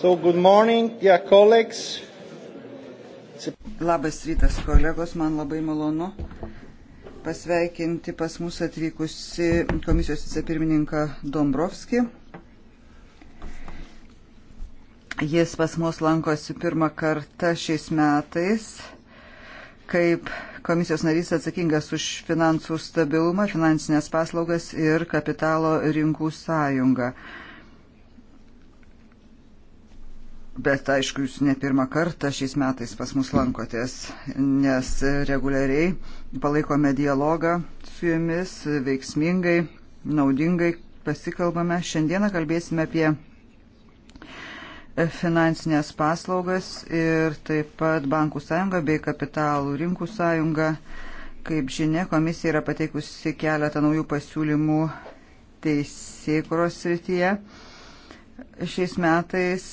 So, good morning, dear colleagues. Labas rytas, kolegos, man labai malonu pasveikinti pas mus atvykusi komisijos vicepirmininką Dombrovskį. Jis pas mus lankosi pirmą kartą šiais metais kaip komisijos narys atsakingas už finansų stabilumą, finansinės paslaugas ir kapitalo rinkų sąjungą. Bet aišku, jūs ne pirmą kartą šiais metais pas mus lankotės, nes reguliariai palaikome dialogą su jumis veiksmingai, naudingai pasikalbame. Šiandieną kalbėsime apie finansinės paslaugas ir taip pat bankų sąjungą bei kapitalų rinkų sąjungą. Kaip žinia, komisija yra pateikusi keletą naujų pasiūlymų teisėkuros srityje šiais metais,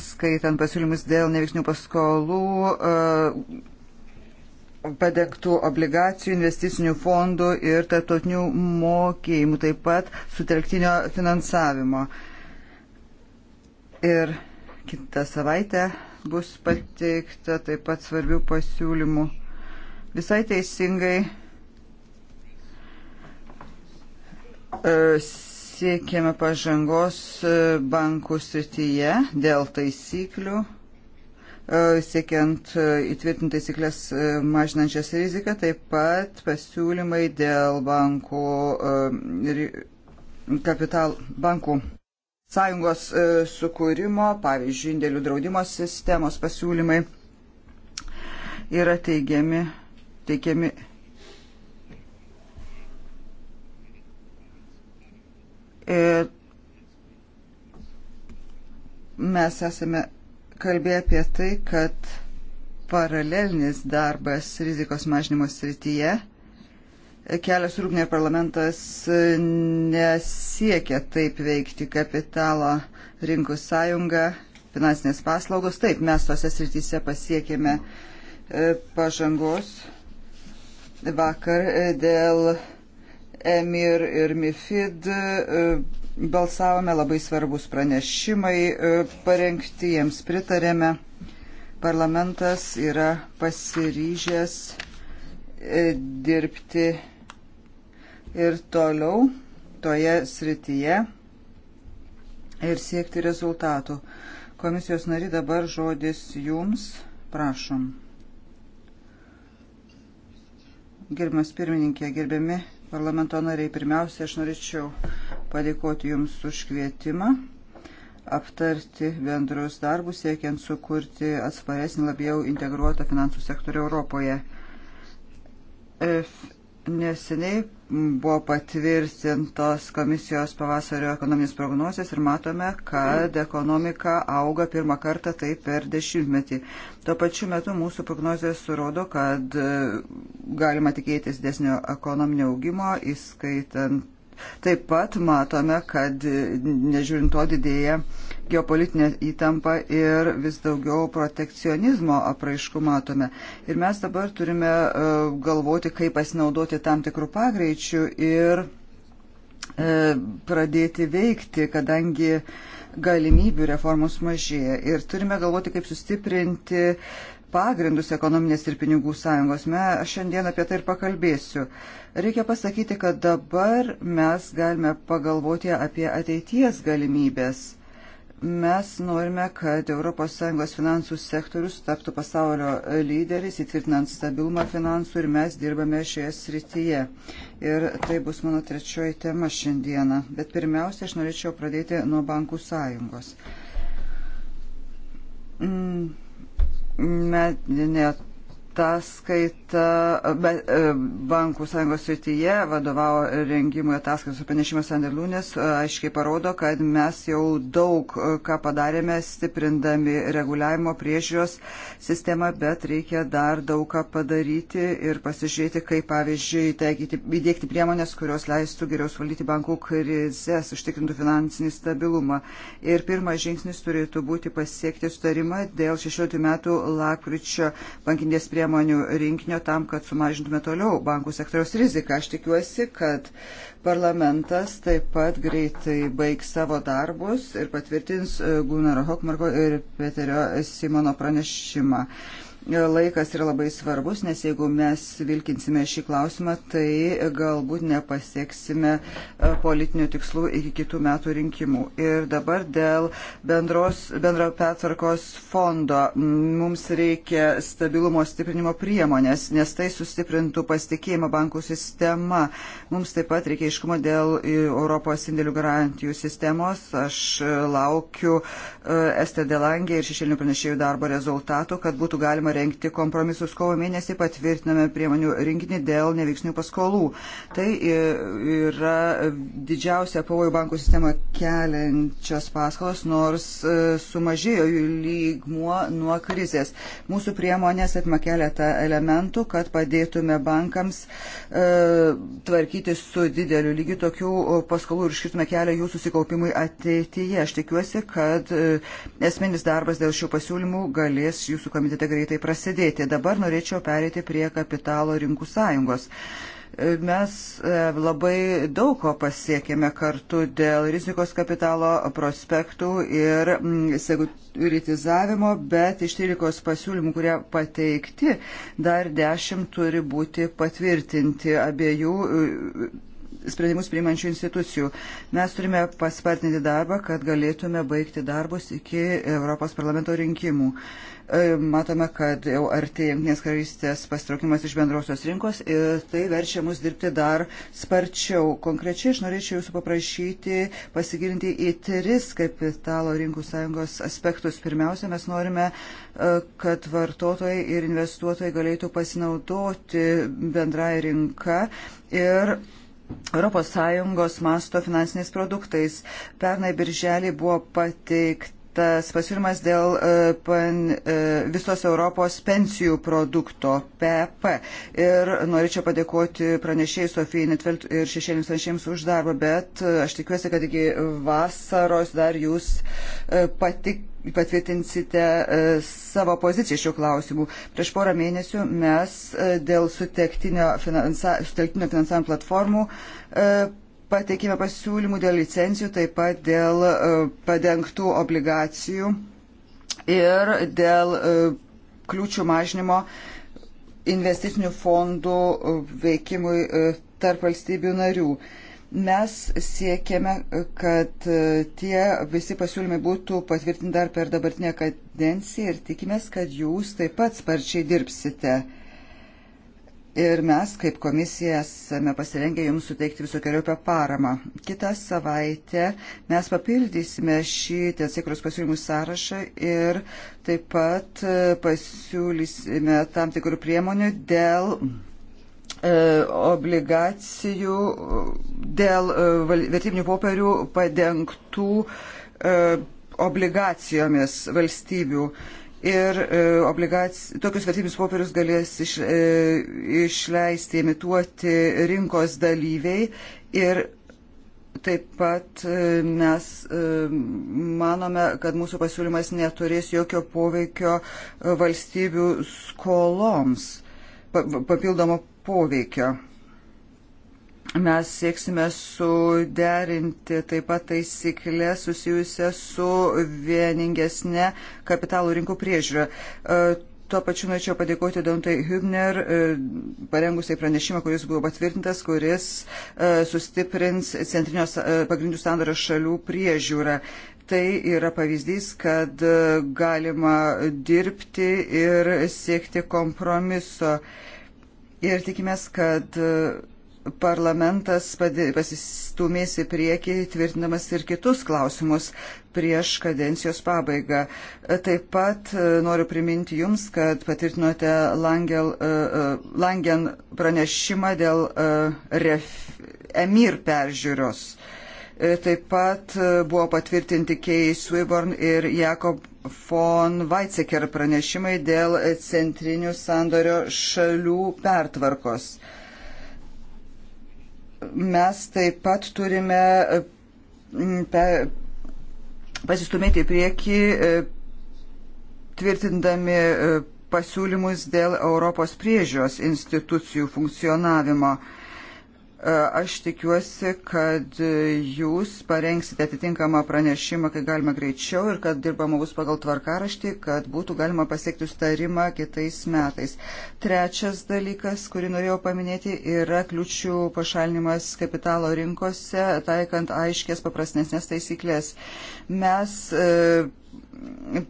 skaitant pasiūlymus dėl neveiksnių paskolų, e, padegtų obligacijų, investicinių fondų ir tarptautinių mokėjimų, taip pat sutelktinio finansavimo. Ir kitą savaitę bus pateikta taip pat svarbių pasiūlymų. Visai teisingai. Uh, siekėme pažangos e, bankų srityje dėl taisyklių, e, siekiant e, įtvirtinti taisyklės mažinančias riziką, taip pat pasiūlymai dėl bankų, kapital, bankų sąjungos sukūrimo, pavyzdžiui, indėlių draudimo sistemos pasiūlymai yra teigiami, teikiami E, mes esame kalbėję apie tai, kad paralelinis darbas rizikos mažinimo srityje e, kelias rūpnė parlamentas e, nesiekia taip veikti kapitalo rinkų sąjungą, finansinės paslaugos. Taip, mes tose srityse pasiekėme pažangos vakar dėl EMIR ir MIFID e, balsavome, labai svarbus pranešimai e, parengti, jiems pritarėme. Parlamentas yra pasiryžęs e, dirbti ir toliau toje srityje ir siekti rezultatų. Komisijos nari dabar žodis jums, prašom. Gerbiamas pirmininkė, gerbiami parlamento nariai, pirmiausia, aš norėčiau padėkoti Jums už kvietimą aptarti bendrus darbus, siekiant sukurti atsparesnį, labiau integruotą finansų sektorių Europoje. Neseniai buvo patvirtintos komisijos pavasario ekonominės prognozijas ir matome, kad ekonomika auga pirmą kartą taip per dešimtmetį. Tuo pačiu metu mūsų prognozijas surodo, kad e, galima tikėtis desnio ekonominio augimo, įskaitant. Taip pat matome, kad e, nežiūrint to didėja geopolitinę įtampą ir vis daugiau protekcionizmo apraiškų matome. Ir mes dabar turime e, galvoti, kaip pasinaudoti tam tikrų pagreičių ir e, pradėti veikti, kadangi galimybių reformos mažėja. Ir turime galvoti, kaip sustiprinti pagrindus ekonominės ir pinigų sąjungos. Me, aš šiandien apie tai ir pakalbėsiu. Reikia pasakyti, kad dabar mes galime pagalvoti apie ateities galimybės. Mes norime, kad ES finansų sektorius taptų pasaulio lyderis, įtvirtinant stabilumą finansų ir mes dirbame šioje srityje. Ir tai bus mano trečioji tema šiandieną. Bet pirmiausia, aš norėčiau pradėti nuo bankų sąjungos. Mm, Net ataskaita e, Bankų sąjungos srityje vadovavo rengimui ataskaitos ir pranešimas Anderlūnės e, aiškiai parodo, kad mes jau daug e, ką padarėme stiprindami reguliavimo priežiūros sistemą, bet reikia dar daug ką padaryti ir pasižiūrėti, kaip pavyzdžiui teikyti, įdėkti priemonės, kurios leistų geriau suvaldyti bankų krizės, užtikrintų finansinį stabilumą. Ir pirmas žingsnis turėtų būti pasiekti sutarimą dėl 16 metų lakryčio bankinės priemonės priemonių rinkinio tam, kad sumažintume toliau bankų sektoriaus riziką. Aš tikiuosi, kad parlamentas taip pat greitai baigs savo darbus ir patvirtins e, Gunaro Hokmarko ir Peterio Simono pranešimą laikas yra labai svarbus, nes jeigu mes vilkinsime šį klausimą, tai galbūt nepasieksime e, politinių tikslų iki kitų metų rinkimų. Ir dabar dėl bendros, bendro pertvarkos fondo mums reikia stabilumo stiprinimo priemonės, nes tai sustiprintų pasitikėjimą bankų sistema. Mums taip pat reikia iškumo dėl Europos indėlių garantijų sistemos. Aš e, laukiu e, Estė Delangė ir šešėlinių pranešėjų darbo rezultatų, kad būtų galima parengti kompromisus. Kovo mėnesį patvirtiname priemonių rinkinį dėl neveiksnių paskolų. Tai yra didžiausia pavojų bankų sistema keliančios paskolos, nors e, sumažėjo jų lygmuo nuo krizės. Mūsų priemonės atma keletą elementų, kad padėtume bankams e, tvarkyti su dideliu lygiu tokių paskolų ir iškirtume kelią jų susikaupimui ateityje. Aš tikiuosi, kad e, esminis darbas dėl šių pasiūlymų galės jūsų komitete greitai prasidėti. Dabar norėčiau perėti prie kapitalo rinkų sąjungos. E, mes e, labai daug ko pasiekėme kartu dėl rizikos kapitalo prospektų ir sekuritizavimo, bet iš 13 pasiūlymų, kurie pateikti, dar 10 turi būti patvirtinti abiejų e, sprendimus priimančių institucijų. Mes turime paspartinti darbą, kad galėtume baigti darbus iki Europos parlamento rinkimų. E, matome, kad jau artėja Junktinės karalystės pastraukimas iš bendrosios rinkos ir tai verčia mus dirbti dar sparčiau. Konkrečiai aš norėčiau jūsų paprašyti pasigilinti į tris kapitalo rinkų sąjungos aspektus. Pirmiausia, mes norime, e, kad vartotojai ir investuotojai galėtų pasinaudoti bendrąją rinką ir ES masto finansiniais produktais. Pernai birželį buvo pateikti tas pasiūlymas dėl e, pan, e, visos Europos pensijų produkto PEP. Ir norėčiau padėkoti pranešėjai Sofijai Netvelt ir šešėlėms anšėms už darbą, bet e, aš tikiuosi, kad iki vasaros dar jūs patik, patvirtinsite savo poziciją šiuo klausimu. Prieš porą mėnesių mes dėl sutelktinio, finansa, sutelktinio finansavimo platformų Pateikime pasiūlymų dėl licencijų, taip pat dėl e, padengtų obligacijų ir dėl e, kliūčių mažinimo investicinių fondų e, veikimui tarp valstybių narių mes siekiame, kad tie visi pasiūlymai būtų patvirtinti dar per dabartinę kadenciją ir tikimės, kad jūs taip pat sparčiai dirbsite. Ir mes, kaip komisija, esame pasirengę Jums suteikti visokiojopę paramą. Kitą savaitę mes papildysime šį teisėkros pasiūlymų sąrašą ir taip pat e, pasiūlysime tam tikrų priemonių dėl e, obligacijų, dėl e, vertybinių popierių padengtų obligacijomis valstybių ir e, obligac... tokius vertybinius popierius galės iš, e, išleisti, imituoti rinkos dalyviai ir Taip pat e, mes manome, kad mūsų pasiūlymas neturės jokio poveikio valstybių skoloms, papildomo poveikio. Mes sieksime suderinti taip pat taisyklę susijusią su vieningesne kapitalų rinkų priežiūra. E, tuo pačiu norėčiau padėkoti Dantai Hübner, e, parengusiai pranešimą, kuris buvo patvirtintas, kuris e, sustiprins centrinio pagrindų sandario šalių priežiūrą. Tai yra pavyzdys, kad galima dirbti ir siekti kompromiso. Ir tikimės, kad parlamentas pasistumės į priekį, tvirtinamas ir kitus klausimus prieš kadencijos pabaigą. Taip pat e, noriu priminti Jums, kad patvirtinote Langel, e, e, Langen pranešimą dėl ref, emir peržiūros. Taip pat buvo patvirtinti Kei Swiborn ir Jakob von Weizsäcker pranešimai dėl centrinių sandorio šalių pertvarkos mes taip pat turime e, pasistumėti į priekį e, tvirtindami e, pasiūlymus dėl Europos priežios institucijų funkcionavimo. E, aš tikiuosi, kad jūs parengsite atitinkamą pranešimą, kai galima greičiau ir kad dirbama bus pagal tvarkaraštį, kad būtų galima pasiekti sustarimą kitais metais. Trečias dalykas, kurį norėjau paminėti, yra kliučių pašalinimas kapitalo rinkose, taikant aiškės paprastesnės taisyklės. Mes e,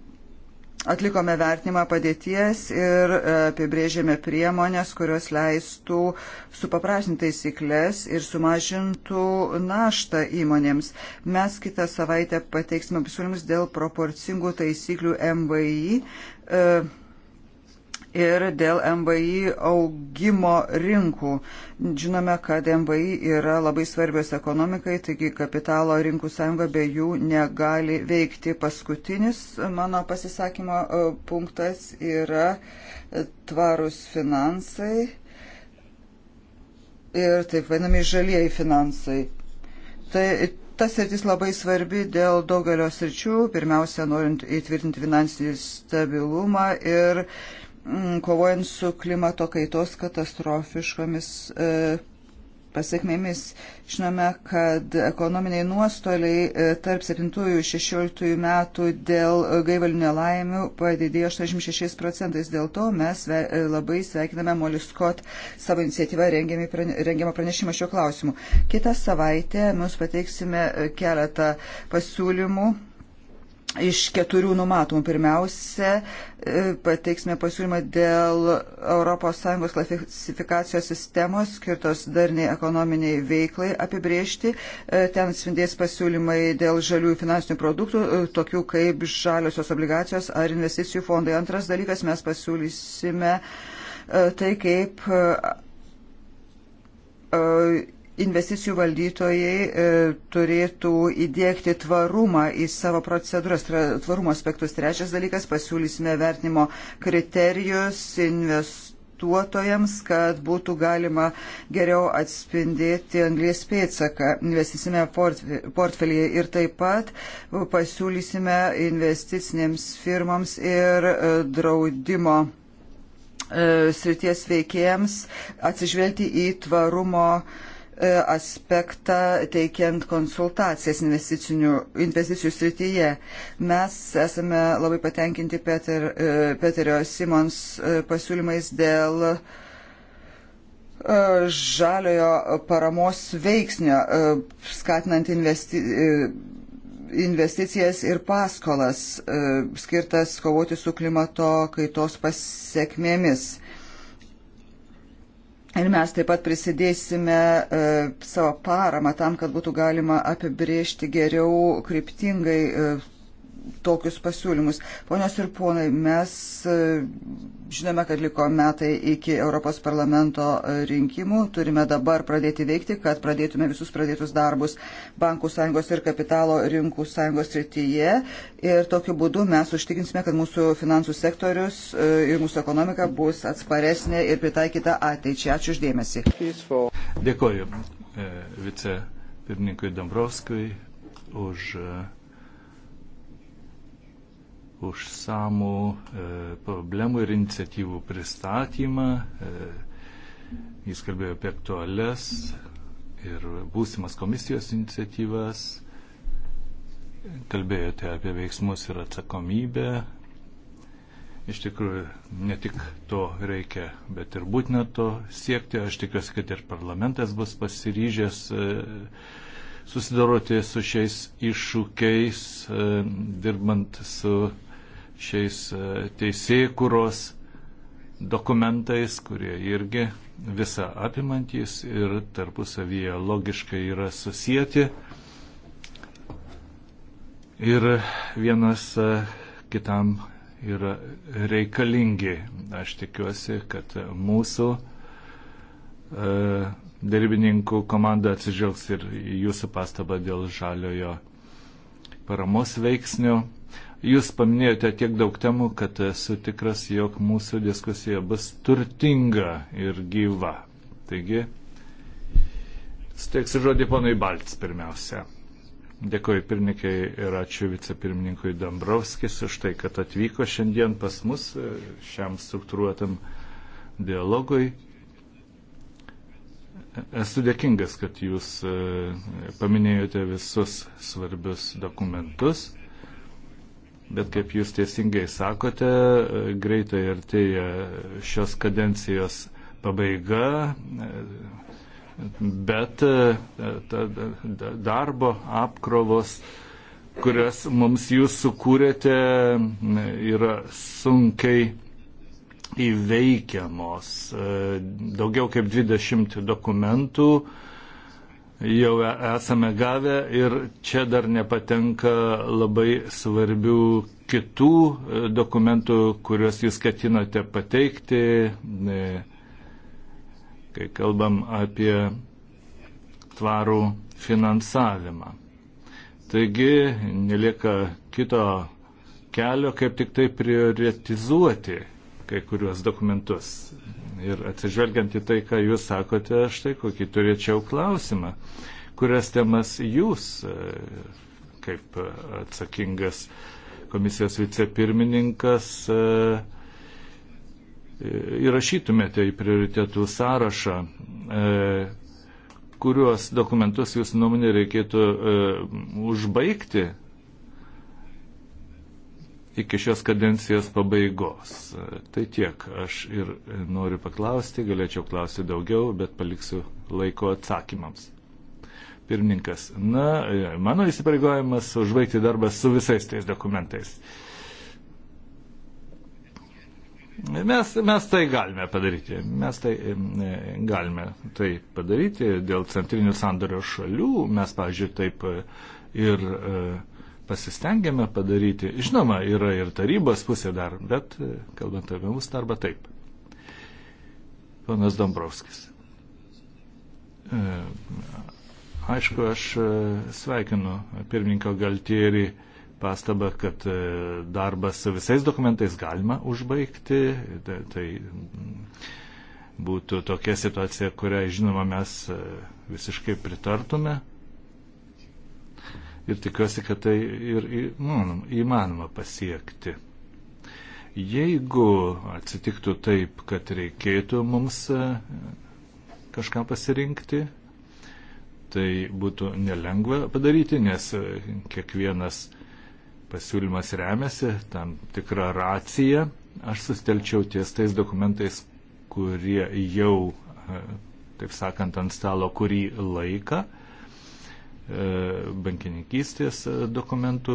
atlikome vertinimą padėties ir e, apibrėžėme priemonės, kurios leistų supaprašinti taisyklės ir sumažintų naštą įmonėms. Mes kitą savaitę pateiksime pasiūlymus dėl proporcingų taisyklių MVI e, ir dėl MVI augimo rinkų. Žinome, kad MVI yra labai svarbios ekonomikai, taigi kapitalo rinkų sąjunga be jų negali veikti. Paskutinis mano pasisakymo e, punktas yra e, tvarus finansai ir taip vadinami žalieji finansai. Tai ta sritis labai svarbi dėl daugelio sričių, pirmiausia, norint įtvirtinti finansinį stabilumą ir uh, Mm, kovojant su klimato kaitos katastrofiškomis e, pasiekmėmis. Žinome, kad ekonominiai nuostoliai e, tarp 7-16 metų dėl gaivalinių laimių padidėjo 86 procentais. Dėl to mes e, labai sveikiname Molis Scott savo iniciatyvą rengiamą pranešimą šiuo klausimu. Kitą savaitę mes pateiksime e, keletą pasiūlymų iš keturių numatomų. Pirmiausia, e, pateiksime pasiūlymą dėl ES klasifikacijos sistemos skirtos darniai ekonominiai veiklai apibriežti. E, ten atspindės pasiūlymai dėl žaliųjų finansinių produktų, e, tokių kaip žaliosios obligacijos ar investicijų fondai. Antras dalykas, mes pasiūlysime tai, kaip investicijų valdytojai e, turėtų įdėkti tvarumą į savo procedūras, tai tvarumo aspektus. Trečias dalykas - pasiūlysime vertinimo kriterijus investuotojams, kad būtų galima geriau atspindėti anglės pėtsaką investicinėme portfelyje ir taip pat pasiūlysime investicinėms firmoms ir e, draudimo e, srities veikėjams atsižvelgti į tvarumo uh, E, aspektą teikiant konsultacijas investicijų srityje. Mes esame labai patenkinti Peter, e, Peterio Simons e, pasiūlymais dėl žaliojo paramos veiksnio, skatinant investi investicijas ir paskolas, skirtas kovoti su klimato kaitos pasiekmėmis. Ir mes taip pat prisidėsime e, savo paramą tam, kad būtų galima apibriežti geriau kryptingai e, tokius pasiūlymus. Ponios ir ponai, mes e, žinome, kad liko metai iki Europos parlamento e, rinkimų. Turime dabar pradėti veikti, kad pradėtume visus pradėtus darbus Bankų sąjungos ir kapitalo rinkų sąjungos rytyje. Ir tokiu būdu mes užtikrinsime, kad mūsų finansų sektorius e, ir mūsų ekonomika bus atsparesnė ir pritaikyta ateičiai. Ačiū uždėmesi. Dėkoju vicepirmininkui Dombrovskui už užsamų e, problemų ir iniciatyvų pristatymą. E, jis kalbėjo apie aktualias ir būsimas komisijos iniciatyvas. Kalbėjote apie veiksmus ir atsakomybę. Iš tikrųjų, ne tik to reikia, bet ir būtina to siekti. Aš tikiuosi, kad ir parlamentas bus pasiryžęs e, susidoroti su šiais iššūkiais, dirbant su šiais e, teisėkuros dokumentais, kurie irgi visą apimantys ir tarpusavyje logiškai yra susijęti. Ir vienas e, kitam yra reikalingi. Aš tikiuosi, kad mūsų e, darybininkų komanda atsižvelgs ir jūsų pastabą dėl žaliojo paramos veiksnio. Jūs paminėjote tiek daug temų, kad esu tikras, jog mūsų diskusija bus turtinga ir gyva. Taigi, steiksiu žodį ponui Balts pirmiausia. Dėkoju pirmininkai ir ačiū vicepirmininkui Dambrovskis už tai, kad atvyko šiandien pas mus šiam struktūruotam dialogui. Esu dėkingas, kad jūs e, paminėjote visus svarbius dokumentus. Bet kaip jūs teisingai sakote, e, greitai artėja šios kadencijos pabaiga, e, bet e, darbo apkrovos, kurias mums jūs sukūrėte, yra sunkiai įveikiamos. Daugiau kaip 20 dokumentų jau e, esame gavę ir čia dar nepatenka labai svarbių kitų e, dokumentų, kuriuos jūs ketinote pateikti, e, kai kalbam apie tvarų finansavimą. Taigi nelieka kito kelio, kaip tik tai prioritizuoti kai kuriuos dokumentus. Ir atsižvelgiant į tai, ką jūs sakote, aš tai kokį turėčiau klausimą, kurias temas jūs e, kaip atsakingas komisijos vicepirmininkas e, e, įrašytumėte į prioritėtų sąrašą, kuriuos dokumentus jūsų nuomonė reikėtų užbaigti iki šios kadencijos pabaigos. Tai tiek aš ir noriu paklausti, galėčiau klausti daugiau, bet paliksiu laiko atsakymams. Pirmininkas, na, mano įsipareigojimas užbaigti darbą su visais tais dokumentais. Mes, mes tai galime padaryti. Mes tai galime tai padaryti dėl centrinių sandorio šalių. Mes, pavyzdžiui, taip e, ir uh, pasistengėme padaryti. Žinoma, yra ir tarybos pusė dar, bet e, kalbant apie mūsų darbą, taip. Ponas Dombrovskis. E, aišku, aš e, sveikinu pirmininko Galtierį pastabą, kad darbas su visais dokumentais galima užbaigti. Tai, tai būtų tokia situacija, kuriai, žinoma, mes visiškai pritartume ir tikiuosi, kad tai ir įmanoma, įmanoma pasiekti. Jeigu atsitiktų taip, kad reikėtų mums e, kažką pasirinkti, tai būtų nelengva padaryti, nes e, kiekvienas pasiūlymas remiasi tam tikrą raciją. Aš sustelčiau ties tais dokumentais, kurie jau, e, taip sakant, ant stalo kurį laiką. E, bankininkystės e, dokumentų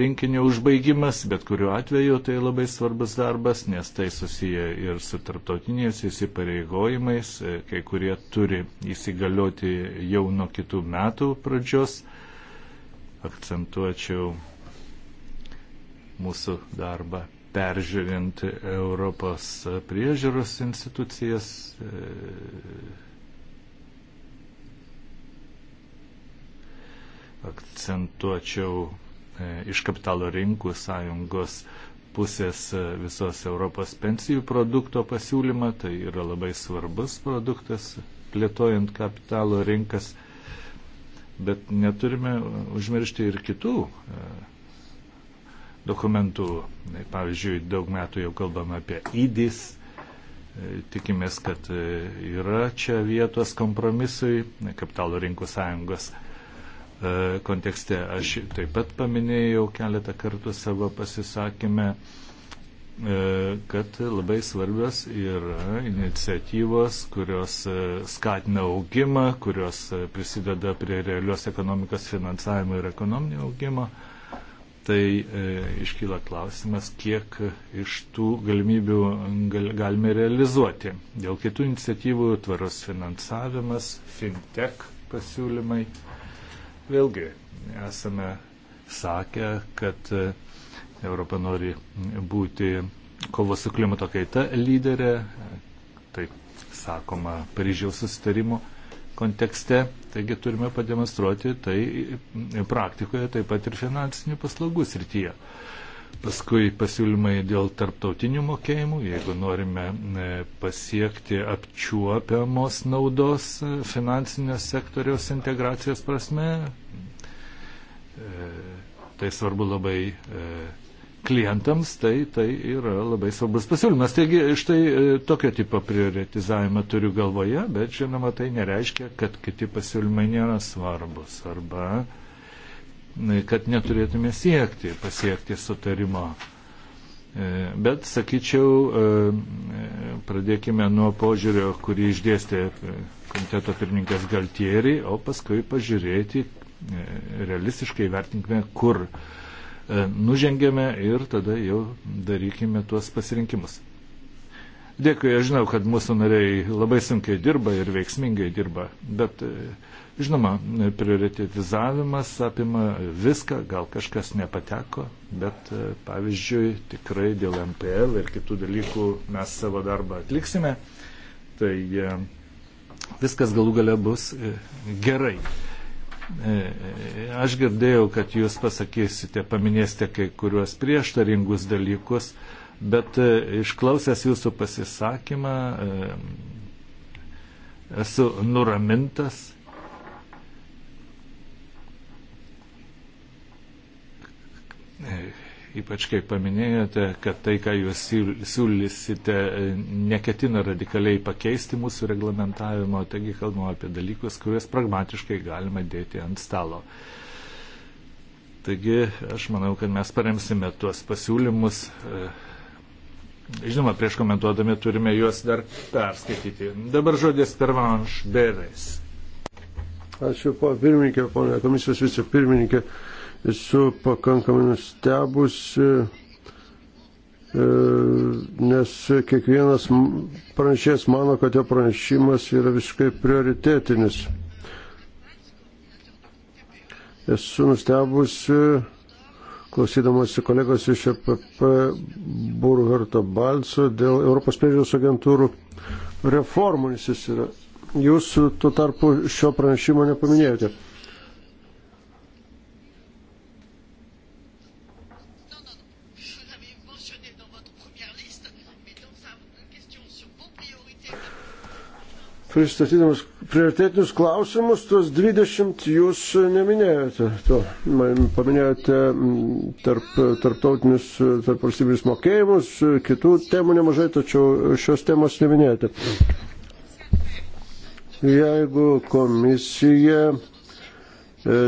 rinkinio užbaigimas, bet kuriuo atveju tai labai svarbus darbas, nes tai susiję ir su tarptautiniais įsipareigojimais, e, kai kurie turi įsigalioti jau nuo kitų metų pradžios. Akcentuočiau mūsų darbą peržiūrint Europos priežiūros institucijas, akcentuočiau e, iš kapitalo rinkų sąjungos pusės e, visos Europos pensijų produkto pasiūlymą. Tai yra labai svarbus produktas plėtojant kapitalo rinkas. Bet neturime užmiršti ir kitų e, dokumentų. Pavyzdžiui, daug metų jau kalbame apie įdys. Tikimės, kad yra čia vietos kompromisui kapitalo rinkų sąjungos E, kontekste. Aš taip pat paminėjau keletą kartų savo pasisakymę, e, kad labai svarbios yra iniciatyvos, kurios e, skatina augimą, kurios prisideda prie realios ekonomikos finansavimo ir ekonominio augimo. Tai e, iškyla klausimas, kiek iš tų galimybių gal, galime realizuoti. Dėl kitų iniciatyvų tvaros finansavimas, fintech pasiūlymai. E, Vėlgi esame sakę, kad e, Europa nori būti kovos su klimato kaita lyderė, taip sakoma, Paryžiaus susitarimo kontekste, taigi turime pademonstruoti tai praktikoje, taip pat ir finansinių paslaugų srityje. Paskui pasiūlymai dėl tarptautinių mokėjimų, jeigu norime e, pasiekti apčiuopiamos naudos e, finansinio sektoriaus integracijos prasme, e, tai svarbu labai klientams, tai, tai yra labai svarbus pasiūlymas. Taigi štai tokio tipo prioritizavimą turiu galvoje, bet žinoma, tai nereiškia, kad kiti pasiūlymai nėra svarbus. Arba, uh, kad neturėtume siekti, pasiekti sutarimo. E, bet, sakyčiau, e, pradėkime nuo požiūrio, kurį išdėstė e, komiteto pirmininkas Galtieri, o paskui pažiūrėti, realistiškai vertinkime, kur nužengėme ir tada jau darykime tuos pasirinkimus. Dėkui, aš žinau, kad mūsų nariai labai sunkiai dirba ir veiksmingai dirba, bet Žinoma, prioritetizavimas apima viską, gal kažkas nepateko, bet e, pavyzdžiui, tikrai dėl MPL ir kitų dalykų mes savo darbą atliksime, tai e, viskas galų gale bus e, gerai. Aš girdėjau, kad jūs pasakysite, paminėsite kai kuriuos prieštaringus dalykus, bet išklausęs jūsų pasisakymą esu nuramintas Ypač kai paminėjote, kad tai, ką jūs siūlysite, neketina radikaliai pakeisti mūsų reglamentavimo, taigi kalbame apie dalykus, kuriuos pragmatiškai galima dėti ant stalo. Taigi aš manau, kad mes paremsime tuos pasiūlymus. E, žinoma, prieš komentuodami turime juos dar perskaityti. Dabar žodis pervanš berais. Ačiū, po pirmininkė, ponė komisijos vicepirmininkė. pirmininkė esu pakankamai nustebusi, e, e, nes kiekvienas pranešėjas mano, kad jo pranešimas yra visiškai prioritetinis. Esu nustebusi, e, klausydamasi kolegos iš EPP Burharto Balco dėl Europos priežiūros agentūrų reformų, nes jis yra. Jūs tuo tarpu šio pranešimo nepaminėjote. pristatydamas prioritetinius klausimus, tuos 20 jūs neminėjote. To. Paminėjote tarp, tarptautinius, tarp valstybinius mokėjimus, kitų temų nemažai, tačiau šios temos neminėjote. Jeigu komisija e,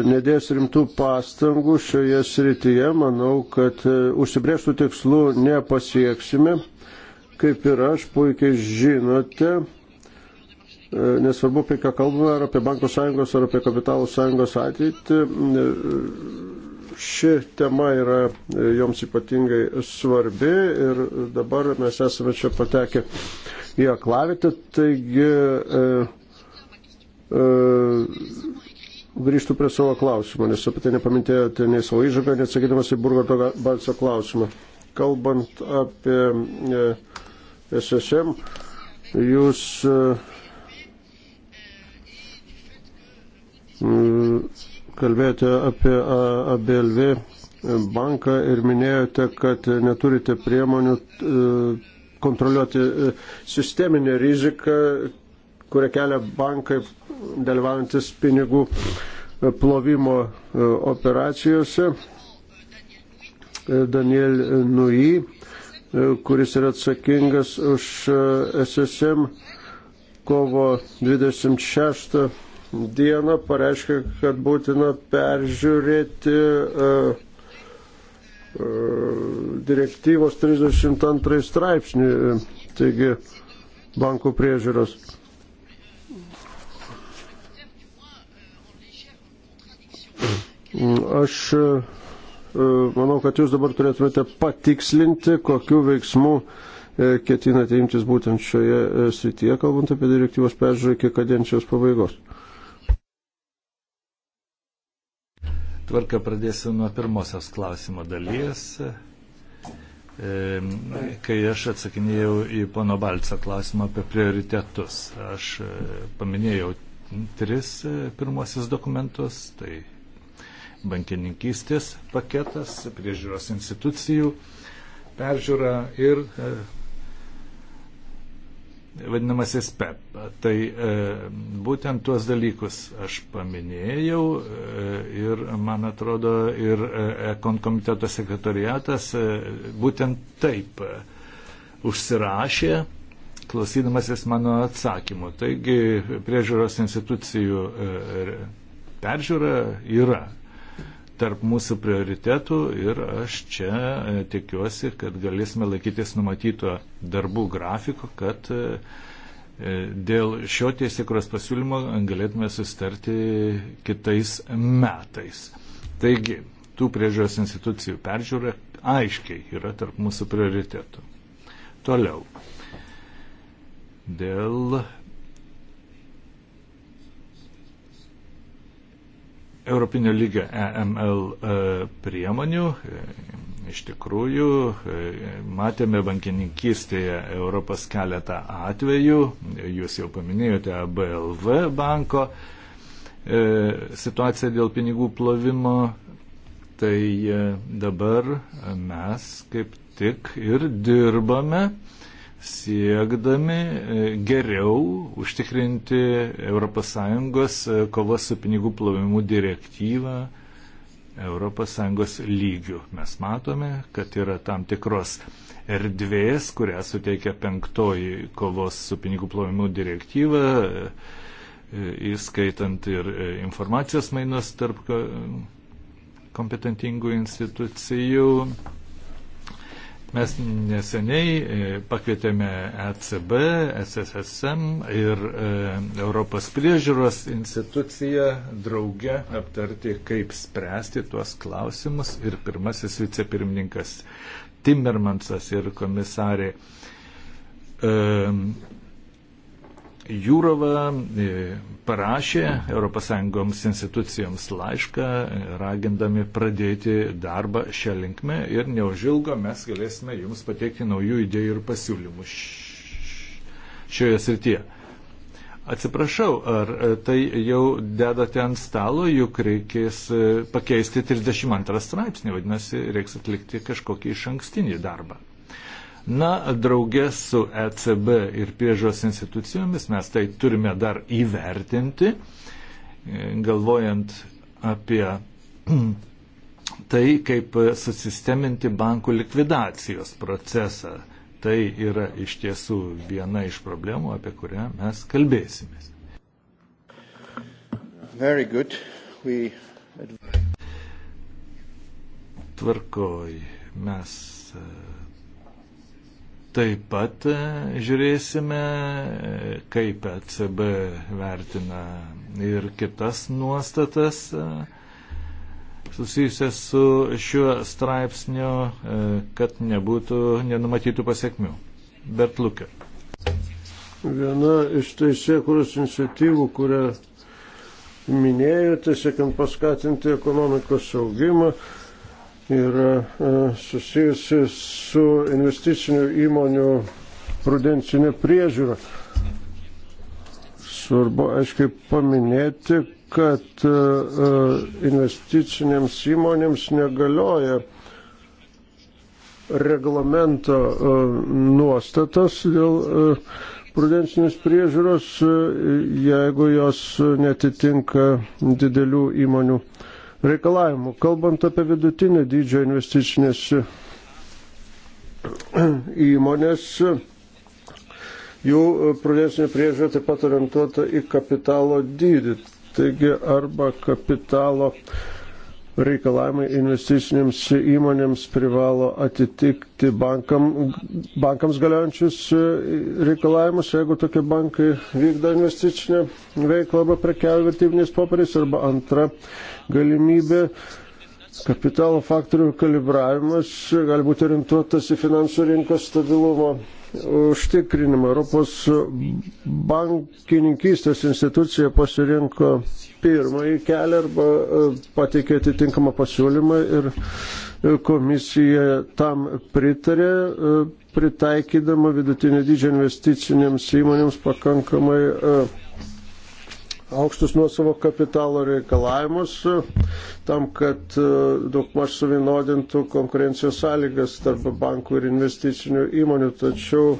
nedės rimtų pastangų šioje srityje, manau, kad e, užsibrėžtų tikslų nepasieksime. Kaip ir aš puikiai žinote, E, nesvarbu, apie ką kalbame, ar apie bankų sąjungos, ar apie kapitalų sąjungos ateitį, e, ši tema yra e, joms ypatingai svarbi ir dabar mes esame čia patekę į aklavitę, taigi e, e, grįžtų prie savo klausimo, nes apie tai nepamintėjote nei savo įžagą, neatsakydamas į Burgato balso klausimą. Kalbant apie e, SSM, jūs e, kalbėjote apie ABLV banką ir minėjote, kad neturite priemonių e, kontroliuoti e, sisteminę riziką, kurią kelia bankai dalyvaujantis pinigų e, plovimo operacijose. Daniel Nui, kuris yra atsakingas už SSM kovo 26 dieną pareiškė, kad būtina peržiūrėti uh, uh, direktyvos 32 straipsnį, e, taigi bankų priežiūros. Aš uh, manau, kad jūs dabar turėtumėte patikslinti, kokiu veiksmu ketinate imtis būtent šioje srityje, kalbant apie direktyvos peržiūrą iki kadencijos pabaigos. Tvarką pradėsiu nuo pirmosios klausimo dalies. E, kai aš atsakinėjau į pono Balco klausimą apie prioritetus, aš e, paminėjau tris e, pirmosius dokumentus, tai bankininkystės paketas, priežiūros institucijų peržiūra ir vadinamasis PEP. E tai e, būtent tuos dalykus aš paminėjau e, ir, man atrodo, ir e, Ekon komiteto sekretariatas e, būtent taip e, užsirašė, klausydamasis mano atsakymu. Taigi priežiūros institucijų e, peržiūra yra tarp mūsų prioritetų ir aš čia e, tikiuosi, kad galėsime laikytis numatyto darbų grafiko, kad e, e, dėl šio tiesiekros pasiūlymo galėtume sustarti kitais metais. Taigi, tų priežiūros institucijų peržiūra aiškiai yra tarp mūsų prioritetų. Toliau. Dėl Europinio lygio EML e, priemonių. E, iš tikrųjų, e, matėme bankininkystėje Europos keletą atvejų. Jūs jau paminėjote BLV banko situaciją dėl pinigų plovimo. Tai dabar mes kaip tik ir dirbame siekdami e, geriau užtikrinti ES e, kovas su pinigų plovimu direktyvą ES lygių. Mes matome, kad yra tam tikros erdvės, kurią suteikia penktoji kovos su pinigų plovimu direktyva, e, įskaitant ir informacijos mainus tarp kompetentingų institucijų Mes neseniai e, pakvietėme ECB, SSSM ir e, Europos priežiūros instituciją drauge aptarti, kaip spręsti tuos klausimus. Ir pirmasis vicepirmininkas Timmermansas ir komisarė e, Jūrova e, parašė ES institucijoms laišką, ragindami pradėti darbą šią linkmę ir neužilgo mes galėsime jums pateikti naujų idėjų ir pasiūlymų šioje srityje. Atsiprašau, ar tai jau dedate ant stalo, juk reikės e, pakeisti 32 straipsnį, vadinasi, reiks atlikti kažkokį iš ankstinį darbą. Na, draugė su ECB ir priežos institucijomis mes tai turime dar įvertinti, galvojant apie tai, kaip susisteminti bankų likvidacijos procesą. Tai yra iš tiesų viena iš problemų, apie kurią mes kalbėsimės. We... Tvarkoj, mes Taip pat e, žiūrėsime, e, kaip ECB vertina ir kitas nuostatas e, susijusias su šiuo straipsniu, kad nebūtų nenumatytų pasiekmių. Bet lūkiu. Viena iš teisėkuros iniciatyvų, kurią minėjote, siekiant paskatinti ekonomikos saugimą, yra e, susijusi su investicinių įmonių prudencinė priežiūra. Svarbu aiškiai paminėti, kad e, e, investicinėms įmonėms negalioja reglamento nuostatos dėl prudencinės priežiūros, jeigu jos netitinka didelių įmonių reikalavimų. Kalbant apie vidutinio dydžio investicinės įmonės, jų prudensinė priežiūra taip pat orientuota į kapitalo dydį. Taigi arba kapitalo uh, reikalavimai investicinėms įmonėms privalo atitikti bankam, bankams galiojančius e, reikalavimus, jeigu tokie bankai vykdo investicinę veiklą arba prekiavę vertybiniais popieriais, arba antra galimybė. Kapitalo faktorių kalibravimas gali būti orientuotas į finansų rinkos stabilumo užtikrinimą. Europos bankininkystės institucija pasirinko pirmąjį kelią arba e, pateikė atitinkamą pasiūlymą ir e, komisija tam pritarė, e, pritaikydama vidutinio dydžio investicinėms įmonėms pakankamai uh, aukštus nuo savo kapitalo reikalavimus tam, kad e, daugmaž suvienodintų konkurencijos sąlygas tarp bankų ir investicinių įmonių. Tačiau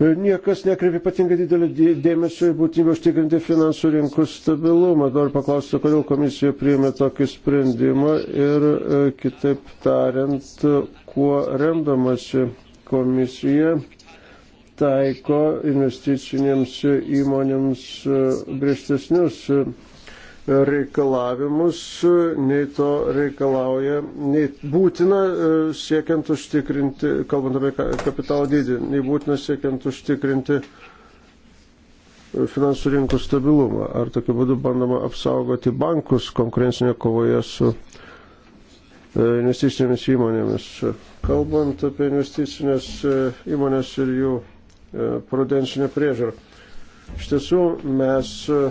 e, Niekas nekreipia ypatingai didelį dėmesio į būtybę užtikrinti finansų rinkų stabilumą. Noriu paklausti, kodėl komisija priėmė tokį sprendimą ir e, kitaip tariant, kuo remdamasi komisija taiko investicinėms įmonėms e, griežtesnius e, reikalavimus, e, nei to reikalauja, nei būtina siekiant užtikrinti, kalbant apie kapitalo dydį, nei būtina siekiant užtikrinti finansų rinkų stabilumą. Ar tokiu būdu bandoma apsaugoti bankus konkurencinėje kovoje su investicinėmis įmonėmis. Kalbant apie investicinės įmonės ir jų E, prudensinę priežiūrą. Iš tiesų mes e,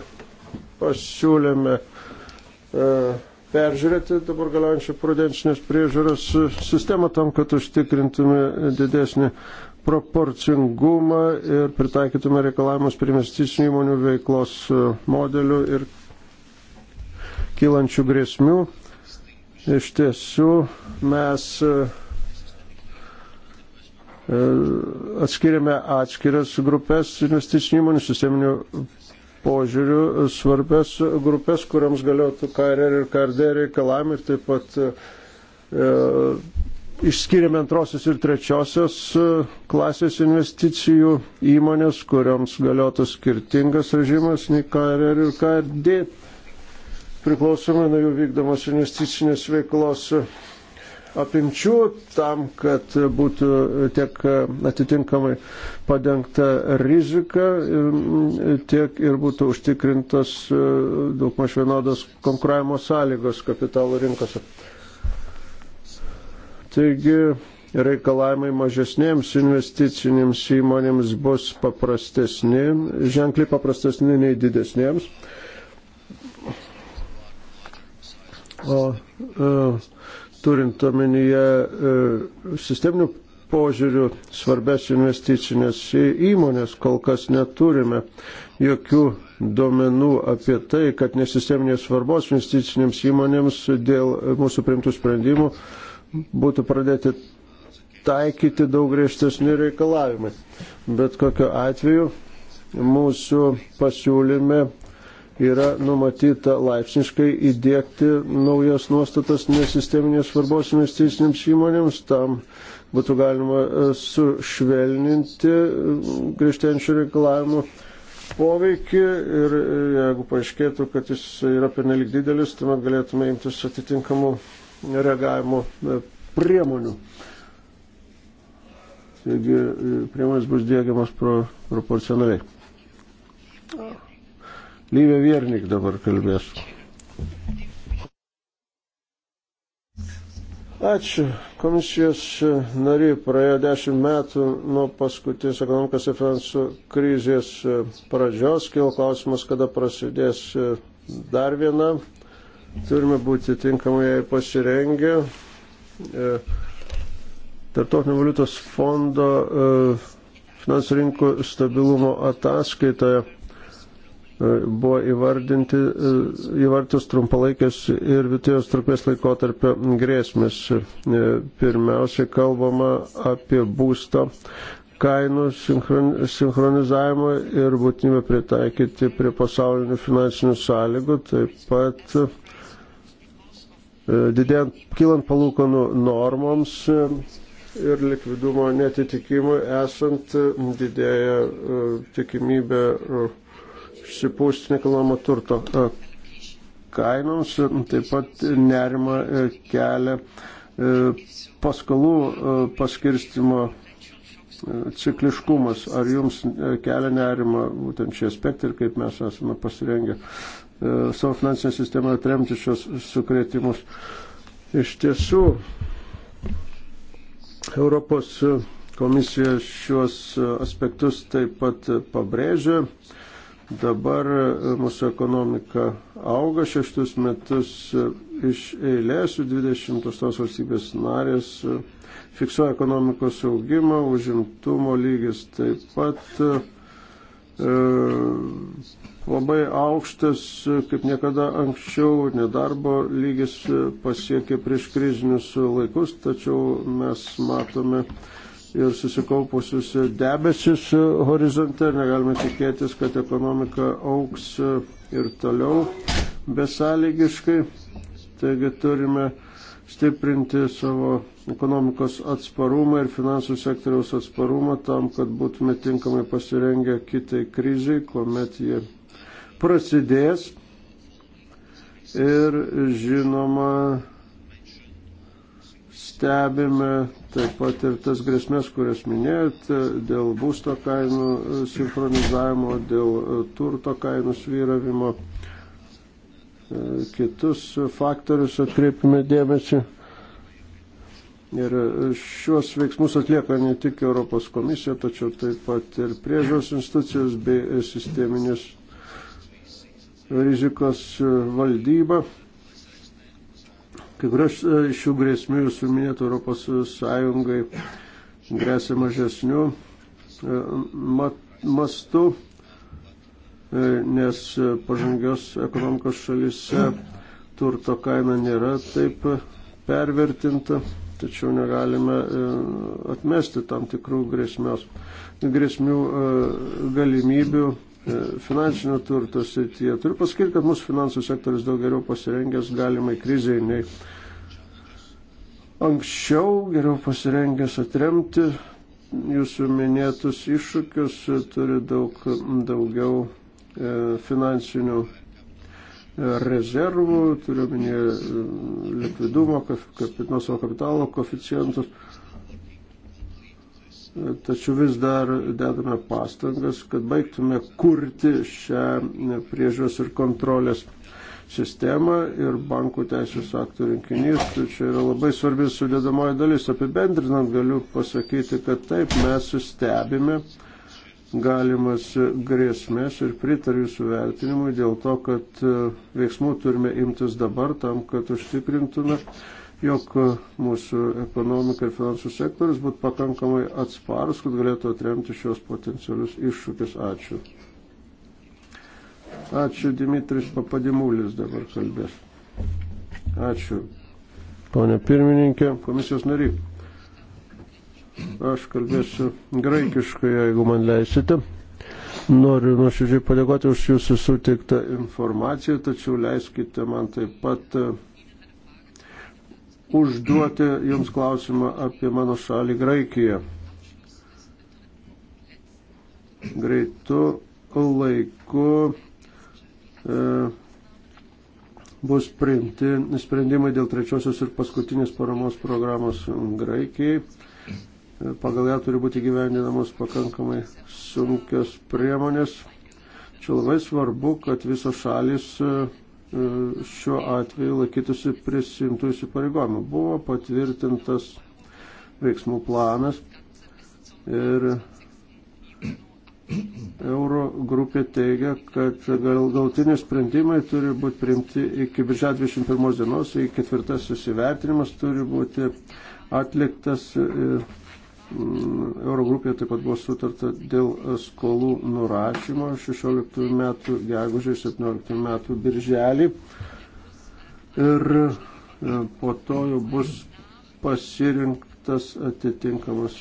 pasiūlėme e, peržiūrėti dabar galiojančią prudensinės priežiūros sistemą tam, kad užtikrintume didesnį proporcingumą ir pritaikytume reikalavimus prie investicinių įmonių veiklos modelių ir kylančių grėsmių. Iš tiesų mes E, atskiriame atskiras grupės investicinių įmonių sisteminių požiūrių, e, svarbės grupės, kuriams galėtų KRR ir KRD reikalavimai ir taip pat e, išskiriame antrosios ir trečiosios e, klasės investicijų įmonės, kuriams galėtų skirtingas režimas nei KRR ir KRD priklausomai nuo jų vykdomos investicinės veiklos apimčių tam, kad būtų tiek atitinkamai padengta rizika, tiek ir būtų užtikrintas daugmaž vienodas konkuravimo sąlygos kapitalo rinkose. Taigi reikalavimai mažesnėms investicinėms įmonėms bus paprastesni, ženkliai paprastesni nei didesnėms. O, uh, turint omenyje e, sisteminių požiūrių svarbes investicinės įmonės kol kas neturime jokių duomenų apie tai, kad nesisteminės svarbos investicinėms įmonėms dėl mūsų primtų sprendimų būtų pradėti taikyti daug griežtesni reikalavimai. Bet kokiu atveju mūsų pasiūlyme yra numatyta laipsniškai įdėkti naujas nuostatas nesisteminės svarbos investicinėms įmonėms, tam būtų galima e, sušvelninti e, grįžtenčių reikalavimų poveikį ir e, jeigu paaiškėtų, kad jis yra pernelik didelis, tuomet galėtume imtis atitinkamų reagavimo priemonių. Taigi priemonės bus dėgiamas pro, proporcionaliai. Lyvė Viernik dabar kalbės. Ačiū. Komisijos nariai praėjo dešimt metų nuo paskutinės ekonomikos ir finansų krizės pradžios. Kilo klausimas, kada prasidės dar viena. Turime būti tinkamai jai pasirengę. E, Tartotinio valiutos fondo e, finansų rinkų stabilumo ataskaitoje E, buvo įvardinti, e, įvartus trumpalaikės ir vidutinės trukmės laikotarpio grėsmės. E, pirmiausia, kalbama apie būsto kainų sinchronizavimą ir būtinybę pritaikyti prie pasaulinių finansinių sąlygų, taip pat didėjant, kilant palūkanų normoms ir likvidumo netitikimui esant didėja tikimybė uh, išsipūsti nekilnojamo turto e, kainoms, taip pat nerima e, kelia e, paskolų paskirstimo cikliškumas. Ar jums kelia nerima būtent šie aspektai ir kaip mes esame pasirengę savo finansinę sistemą atremti šios sukretimus? Iš tiesų, Europos komisija šios aspektus taip pat pabrėžia Dabar e, mūsų ekonomika auga šeštus metus e, iš eilės, 28 valstybės narės e, fiksuoja ekonomikos augimą, užimtumo lygis taip pat e, labai aukštas, kaip niekada anksčiau, nedarbo lygis pasiekė prieš krizinius laikus, tačiau mes matome, ir susikaupusius debesis horizonte. Negalime tikėtis, kad ekonomika auks ir toliau besąlygiškai. Taigi turime stiprinti savo ekonomikos atsparumą ir finansų sektoriaus atsparumą tam, kad būtume tinkamai pasirengę kitai krizai, kuomet jie prasidės. Ir žinoma, stebime taip pat ir tas grėsmės, kurias minėjot, dėl būsto kainų e, sinchronizavimo, dėl e, turto kainų svyravimo, e, kitus faktorius atkreipime dėmesį. Ir šios veiksmus atlieka ne tik Europos komisija, tačiau taip pat ir priežos institucijos bei sisteminės rizikos valdyba. Kai kurios e, šių grėsmių jūsų minėtų Europos Sąjungai grėsia mažesnių e, mastų, e, nes pažangios ekonomikos šalise turto kaina nėra taip pervertinta, tačiau negalime atmesti tam tikrų grėsmios, grėsmių galimybių E, finansinio turto srityje. Turiu pasakyti, kad mūsų finansų sektorius daug geriau pasirengęs galimai kriziai nei anksčiau, geriau pasirengęs atremti jūsų minėtus iššūkius, turi daug daugiau e, finansinių e, rezervų, turiu minėti likvidumo, nuo savo kapitalo koficijantus tačiau vis dar dedame pastangas, kad baigtume kurti šią priežiūros ir kontrolės sistemą ir bankų teisės aktų rinkinys. Tai čia yra labai svarbi sudėdamoji dalis. Apibendrinant galiu pasakyti, kad taip mes stebime galimas grėsmės ir pritariu jūsų vertinimui dėl to, kad e, veiksmų turime imtis dabar tam, kad užtikrintume jog e, mūsų ekonomika ir finansų sektorius būtų pakankamai atsparus, kad galėtų atremti šios potencialius iššūkius. Ačiū. Ačiū Dimitris Papadimulis dabar kalbės. Ačiū. Pone pirmininkė, komisijos nariai. Aš kalbėsiu graikiškai, jeigu man leisite. Noriu nuoširdžiai padėkoti už jūsų sutiktą informaciją, tačiau leiskite man taip pat uh, užduoti Jums klausimą apie mano šalį Graikiją. Greitu laiku e, bus priimti sprendimai dėl trečiosios ir paskutinės paramos programos Graikijai. E, pagal ją turi būti gyvendinamos pakankamai sunkios priemonės. Čia labai svarbu, kad visos šalis e, E, šiuo atveju laikytųsi prisimtų įsipareigojimų. Buvo patvirtintas veiksmų planas ir Euro grupė teigia, kad gal, galtiniai sprendimai turi būti priimti iki birželio 21 dienos, iki ketvirtasis įvertinimas turi būti atliktas. Ir, e, Eurogrupėje taip pat buvo sutarta dėl skolų nurašymo 16 metų gegužė, 17 metų birželį. Ir e, po to jau bus pasirinktas atitinkamas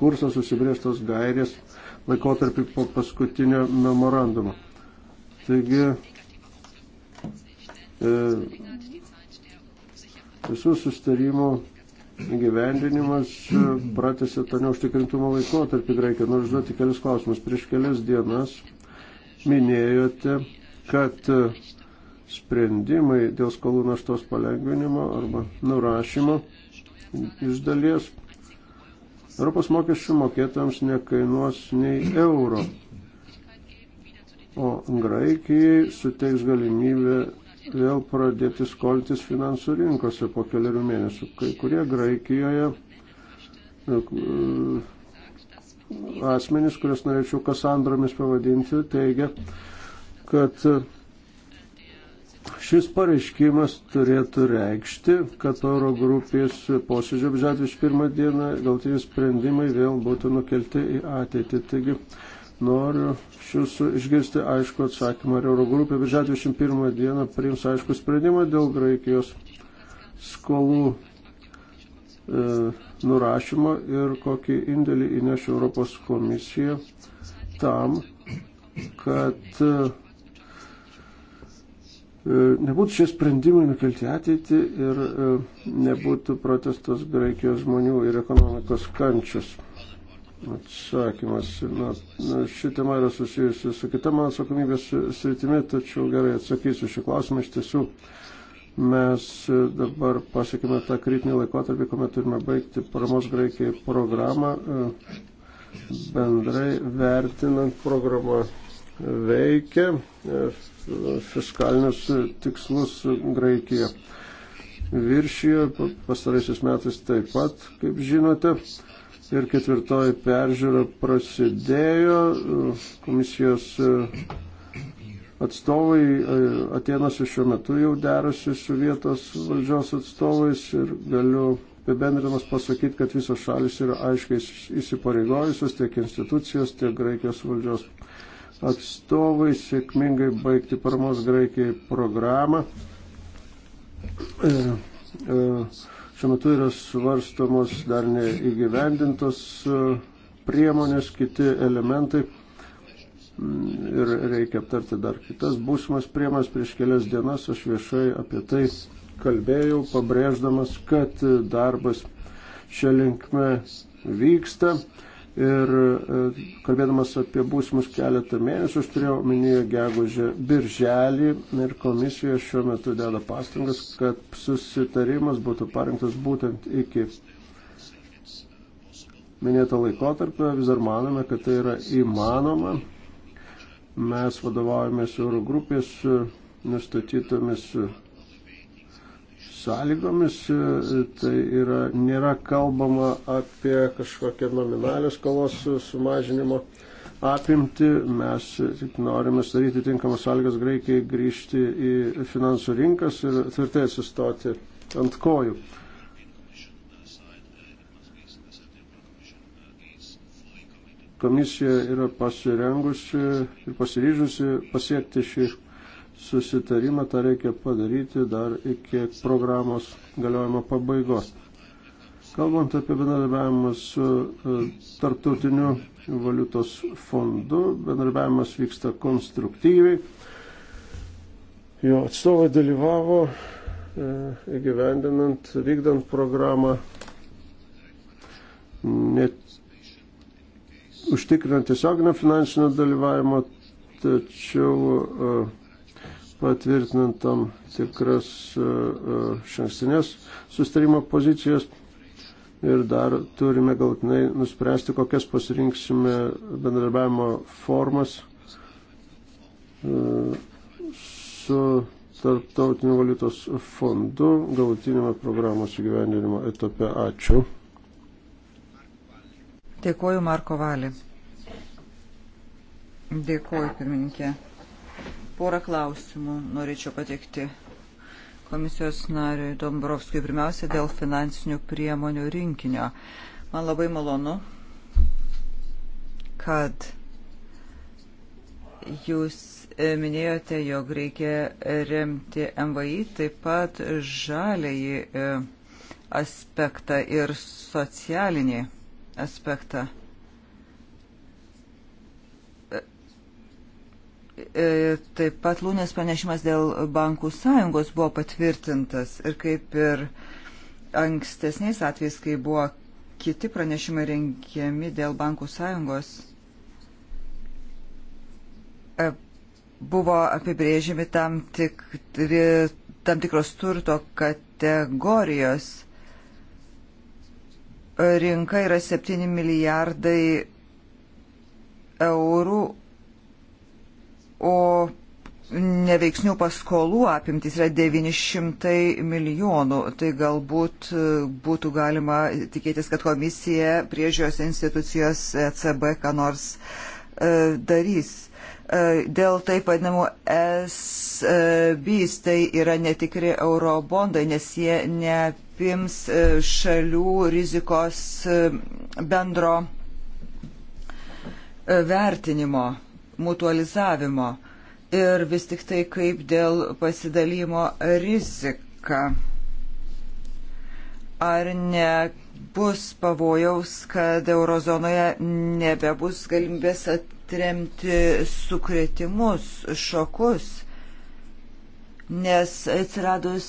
kursas, susibrieštos gairės laikotarpį po paskutinio memorandumo. Taigi, e, visų sustarimų gyvendinimas e, pratėsi tą neužtikrintumo laikotarpį Graikijoje. Noriu užduoti kelius klausimus. Prieš kelias dienas minėjote, kad e, sprendimai dėl skolų naštos palengvinimo arba nurašymo iš dalies Europos mokesčių mokėtams nekainuos nei euro, o Graikijai suteiks galimybę vėl pradėti skolintis finansų rinkose po keliarių mėnesių. Kai kurie Graikijoje e, asmenys, kurias norėčiau kasandromis pavadinti, teigia, kad šis pareiškimas turėtų reikšti, kad euro grupės posėdžio apžadviš pirmą dieną galtiniai sprendimai vėl būtų nukelti į ateitį. Taigi, Noriu iš jūsų išgirsti aišku atsakymą, ar Eurogrupė birželio 21 dieną priims aišku sprendimą dėl Graikijos skolų e, nurašymo ir kokį indėlį įneš Europos komisija tam, kad e, nebūtų šie sprendimai nukelti ateitį ir e, nebūtų protestas Graikijos žmonių ir ekonomikos kančius atsakymas. Na, na, ši tema yra susijusi su kita mano atsakomybės sritimi, tačiau gerai atsakysiu šį klausimą. Iš tiesų, mes dabar pasiekime tą kritinį laikotarpį, kuomet turime baigti paramos greikiai programą. Bendrai vertinant programą veikia e, fiskalinius tikslus Graikija viršijo, pastaraisiais metais taip pat, kaip žinote ir ketvirtoji peržiūra prasidėjo. Komisijos e, atstovai e, Atenose šiuo metu jau derasi su vietos valdžios atstovais ir galiu apibendrinamas pasakyti, kad visos šalis yra aiškiai įsipareigojusios, tiek institucijos, tiek Graikijos valdžios atstovai sėkmingai baigti paramos Graikijai programą. E, e, Šiuo metu yra svarstomos dar neįgyvendintos e, priemonės, kiti elementai mm, ir reikia aptarti dar kitas būsimas priemas prieš kelias dienas, aš viešai apie tai kalbėjau, pabrėždamas, kad darbas šią linkmę vyksta. Ir e, kalbėdamas apie būsimus keletą mėnesių, aš turėjau omenyje gegužę birželį ir komisija šiuo metu deda pastangas, kad susitarimas būtų parinktas būtent iki minėto laikotarpio. Vis dar manome, kad tai yra įmanoma. Mes vadovaujamės Euro grupės nustatytomis sąlygomis, e, tai yra, nėra kalbama apie kažkokią nominalią skolos sumažinimo apimti. Mes tik norime sudaryti tinkamas sąlygas Graikijai grįžti į finansų rinkas ir tvirtai atsistoti ant kojų. Komisija yra pasirengusi ir pasiryžusi pasiekti šį susitarimą, tą reikia padaryti dar iki programos galiojimo pabaigos. Kalbant apie bendradarbiavimą su e, Tarptautiniu valiutos fondu, bendradarbiavimas vyksta konstruktyviai. Jo atstovai dalyvavo e, įgyvendinant, vykdant programą, net užtikrinant tiesioginę finansinę dalyvavimą, tačiau uh, patvirtinant tam tikras e, e, šankstinės sustarimo pozicijas. Ir dar turime galtinai nuspręsti, kokias pasirinksime bendradarbiavimo formas e, su Tarptautiniu valiutos fondu galutinėme programos įgyvendinimo etape. Ačiū. Dėkuoju Marko Valį. Dėkuoju pirmininkė. Porą klausimų norėčiau patekti komisijos nariui Dombrovskui. Pirmiausia, dėl finansinių priemonių rinkinio. Man labai malonu, kad jūs minėjote, jog reikia remti MVI, taip pat žaliai e, aspektą ir socialinį aspektą. E, taip pat Lūnės pranešimas dėl bankų sąjungos buvo patvirtintas ir kaip ir ankstesniais atvejais, kai buvo kiti pranešimai rengiami dėl bankų sąjungos, e, buvo apibrėžimi tam, tikri, tam tikros turto kategorijos. E, rinka yra 7 milijardai eurų o neveiksnių paskolų apimtis yra 900 milijonų. Tai galbūt e, būtų galima tikėtis, kad komisija priežios institucijos ECB ką nors e, darys. E, dėl taip vadinamų SBs tai yra netikri eurobondai, nes jie neapims šalių rizikos bendro vertinimo mutualizavimo ir vis tik tai kaip dėl pasidalymo rizika. Ar nebus pavojaus, kad eurozonoje nebebus galimybės atremti sukretimus, šokus? nes atsiradus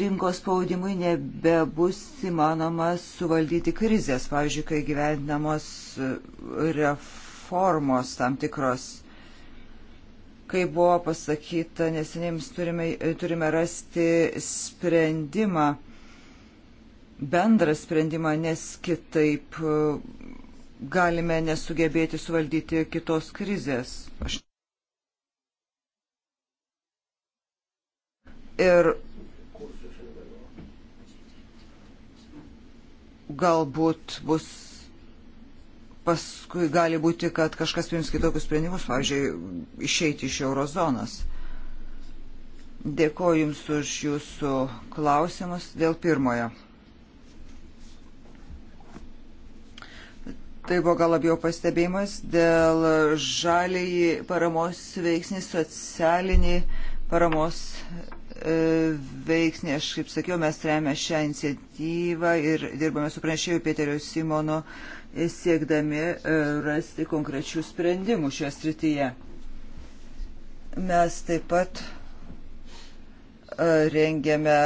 rinkos spaudimui nebebus įmanoma suvaldyti krizės, pavyzdžiui, kai gyvendinamos reformos tam tikros. Kaip buvo pasakyta, nesinėms turime, turime rasti sprendimą, bendrą sprendimą, nes kitaip e, galime nesugebėti suvaldyti kitos krizės. Aš... Ir galbūt bus paskui gali būti, kad kažkas priims kitokius sprendimus, pavyzdžiui, išeiti iš eurozonos. Dėkoju Jums už Jūsų klausimus dėl pirmojo. Tai buvo gal labiau pastebėjimas dėl žaliai paramos veiksnį, socialinį paramos e, veiksnį. Aš kaip sakiau, mes remia šią iniciatyvą ir dirbame su pranešėju Pėterio Simono siekdami e, rasti konkrečių sprendimų šioje srityje. Mes taip pat e, rengiame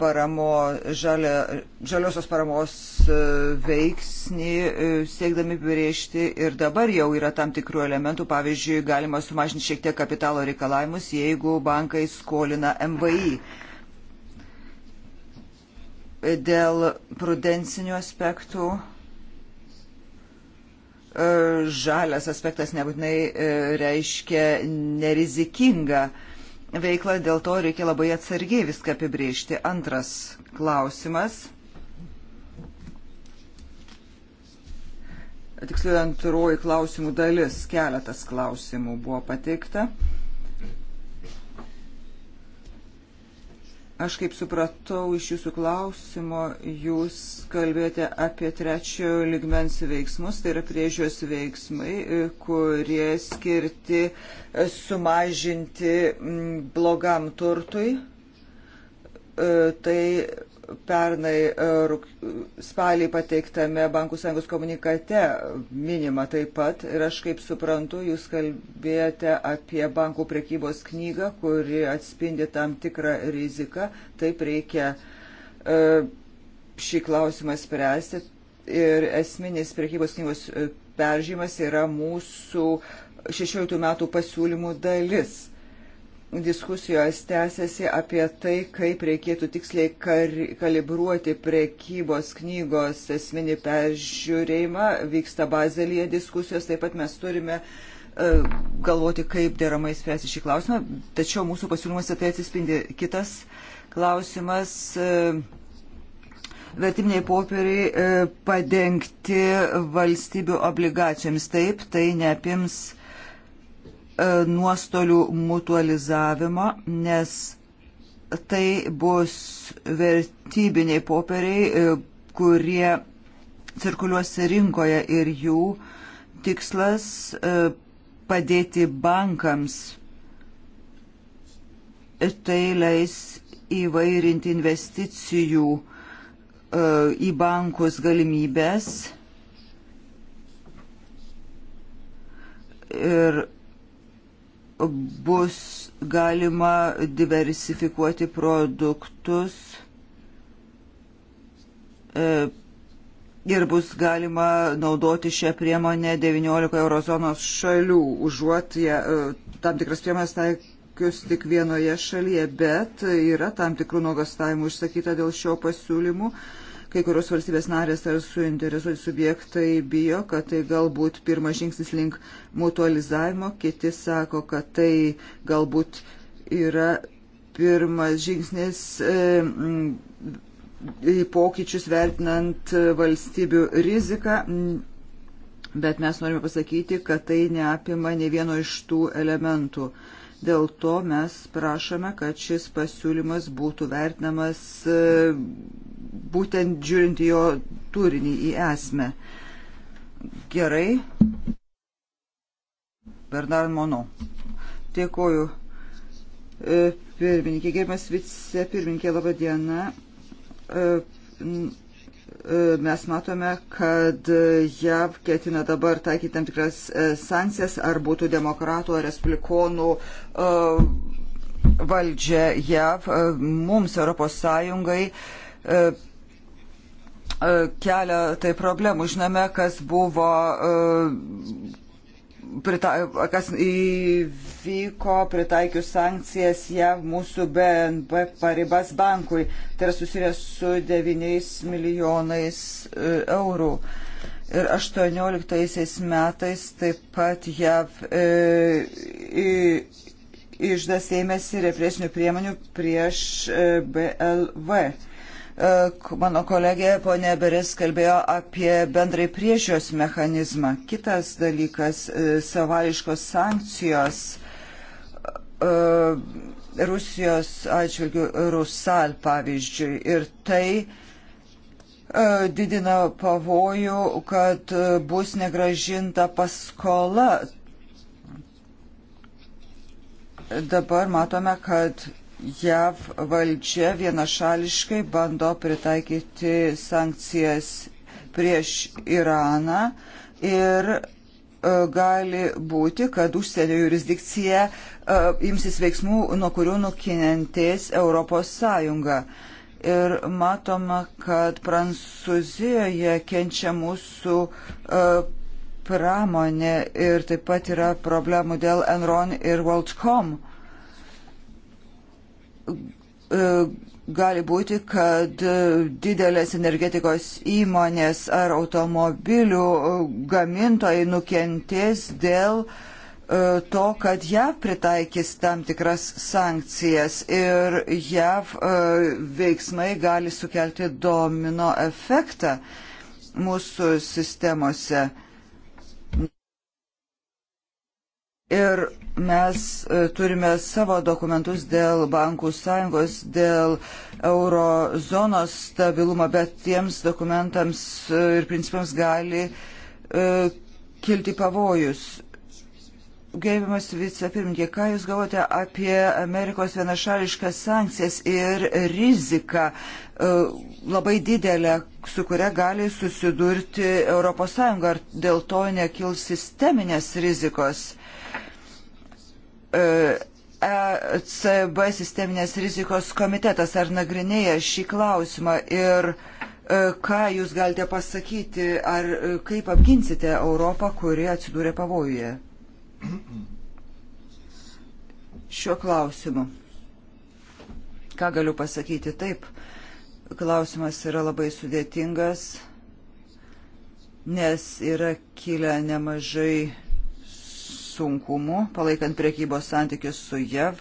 paramo, žalia, žaliosios paramos e, veiksnį, siekdami brėžti ir dabar jau yra tam tikrų elementų, pavyzdžiui, galima sumažinti šiek tiek kapitalo reikalavimus, jeigu bankai skolina MVI. Dėl prudencinių aspektų E, žalias aspektas nebūtinai e, reiškia nerizikingą veiklą, dėl to reikia labai atsargiai viską apibriežti. Antras klausimas. Tiksliau, antroji klausimų dalis, keletas klausimų buvo pateikta. Aš kaip supratau iš jūsų klausimo, jūs kalbėjote apie trečiojo ligmens veiksmus, tai yra priežios veiksmai, e, kurie skirti e, sumažinti blogam turtui. E, tai pernai e, spalį pateiktame Bankų sąjungos komunikate minima taip pat. Ir aš kaip suprantu, jūs kalbėjote apie bankų prekybos knygą, kuri atspindi tam tikrą riziką. Taip reikia e, šį klausimą spręsti. Ir esminis prekybos knygos e, peržymas yra mūsų 16 metų pasiūlymų dalis diskusijos tęsiasi apie tai, kaip reikėtų tiksliai kar, kalibruoti prekybos knygos esminį peržiūrėjimą. Vyksta bazelyje diskusijos, taip pat mes turime uh, galvoti, kaip deramai spręsti šį klausimą, tačiau mūsų pasiūlymuose tai atsispindi. Kitas klausimas. Uh, vertiminiai popieriai uh, padengti valstybių obligacijomis. Taip, tai neapims E, nuostolių mutualizavimą, nes tai bus vertybiniai popieriai, e, kurie cirkuliuos rinkoje ir jų tikslas e, padėti bankams. Tai leis įvairinti investicijų į bankus galimybės ir bus galima diversifikuoti produktus e, ir bus galima naudoti šią priemonę 19 eurozonos šalių, užuot ją, e, tam tikras priemonės taikius tik vienoje šalyje, bet yra tam tikrų nuogastavimų išsakyta dėl šio pasiūlymų. Kai kurios valstybės narės ar suinteresuoti subjektai bijo, kad tai galbūt pirmas žingsnis link mutualizavimo, kiti sako, kad tai galbūt yra pirmas žingsnis. E, į pokyčius vertinant valstybių riziką, bet mes norime pasakyti, kad tai neapima ne vieno iš tų elementų. Dėl to mes prašome, kad šis pasiūlymas būtų vertinamas e, būtent žiūrint jo turinį į esmę. Gerai. Bernard Mono. Dėkoju. E, pirmininkė, gerbiamas vicepirmininkė, laba diena. E, e, mes matome, kad JAV ketina dabar taikyti tam tikras sankcijas, ar būtų demokratų ar respublikonų valdžia JAV. Mums, ES, E, e, kelia tai problemų. Žinome, kas buvo e, kas įvyko pritaikius sankcijas JAV mūsų BNP paribas bankui. Tai yra susijęs su 9 milijonais eurų. Ir 18 metais taip pat JAV e, e, išdas ėmėsi represinių priemonių prieš BLV. E, mano kolegė ponė Beres kalbėjo apie bendrai priežios mechanizmą. Kitas dalykas e, - savališkos sankcijos e, Rusijos atžvilgių Rusal pavyzdžiui. Ir tai didina pavojų, kad bus negražinta paskola. Dabar matome, kad JAV valdžia vienašališkai bando pritaikyti sankcijas prieš Iraną ir e, gali būti, kad užsienio jurisdikcija e, imsis veiksmų, nuo kurių nukinentės Europos Sąjunga. Ir matoma, kad Prancūzijoje kenčia mūsų e, pramonė ir taip pat yra problemų dėl Enron ir WorldCom E, gali būti, kad e, didelės energetikos įmonės ar automobilių e, gamintojai nukentės dėl to, kad JAV pritaikys tam tikras sankcijas ir JAV veiksmai gali sukelti domino efektą mūsų sistemose. Ir mes e, turime savo dokumentus dėl bankų sąjungos, dėl eurozonos stabilumo, bet tiems dokumentams e, ir principams gali e, kilti pavojus. Gerbiamas vicepirmininkė, ką Jūs galvote apie Amerikos vienašališkas sankcijas ir riziką labai didelę, su kuria gali susidurti ES? Ar dėl to nekils sisteminės rizikos? ECB e sisteminės rizikos komitetas ar nagrinėja šį klausimą ir e, ką jūs galite pasakyti, ar e, kaip apginsite Europą, kuri atsidūrė pavojuje? Šiuo klausimu. Ką galiu pasakyti? Taip, klausimas yra labai sudėtingas, nes yra kilę nemažai sunkumų, palaikant priekybos santykius su JAV.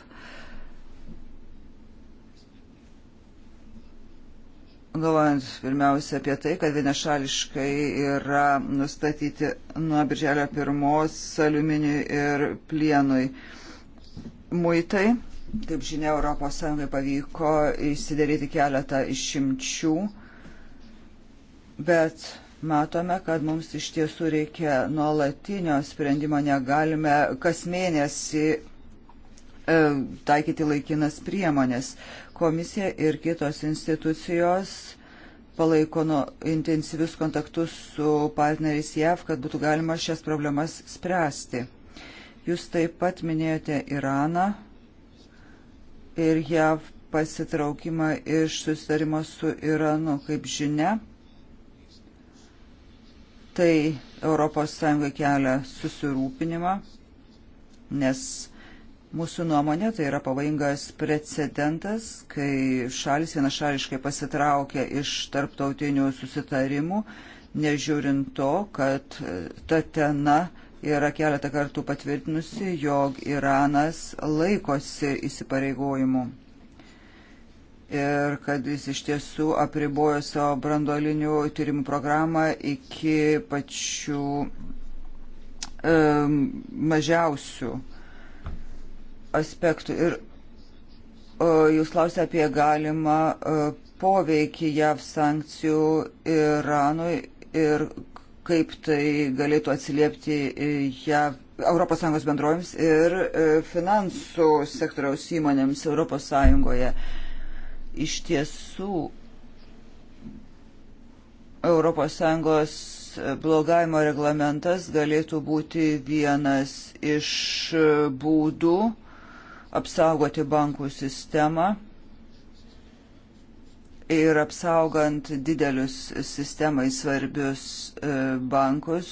Galvojant pirmiausia apie tai, kad vienašališkai yra nustatyti nuo birželio pirmos aliuminiui ir plienui muitai. Kaip žinia, ES pavyko įsidėrėti keletą išimčių, bet matome, kad mums iš tiesų reikia nuolatinio sprendimo, negalime kas mėnesį e, taikyti laikinas priemonės. Komisija ir kitos institucijos palaiko nu, intensyvius kontaktus su partneriais JAV, kad būtų galima šias problemas spręsti. Jūs taip pat minėjote Iraną ir JAV pasitraukimą iš susitarimo su Iranu, kaip žinia Tai ES kelia susirūpinimą, nes mūsų nuomonė tai yra pavojingas precedentas, kai šalis vienašališkai pasitraukia iš tarptautinių susitarimų, nežiūrint to, kad ta tena yra keletą kartų patvirtinusi, jog Iranas laikosi įsipareigojimų ir kad jis iš tiesų apribojo savo brandolinių tyrimų programą iki pačių e, mažiausių aspektų. Ir e, jūs klausė apie galimą e, poveikį JAV sankcijų Iranui ir kaip tai galėtų atsiliepti JAV, ES bendrovėms ir e, finansų sektoriaus įmonėms ES. Iš tiesų, ES blogavimo reglamentas galėtų būti vienas iš būdų apsaugoti bankų sistemą ir apsaugant didelius sistemai svarbius e, bankus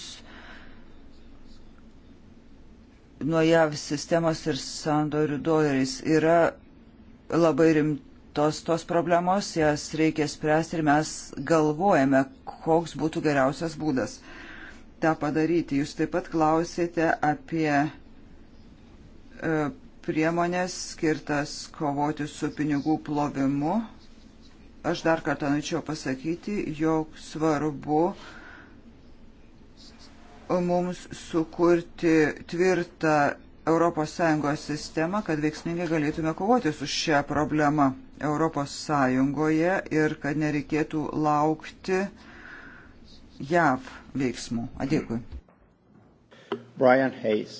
nuo JAV sistemos ir sandorių doleriais yra labai rimta rimtos tos problemos, jas reikia spręsti ir mes galvojame, koks būtų geriausias būdas tą padaryti. Jūs taip pat klausėte apie e, priemonės skirtas kovoti su pinigų plovimu. Aš dar kartą norėčiau pasakyti, jog svarbu mums sukurti tvirtą ES sistemą, kad veiksmingai galėtume kovoti su šia problema. Europos Sąjungoje ir kad nereikėtų laukti JAV veiksmų. Dėkui. Brian Hayes.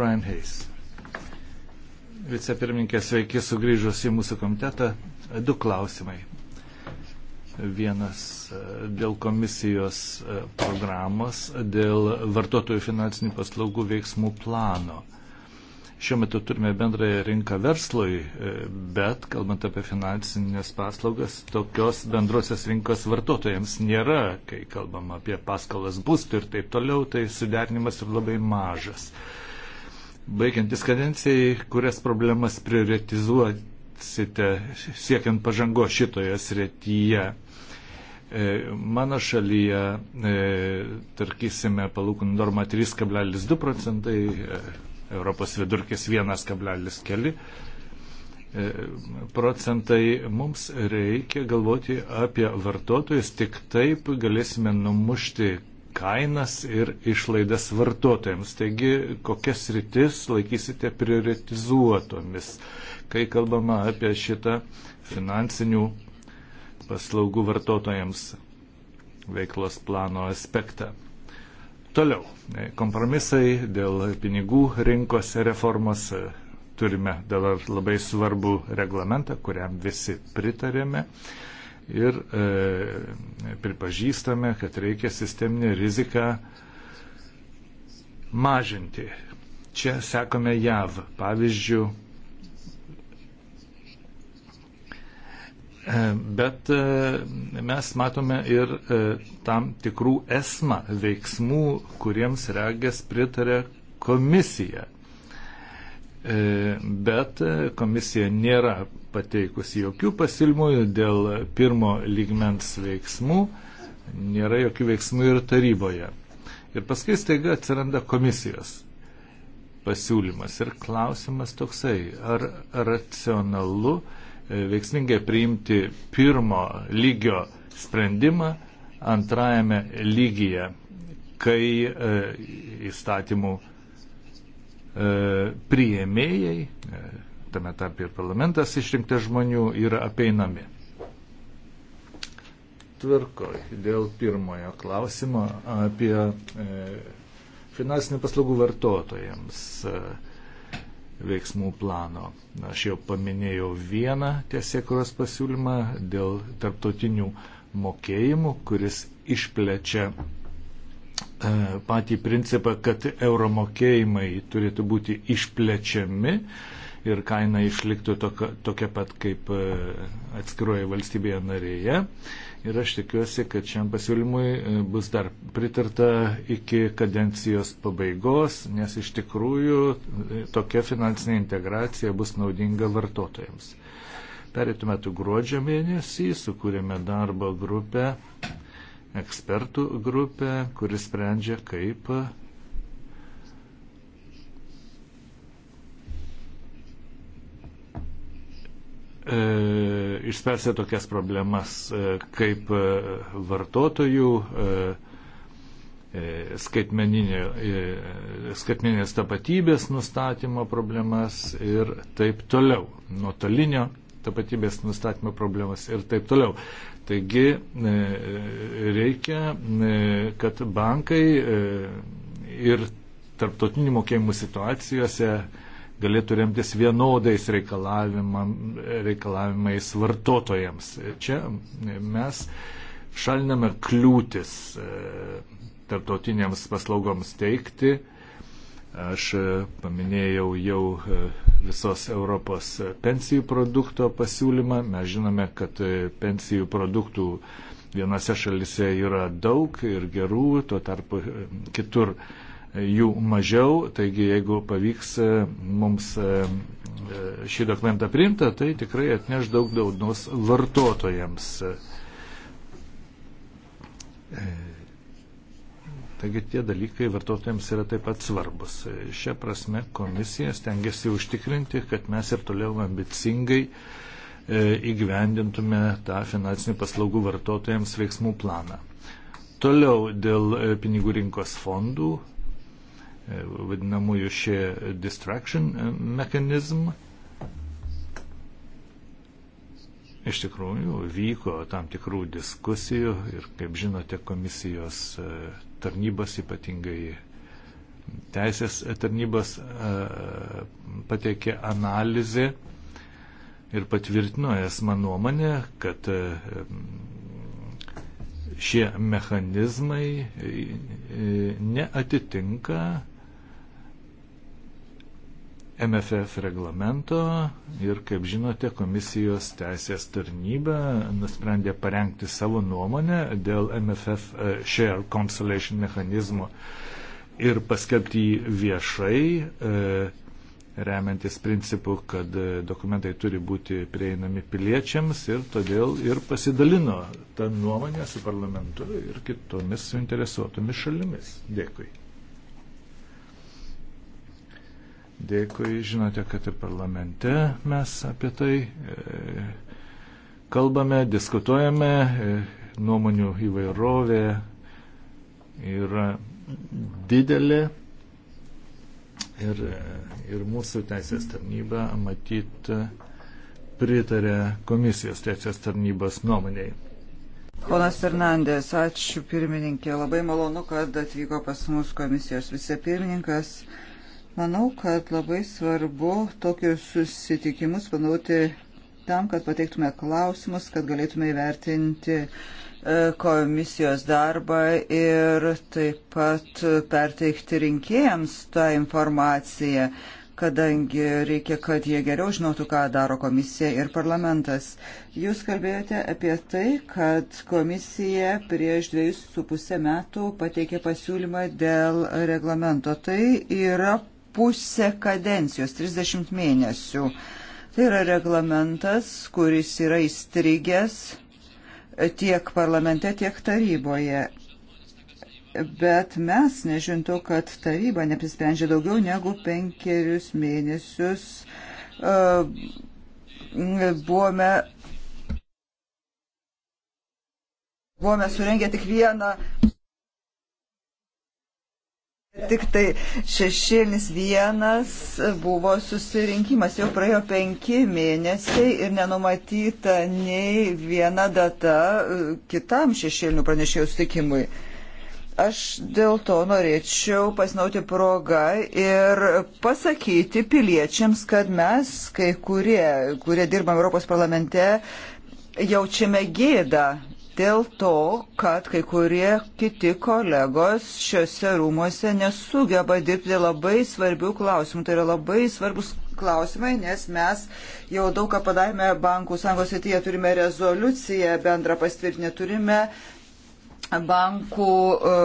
Brian Hayes. Vicepirmininkė, sveiki sugrįžus į mūsų komitetą. Du klausimai. Vienas e, dėl komisijos e, programos, dėl vartotojų finansinių paslaugų veiksmų plano. Šiuo metu turime bendrąją rinką verslui, e, bet kalbant apie finansinės paslaugas, tokios bendrosios rinkos vartotojams nėra, kai kalbam apie paskolas būstų ir taip toliau, tai suderinimas yra labai mažas. Baigiantis kadencijai, kurias problemas prioritizuosite siekiant pažango šitoje srityje? E, mano šalyje, e, tarkysime, palūkanų norma 3,2 procentai, Europos vidurkis 1,4 e, procentai. Mums reikia galvoti apie vartotojus, tik taip galėsime numušti kainas ir išlaidas vartotojams. Taigi, kokias rytis laikysite prioritizuotomis, kai kalbama apie šitą finansinių paslaugų vartotojams veiklos plano aspektą. Toliau, kompromisai dėl pinigų rinkos reformos. Turime dabar labai svarbų reglamentą, kuriam visi pritarėme ir e, pripažįstame, kad reikia sisteminę riziką mažinti. Čia sekome JAV pavyzdžių Bet e, mes matome ir e, tam tikrų esmą veiksmų, kuriems regės pritarė komisija. E, bet komisija nėra pateikusi jokių pasiūlymų dėl pirmo lygmens veiksmų, nėra jokių veiksmų ir taryboje. Ir paskui staiga atsiranda komisijos pasiūlymas. Ir klausimas toksai, ar racionalu uh, E, veiksmingai priimti pirmo lygio sprendimą antrajame lygyje, kai e, įstatymų e, prieėmėjai, tame tarp ir parlamentas išrinktas žmonių, yra apeinami. Tvarkoj, dėl pirmojo klausimo apie finansinių paslaugų vartotojams. E, veiksmų plano. Aš jau paminėjau vieną tiesiekuros pasiūlymą dėl tarptautinių mokėjimų, kuris išplečia e, patį principą, kad euro mokėjimai turėtų būti išplečiami ir kaina išliktų tokia, tokia pat kaip e, atskiroje valstybėje narėje ir aš tikiuosi, kad šiam pasiūlymui e, bus dar pritarta iki kadencijos pabaigos, nes iš tikrųjų e, tokia finansinė integracija bus naudinga vartotojams. Pereitų metų gruodžio mėnesį sukūrėme darbo grupę, ekspertų grupę, kuris sprendžia, kaip E, išspręsti tokias problemas e, kaip e, vartotojų skaitmeninės tapatybės nustatymo problemas ir taip toliau, nuotolinio tapatybės nustatymo problemas ir taip toliau. Taigi reikia, kad bankai ir tarptautinių mokėjimų situacijose galėtų remtis vienodais reikalavimais vartotojams. Čia mes šaliname kliūtis e, tarptautiniams paslaugoms teikti. Aš e, paminėjau jau e, visos Europos pensijų produkto pasiūlymą. Mes žinome, kad pensijų produktų vienose šalise yra daug ir gerų, tuo tarpu kitur jų mažiau, taigi jeigu pavyks e, mums e, e, šį dokumentą priimta, tai tikrai atneš daug daudos vartotojams. Taigi tie dalykai vartotojams yra taip pat svarbus. Šią prasme komisija stengiasi užtikrinti, kad mes ir toliau ambicingai įgyvendintume tą finansinių paslaugų vartotojams veiksmų planą. Toliau dėl pinigų rinkos fondų Uh, vadinamųjų share distraction uh, mechanism. Iš tikrųjų, vyko tam tikrų diskusijų ir, kaip žinote, komisijos uh, tarnybos, ypatingai teisės tarnybos, pateikė analizę ir patvirtino esmą nuomonę, kad šie mechanizmai neatitinka MFF reglamento ir, kaip žinote, komisijos teisės tarnyba nusprendė parengti savo nuomonę dėl MFF e, Share Consolation mechanizmo ir paskelbti jį viešai, e, remiantis principu, kad e, dokumentai turi būti prieinami piliečiams ir todėl ir pasidalino tą nuomonę su parlamentu ir kitomis suinteresuotomis šalimis. Dėkui. Dėkui, žinote, kad ir parlamente mes apie tai e, kalbame, diskutuojame, e, nuomonių įvairovė yra didelė ir, e, ir mūsų teisės tarnyba matyt pritarė komisijos teisės tarnybos nuomoniai. Ponas Fernandės, ačiū pirmininkė. Labai malonu, kad atvyko pas mus komisijos vicepirmininkas. pirmininkas Manau, kad labai svarbu tokius susitikimus panaudoti tam, kad pateiktume klausimus, kad galėtume įvertinti e, komisijos darbą ir taip pat perteikti rinkėjams tą informaciją, kadangi reikia, kad jie geriau žinotų, ką daro komisija ir parlamentas. Jūs kalbėjote apie tai, kad komisija prieš dviejus su pusę metų pateikė pasiūlymą dėl reglamento. Tai yra pusę kadencijos, 30 mėnesių. Tai yra reglamentas, kuris yra įstrigęs tiek parlamente, tiek taryboje. Bet mes, nežinto, kad taryba neprisprendžia daugiau negu penkerius mėnesius, e, buvome Buvome surengę tik vieną Tik tai šešėlis vienas buvo susirinkimas, jau praėjo penki mėnesiai ir nenumatyta nei viena data e, kitam šešėlinių pranešėjų sutikimui. Aš dėl to norėčiau pasinauti progą ir pasakyti piliečiams, kad mes, kai kurie, kurie dirbam Europos parlamente, jaučiame gėdą dėl to, kad kai kurie kiti kolegos šiuose rūmuose nesugeba dirbti labai svarbių klausimų. Tai yra labai svarbus klausimai, nes mes jau daug ką padarėme bankų sąjungos srityje, turime rezoliuciją bendrą pastvirtinę, turime bankų e,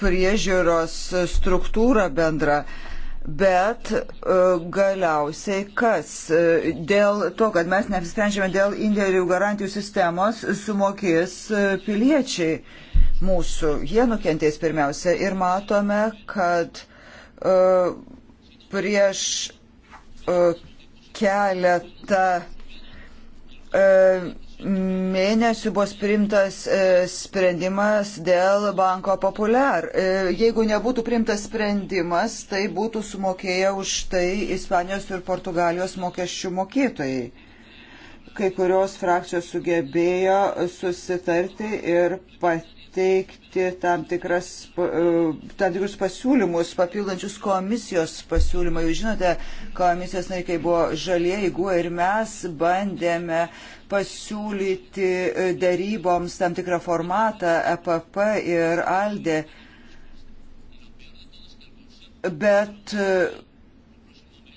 priežiūros struktūrą bendrą. Uh, bet e, galiausiai kas? E, dėl to, kad mes neapsisprendžiame dėl indėlių garantijų sistemos, sumokės e, piliečiai mūsų. Jie nukentės pirmiausia ir matome, kad prieš keletą mėnesių bus primtas e, sprendimas dėl banko populiar. E, jeigu nebūtų primtas sprendimas, tai būtų sumokėję už tai Ispanijos ir Portugalijos mokesčių mokėtojai. Kai kurios frakcijos sugebėjo susitarti ir pat pateikti tam, tikras, e, tam tikrus pasiūlymus, papildančius komisijos pasiūlymą. Jūs žinote, komisijos nariai buvo žalieji, guo ir mes bandėme pasiūlyti e, daryboms tam tikrą formatą EPP ir ALDE. Bet e,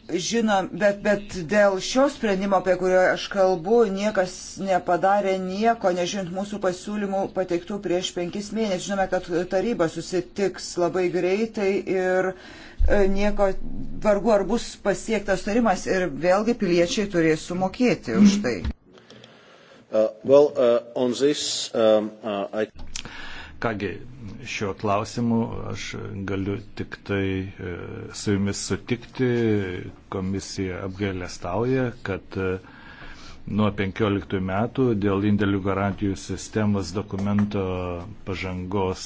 Žinom, bet, bet dėl šio sprendimo, apie kurio aš kalbu, niekas nepadarė nieko, nežinant mūsų pasiūlymų pateiktų prieš penkis mėnesius. Žinome, kad taryba susitiks labai greitai ir e, nieko vargu ar bus pasiektas tarimas ir vėlgi piliečiai turės sumokėti už tai. Uh, well, uh, this, um, uh, I... Kągi, šiuo klausimu aš galiu tik tai e, su jumis sutikti. Komisija apgailę stauja, kad e, nuo 15 metų dėl indėlių garantijų sistemos dokumento pažangos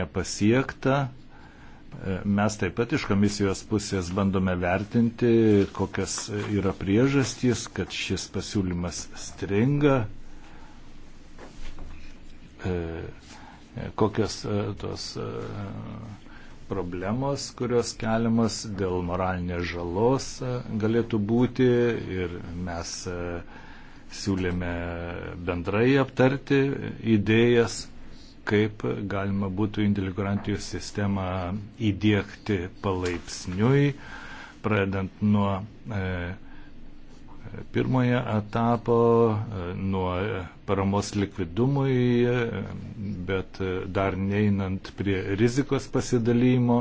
nepasiekta. E, mes taip pat iš komisijos pusės bandome vertinti, kokias yra priežastys, kad šis pasiūlymas stringa. E, kokios e, tos e, problemos, kurios keliamas dėl moralinės žalos e, galėtų būti ir mes siūlėme bendrai aptarti idėjas, kaip galima būtų inteligentijų sistemą įdėkti palaipsniui, pradedant nuo e, pirmojo etapo e, nuo paramos likvidumui, e, bet dar neinant prie rizikos pasidalymo.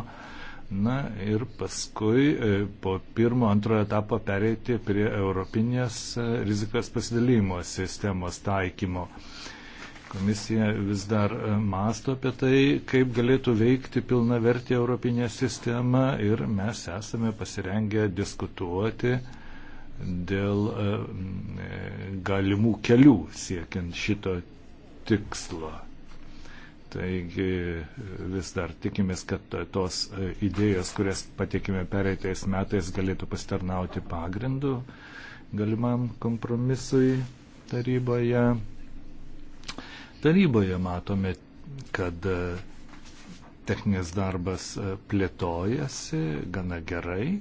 Na ir paskui e, po pirmo, antrojo etapo pereiti prie Europinės rizikos pasidalymo sistemos taikymo. Komisija vis dar masto apie tai, kaip galėtų veikti pilna vertė Europinė sistema ir mes esame pasirengę diskutuoti uh, dėl e, e, galimų kelių siekiant šito tikslo. Taigi e, vis dar tikimės, kad tos idėjos, kurias patikime pereitais metais, galėtų pasitarnauti pagrindu galimam kompromisui taryboje. Taryboje matome, kad techninis darbas plėtojasi gana gerai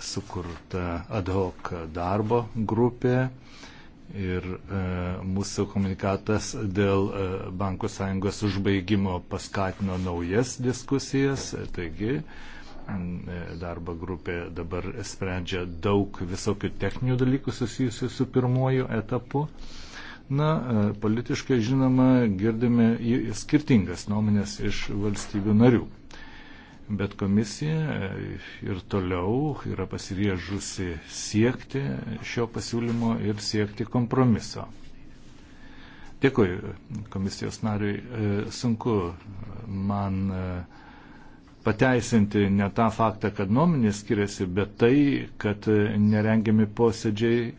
sukurta ad hoc darbo grupė ir e, mūsų komunikatas dėl e, Bankų sąjungos užbaigimo paskatino naujas diskusijas. Taigi, e, darbo grupė dabar sprendžia daug visokių techninių dalykų susijusių su pirmuoju etapu. Na, politiškai žinoma, girdime skirtingas nuomonės iš valstybių narių. Bet komisija e, ir toliau yra pasiriežusi siekti šio pasiūlymo ir siekti kompromiso. Dėkui komisijos nariui. E, sunku man e, pateisinti ne tą faktą, kad nuomonės skiriasi, bet tai, kad nerengiami posėdžiai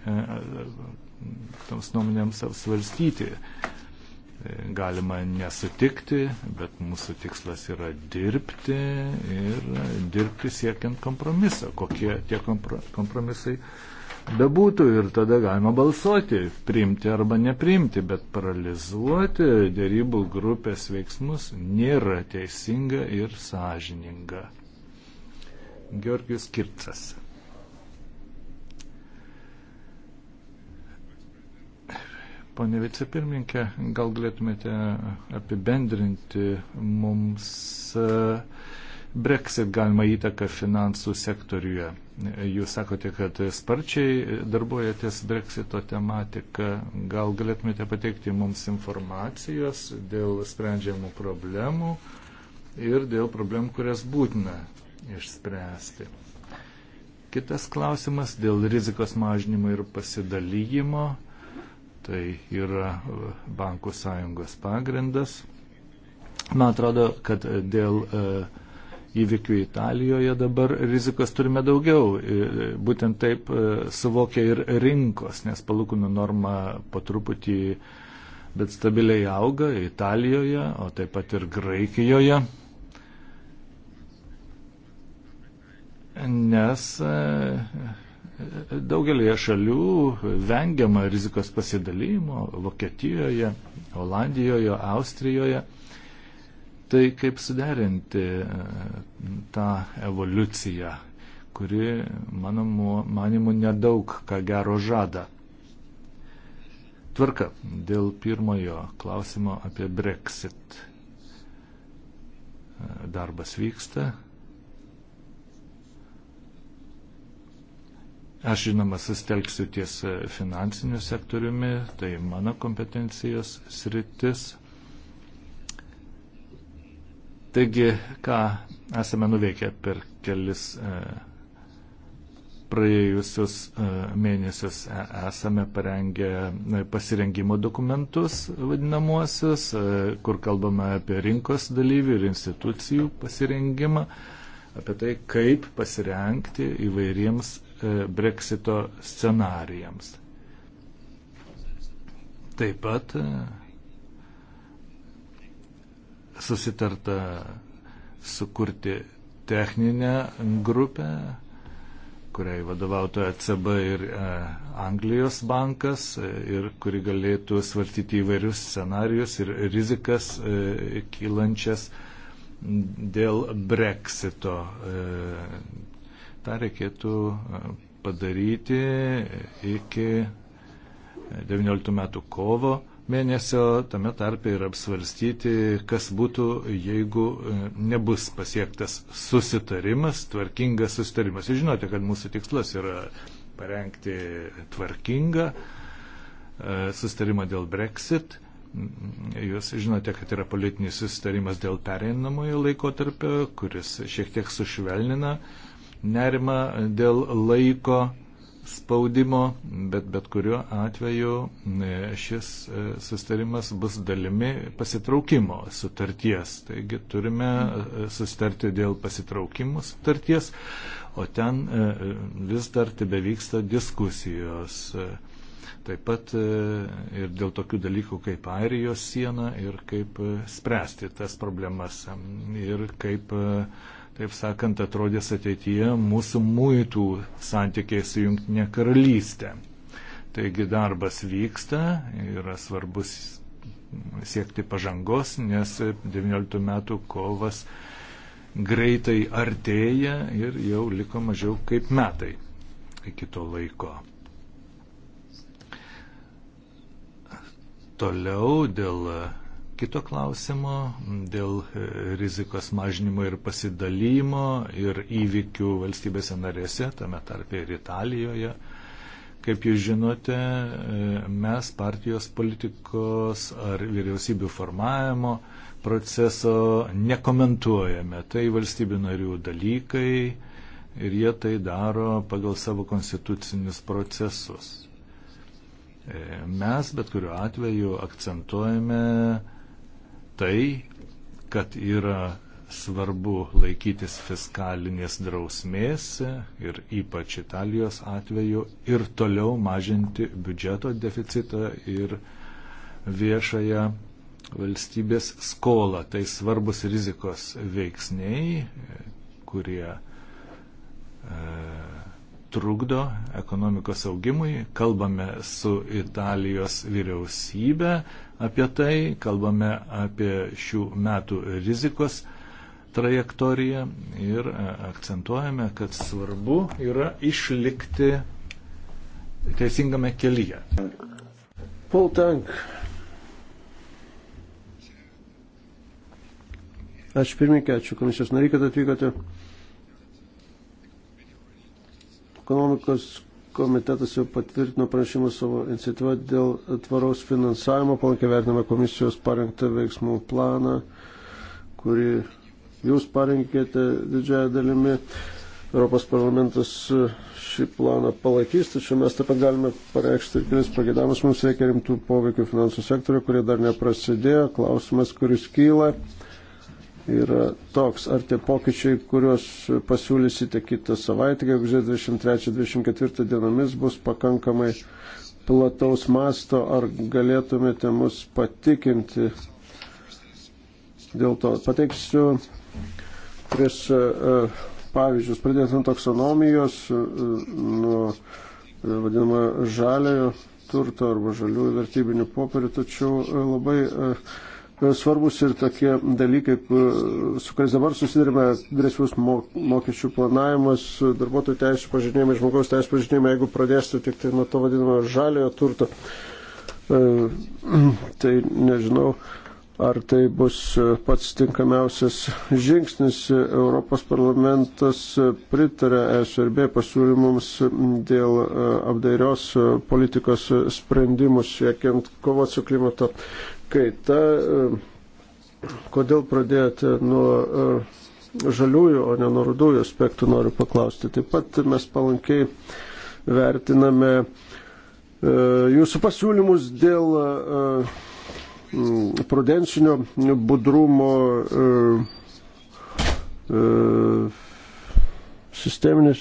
toms nuomonėms apsvarstyti galima nesutikti, bet mūsų tikslas yra dirbti ir dirbti siekiant kompromiso, kokie tie kompromisai bebūtų ir tada galima balsuoti, priimti arba nepriimti, bet paralizuoti dėrybų grupės veiksmus nėra teisinga ir sąžininga. Georgijus Kircas. Pane vicepirminkė, gal galėtumėte apibendrinti mums e, Brexit galima įtaką finansų sektoriuje. Jūs sakote, kad sparčiai darbuojatės Brexito tematika. Gal galėtumėte pateikti mums informacijos dėl sprendžiamų problemų ir dėl problemų, kurias būtina išspręsti. Kitas klausimas dėl rizikos mažinimo ir pasidalymo Tai yra e, bankų sąjungos pagrindas. Man atrodo, kad e, dėl e, įvykių Italijoje dabar rizikos turime daugiau. Būtent taip suvokia ir rinkos, nes palūkanų norma po truputį bet stabiliai auga Italijoje, o taip pat ir Graikijoje. Nes Daugelėje šalių vengiama rizikos pasidalymo - Vokietijoje, Olandijoje, Austrijoje. Tai kaip suderinti e, tą evoliuciją, kuri, mano manimu, nedaug ką gero žada. Tvarka dėl pirmojo klausimo apie Brexit. E, darbas vyksta, Aš žinoma sustelksiu ties e, finansiniu sektoriumi, tai mano kompetencijos sritis. Taigi, ką esame nuveikę per kelis e, praėjusius e, mėnesius esame parengę pasirengimo dokumentus vadinamuosius, kur kalbame apie rinkos dalyvių ir institucijų pasirengimą, apie tai, kaip pasirengti įvairiems E, breksito scenarijams. Taip pat e, susitarta sukurti techninę grupę, kuriai vadovautų ECB ir e, Anglijos bankas e, ir kuri galėtų svartyti įvairius scenarius ir rizikas e, kylančias dėl breksito. E, tą reikėtų e, padaryti iki 19 metų kovo mėnesio, tame tarpe ir apsvarstyti, kas būtų, jeigu e, nebus pasiektas susitarimas, tvarkingas susitarimas. Jūs žinote, kad mūsų tikslas yra parengti tvarkingą e, susitarimą dėl Brexit. Jūs žinote, kad yra politinis susitarimas dėl pereinamojo laikotarpio, kuris šiek tiek sušvelnina uh, nerimą dėl laiko spaudimo, bet bet kuriuo atveju e, šis e, sustarimas bus dalimi pasitraukimo sutarties. Taigi turime e, sustarti dėl pasitraukimo sutarties, o ten vis dar tebe vyksta diskusijos. Taip pat ir dėl tokių dalykų kaip Airijos siena ir kaip spręsti tas problemas ir kaip taip sakant, atrodys ateityje mūsų muitų santykiai su Junktinė karalystė. Taigi darbas vyksta, yra svarbus siekti pažangos, nes 19 metų kovas greitai artėja ir jau liko mažiau kaip metai iki to laiko. Toliau dėl kito klausimo dėl e, rizikos mažinimo ir pasidalymo ir įvykių valstybėse narėse, tame tarpe ir Italijoje. Kaip jūs žinote, e, mes partijos politikos ar vyriausybių formavimo proceso nekomentuojame. Tai valstybių narių dalykai ir jie tai daro pagal savo konstitucinius procesus. E, mes bet kuriuo atveju akcentuojame tai, kad yra svarbu laikytis fiskalinės drausmės ir ypač Italijos atveju ir toliau mažinti biudžeto deficitą ir viešąją valstybės skolą. Tai svarbus rizikos veiksniai, kurie e, trukdo ekonomikos augimui. Kalbame su Italijos vyriausybė apie tai, kalbame apie šių metų rizikos trajektoriją ir e, akcentuojame, kad svarbu yra išlikti teisingame kelyje. Paul Tank. Ačiū pirmininkai, ačiū komisijos nariai, kad atvykote. Ekonomikos komitetas jau patvirtino pranešimą savo iniciatyvą dėl tvaraus finansavimo. Palankiai vertiname komisijos parengtą veiksmų planą, kurį jūs parengėte didžiąją dalimi. Europos parlamentas šį planą palaikys, tačiau mes taip pat galime pareikšti ir kelis pagėdamus. Mums reikia rimtų poveikių finansų sektoriu, kurie dar neprasidėjo. Klausimas, kuris kyla, yra toks, ar tie pokyčiai, kuriuos pasiūlysite kitą savaitę, gegužės 23-24 dienomis, bus pakankamai plataus masto, ar galėtumėte mus patikinti dėl to. Pateiksiu tris e, e, pavyzdžius, pradėt nuo taksonomijos, e, nuo vadinamo žaliojo turto arba žaliųjų vertybinių popierių, tačiau labai uh, svarbus ir tokie dalykai, su kuriais dabar susidurime, agresyvus mokesčių planavimas, darbuotojų teisų pažinėjimai, žmogaus teisų pažinėjimai, jeigu pradėsite tik tai nuo to vadinamo žaliojo turto, e, tai nežinau, ar tai bus pats tinkamiausias žingsnis. Europos parlamentas pritarė SRB pasiūlymams dėl e, apdairios politikos sprendimus, siekiant kovoti su klimato kaita. E, kodėl pradėjote nuo e, žaliųjų, o ne nuo rudųjų aspektų, noriu paklausti. Taip pat mes palankiai vertiname e, jūsų pasiūlymus dėl prudensinio budrumo sisteminis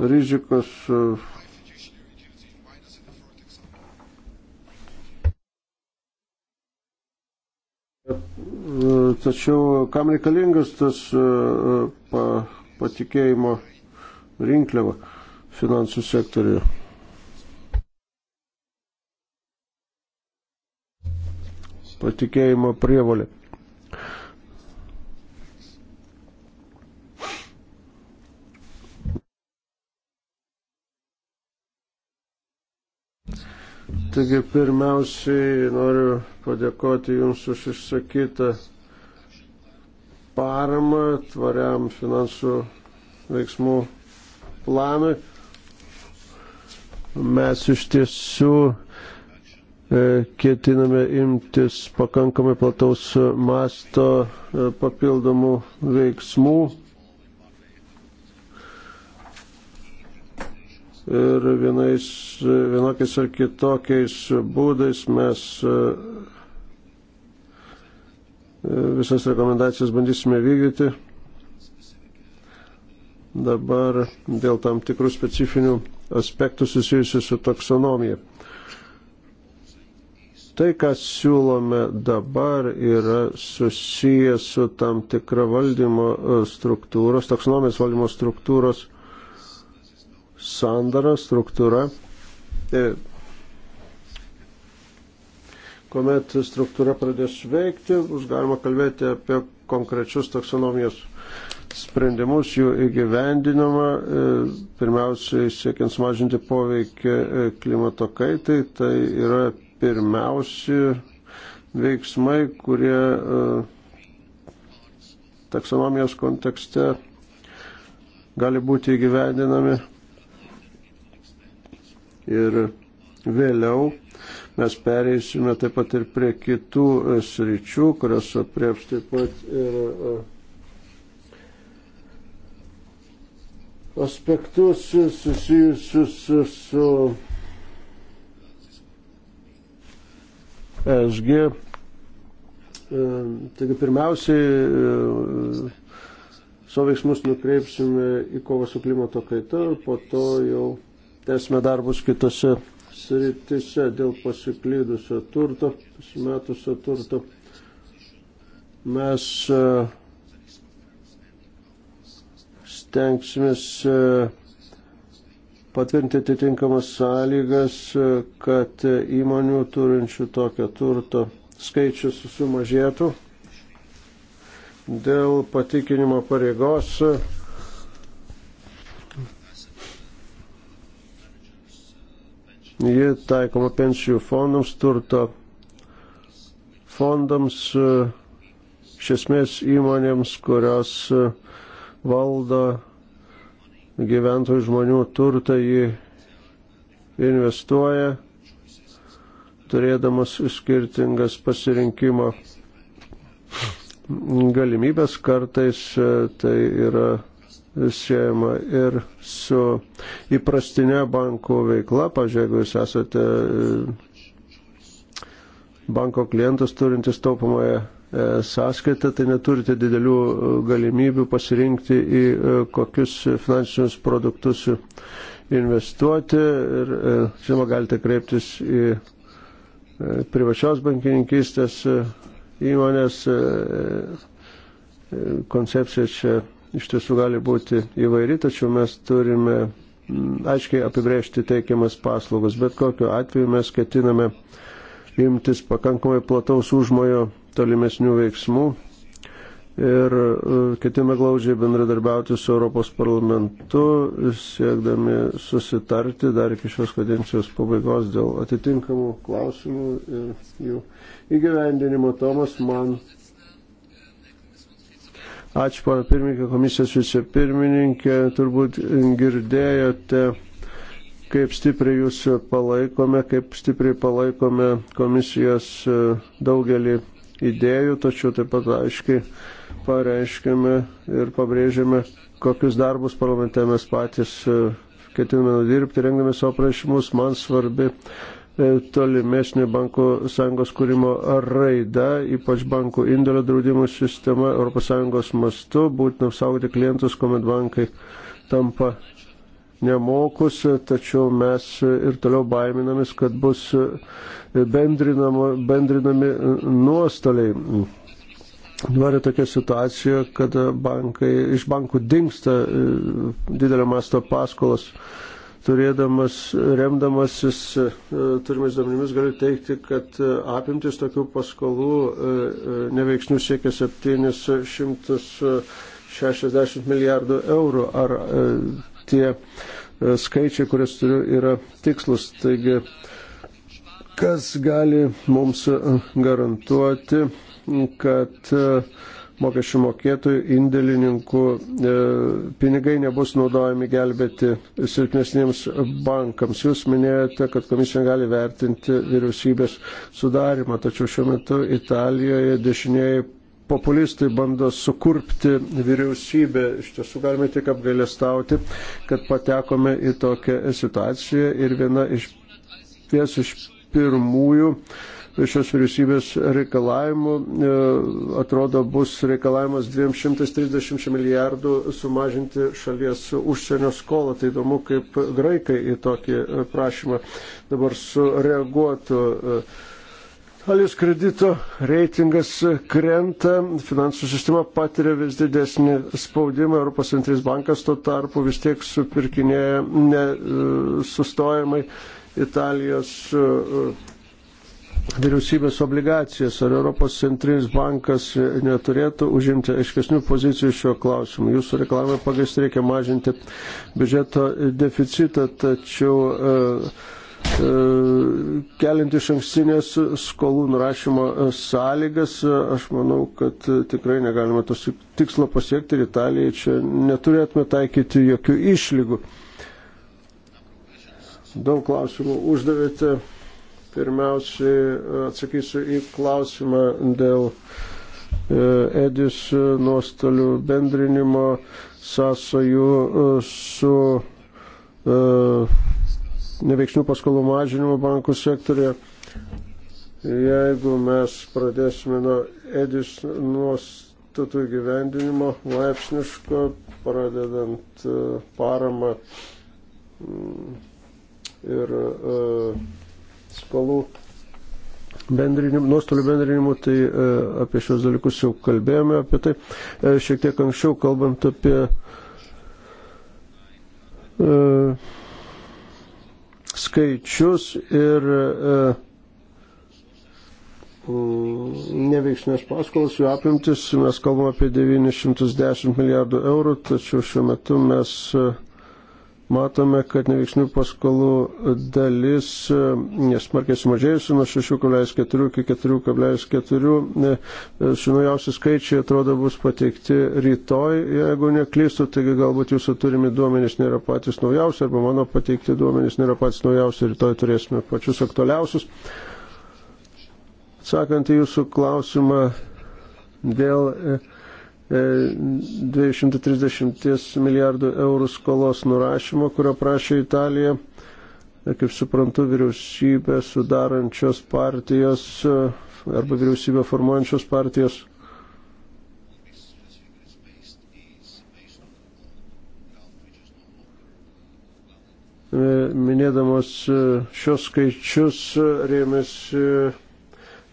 rizikos Tačiau kam reikalingas tas e, e, pa, patikėjimo rinkliava finansų sektoriuje? Patikėjimo prievolė. Taigi pirmiausiai noriu padėkoti Jums už išsakytą paramą tvariam finansų veiksmų planui. Mes iš tiesų e, ketiname imtis pakankamai plataus masto e, papildomų veiksmų. Ir vienais, e, vienokiais ar kitokiais būdais mes visas rekomendacijas bandysime vykdyti. Dabar dėl tam tikrų specifinių aspektų susijusių su taksonomija. Tai, ką siūlome dabar, yra susijęs su tam tikra valdymo e, struktūros, taksonomijos valdymo struktūros sandara, struktūra. E, kuomet struktūra pradės veikti, bus galima kalbėti apie konkrečius taksonomijos sprendimus, jų įgyvendinimą, e, pirmiausiai siekiant sumažinti poveikį e, klimato kaitai, tai yra pirmiausi veiksmai, kurie e, taksonomijos kontekste gali būti įgyvendinami ir vėliau mes pereisime taip pat ir prie kitų e, sričių, kurios aprieps taip pat ir e, aspektus susijusius su, su SG. E, taigi pirmiausiai savo veiksmus nukreipsime į kovą su klimato kaita, po to jau tęsime darbus kitose sritise dėl pasiklydusio turto, pasimetusio turto. Mes e, stengsimės e, patvirtinti atitinkamas sąlygas, e, kad įmonių turinčių tokio turto skaičius sumažėtų. Dėl patikinimo pareigos Ji taikoma pensijų fondams, turto fondams, e, iš esmės įmonėms, kurios e, valdo gyventojų žmonių turtą, jį investuoja, turėdamas skirtingas pasirinkimo galimybės, kartais e, tai yra siejama ir su įprastinė bankų veikla. Pavyzdžiui, jeigu jūs esate e, banko klientas turintis taupamąją e, sąskaitą, tai neturite didelių e, galimybių pasirinkti į kokius finansinius produktus investuoti ir, žinoma, galite kreiptis į privačios bankininkystės įmonės koncepcija čia iš tiesų gali būti įvairi, tačiau mes turime mm, aiškiai apibrėžti teikiamas paslaugas. Bet kokiu atveju mes ketiname imtis pakankamai plataus užmojo tolimesnių veiksmų ir e, ketiname glaudžiai bendradarbiauti su Europos parlamentu, siekdami susitarti dar iki šios kadencijos pabaigos dėl atitinkamų klausimų ir jų įgyvendinimo. Tomas man Ačiū, pana pirmininkė, komisijos vicepirmininkė. Turbūt girdėjote, kaip stipriai jūs palaikome, kaip stipriai palaikome komisijos e, daugelį idėjų, tačiau taip pat aiškiai pareiškėme ir pabrėžėme, kokius darbus parlamente mes patys e, ketiname dirbti, rengdami savo prašymus. Man svarbi E, tolimesnė bankų sąjungos kūrimo raida, ypač bankų indėlio draudimų sistema ES mastu, būtina apsaugoti klientus, kuomet bankai tampa nemokus, tačiau mes ir toliau baiminamės, kad bus bendrinami nuostoliai. Dvarė tokia situacija, kad bankai, iš bankų dinksta e, didelio masto paskolos turėdamas, remdamasis e, turimais duomenimis, galiu teikti, kad e, apimtis tokių paskolų e, neveiksnių siekia 760 milijardų eurų. Ar tie skaičiai, kurias turiu, yra tikslus. Taigi, kas gali mums garantuoti, kad uh, mokesčių mokėtojų, indėlininkų e, pinigai nebus naudojami gelbėti silpnesniems bankams. Jūs minėjote, kad komisija gali vertinti vyriausybės sudarimą, tačiau šiuo metu Italijoje dešiniai populistai bando sukurpti vyriausybę. Iš tiesų galime tik apgailestauti, kad patekome į tokią situaciją ir viena iš, ties iš pirmųjų uh, šios vyriausybės reikalavimų, e, atrodo, bus reikalavimas 230 milijardų sumažinti šalies užsienio skolą. Tai įdomu, kaip graikai į tokį e, prašymą dabar sureaguotų. Šalies e, kredito reitingas krenta, finansų sistema patiria vis didesnį spaudimą, Europos centrinis bankas tuo tarpu vis tiek supirkinėja nesustojamai Italijos vyriausybės obligacijas, ar Europos centrinis bankas neturėtų užimti aiškesnių pozicijų šiuo klausimu. Jūsų reklamai pagaisti reikia mažinti biudžeto deficitą, tačiau e, e, keliant iš ankstinės skolų nurašymo sąlygas, aš manau, kad tikrai negalima tos tikslo pasiekti ir Italijai čia neturėtume taikyti jokių išlygų. Daug klausimų uždavėte Pirmiausiai e, atsakysiu į klausimą dėl e, Edis nuostolių bendrinimo sąsajų e, su neveiksnių paskolų mažinimu bankų sektorėje. Jeigu mes pradėsime nuo Edis nuostatų gyvendinimo laipsniško, pradedant paramą ir uh, skolų bendrinim, nuostolių bendrinimu, tai e, apie šios dalykus jau kalbėjome apie tai. E, šiek tiek anksčiau kalbant apie uh, skaičius ir uh, mm, neveiksnės paskolos, jų apimtis, mes kalbame apie 910 milijardų eurų, tačiau šiuo metu mes uh, matome, kad neveiksnių paskolų dalis e, nesmarkiai sumažėjusi nuo 6,4 iki 4,4. Šių naujausių skaičiai atrodo bus pateikti rytoj, jeigu neklystu, taigi galbūt jūsų turimi duomenys nėra patys naujausi arba mano pateikti duomenys nėra patys naujausi, rytoj turėsime pačius aktualiausius. Sakant į jūsų klausimą dėl e, 230 e, milijardų eurų skolos nurašymo, kurio prašė Italija. E, kaip suprantu, vyriausybė sudarančios partijos e, arba vyriausybę formuojančios partijos minėdamas šios skaičius rėmėsi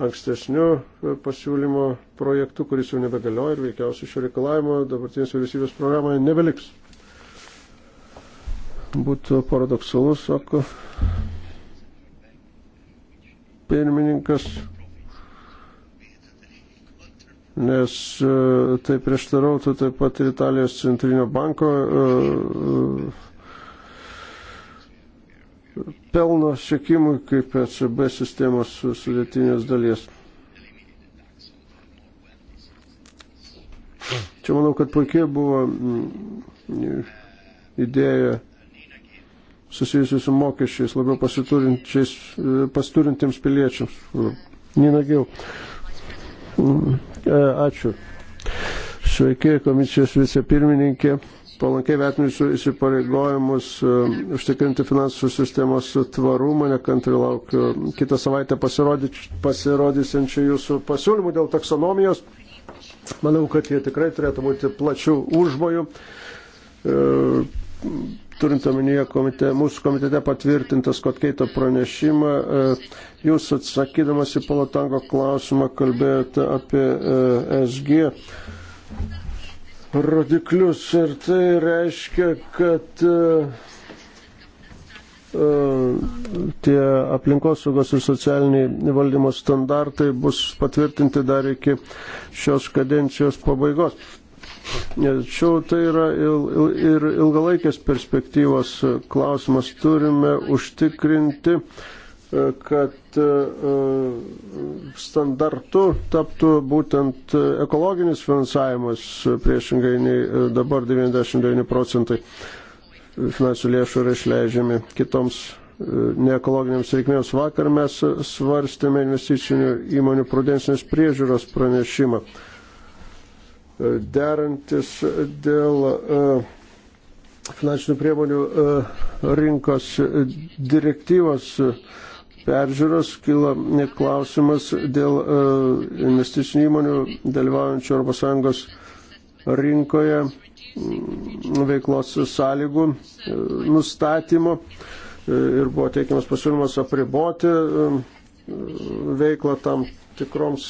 ankstesniu e, pasiūlymo projektu, kuris jau nebegalioja ir veikiausiai šio reikalavimo dabartinės vyriausybės programoje nebeliks. Būtų paradoksalu, sako pirmininkas, nes e, tai prieštarautų taip pat ir Italijos centrinio banko uh, uh, pelno siekimui kaip ECB sistemos sudėtinės dalies. Čia manau, kad puikiai buvo mm, idėja susijusiu su mokesčiais, labiau pasiturintiems piliečiams. Nenagiau. Mm, e, ačiū. Sveiki, komisijos vicepirmininkė palankiai vertinusių įsipareigojimus e, užtikrinti finansų sistemos tvarumą, nekantri laukiu kitą savaitę pasirodysiančių jūsų pasiūlymų dėl taksonomijos. Manau, kad jie tikrai turėtų būti plačių užmojų. E, turint omenyje komite, mūsų komitete patvirtintas Kotkeito pranešimą, e, jūs atsakydamas į Palatango klausimą kalbėjote apie SG rodiklius ir tai reiškia, kad e, e, tie aplinkosaugos ir socialiniai valdymo standartai bus patvirtinti dar iki šios kadencijos pabaigos. Tačiau tai yra il, il, ir ilgalaikės perspektyvos klausimas. Turime užtikrinti, e, kad kad e, standartu taptų būtent ekologinis finansavimas priešingai nei e, dabar 99 procentai finansų lėšų yra išleidžiami kitoms e, neekologiniams reikmėms. Vakar mes svarstėme investicinių įmonių prudensinės priežiūros pranešimą. Derantis dėl finansinių priemonių rinkos direktyvos peržiūros kyla klausimas dėl e, investicinių įmonių dalyvaujančių ES rinkoje veiklos sąlygų e, nustatymo e, ir buvo teikiamas pasiūlymas apriboti veiklą tam tikroms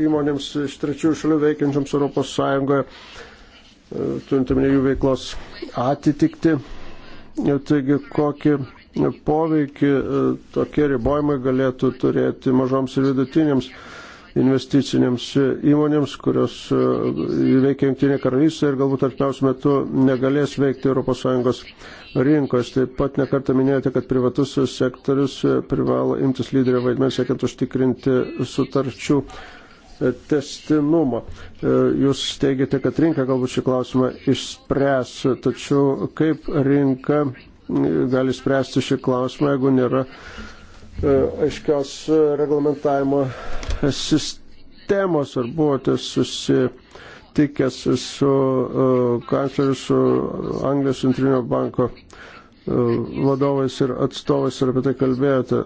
įmonėms iš trečiųjų šalių veikiančiams ES, turintame jų veiklos atitikti. Taigi, kokį poveikį e, tokie ribojimai galėtų turėti mažoms ir vidutinėms investicinėms įmonėms, kurios e, veikia Junktinė karalystė ir galbūt artimiausiu metu negalės veikti ES rinkos. Taip pat nekartą minėjote, kad privatus sektorius e, privalo imtis lyderio vaidmens, siekiant užtikrinti sutarčių testinumą. Jūs teigiate, kad rinka galbūt šį klausimą išspręs, tačiau kaip rinka gali spręsti šį klausimą, jeigu nėra e, aiškios e, reglamentavimo sistemos ar buvote susitikęs su e, kancleriu, su Anglijos centrinio banko vadovais ir atstovais ir apie tai kalbėjote.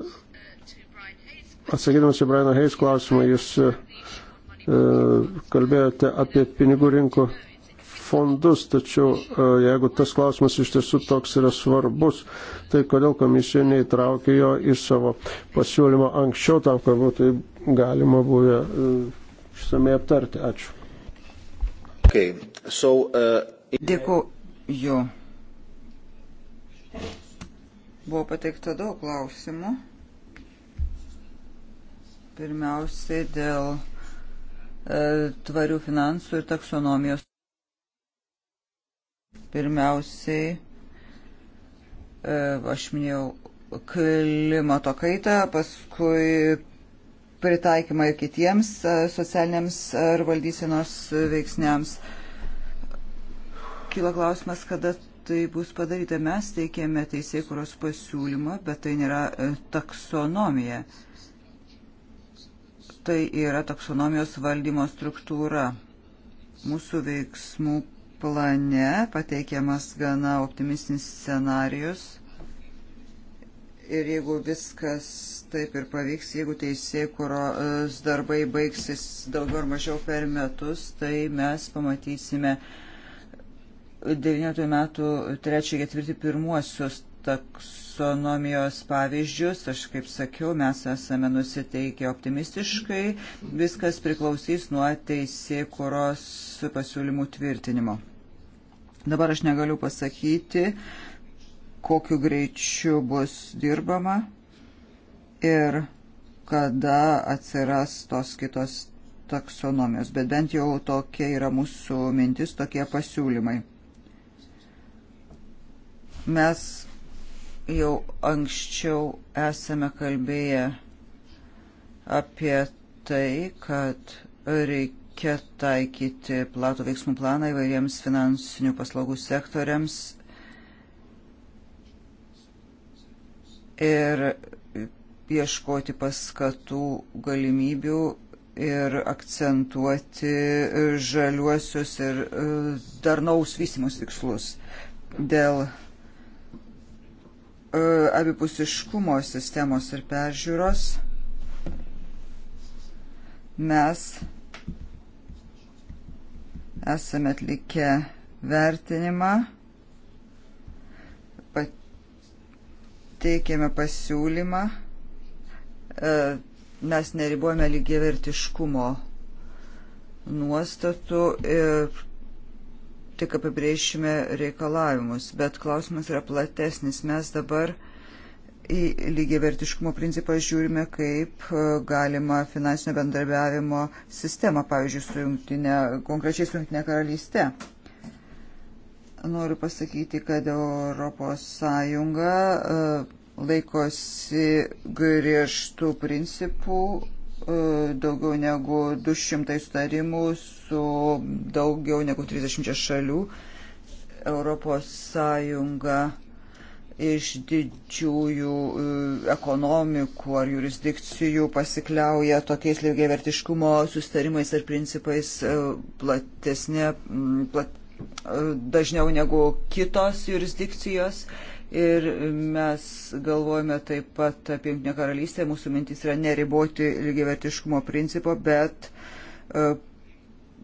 Atsakydamas į Brian Hayes klausimą, jūs kalbėjote apie pinigų rinkų fondus, tačiau e, jeigu tas klausimas iš tiesų toks yra svarbus, tai kodėl komisija neįtraukė jo į savo pasiūlymą anksčiau tam, kad būtų galima buvę e, išsamei aptarti. Ačiū. Okay. So, uh... E, Dėkuoju. Buvo pateikta daug klausimų. Pirmiausiai dėl tvarių finansų ir taksonomijos. Pirmiausiai, e, aš minėjau klimato kaitą, paskui pritaikymą ir kitiems e, socialiniams ar valdysenos veiksniams. Kila klausimas, kada tai bus padaryta. Mes teikėme teisėkuros pasiūlymą, bet tai nėra e, taksonomija. Tai yra taksonomijos valdymo struktūra. Mūsų veiksmų plane pateikiamas gana optimistinis scenarius. Ir jeigu viskas taip ir pavyks, jeigu teisėjai, kurios darbai baigsis daugiau ar mažiau per metus, tai mes pamatysime 19 metų 3-4-1 taksonomijos pavyzdžius. Aš kaip sakiau, mes esame nusiteikę optimistiškai. Viskas priklausys nuo teisėjai, kurios pasiūlymų tvirtinimo. Dabar aš negaliu pasakyti, kokiu greičiu bus dirbama ir kada atsiras tos kitos taksonomijos, bet bent jau tokia yra mūsų mintis, tokie pasiūlymai. Mes jau anksčiau esame kalbėję apie tai, kad reikia reikia taikyti platų veiksmų planą įvairiems finansinių paslaugų sektoriams ir ieškoti paskatų galimybių ir akcentuoti žaliuosius ir e, darnaus vystimus tikslus. Dėl e, abipusiškumo sistemos ir peržiūros mes esame atlikę vertinimą, pateikėme pasiūlymą, e, mes neribuojame lygiavertiškumo nuostatų ir tik apibrėšime reikalavimus, bet klausimas yra platesnis. Mes dabar uh, į lygiavertiškumo principą žiūrime kaip e, galima finansinio bendradarbiavimo sistemą, pavyzdžiui, su jungtinė, konkrečiai su jungtinė karalystė. Noriu pasakyti, kad Europos Sąjunga e, laikosi griežtų principų e, daugiau negu 200 sutarimų su daugiau negu 30 šalių. Europos Sąjunga iš didžiųjų e, ekonomikų ar jurisdikcijų pasikliauja tokiais lygiavertiškumo sustarimais ar principais e, platesnė, plat, e, dažniau negu kitos jurisdikcijos. Ir mes galvojame taip pat apie Junktinę karalystę. Mūsų mintis yra neriboti lygiavertiškumo principo, bet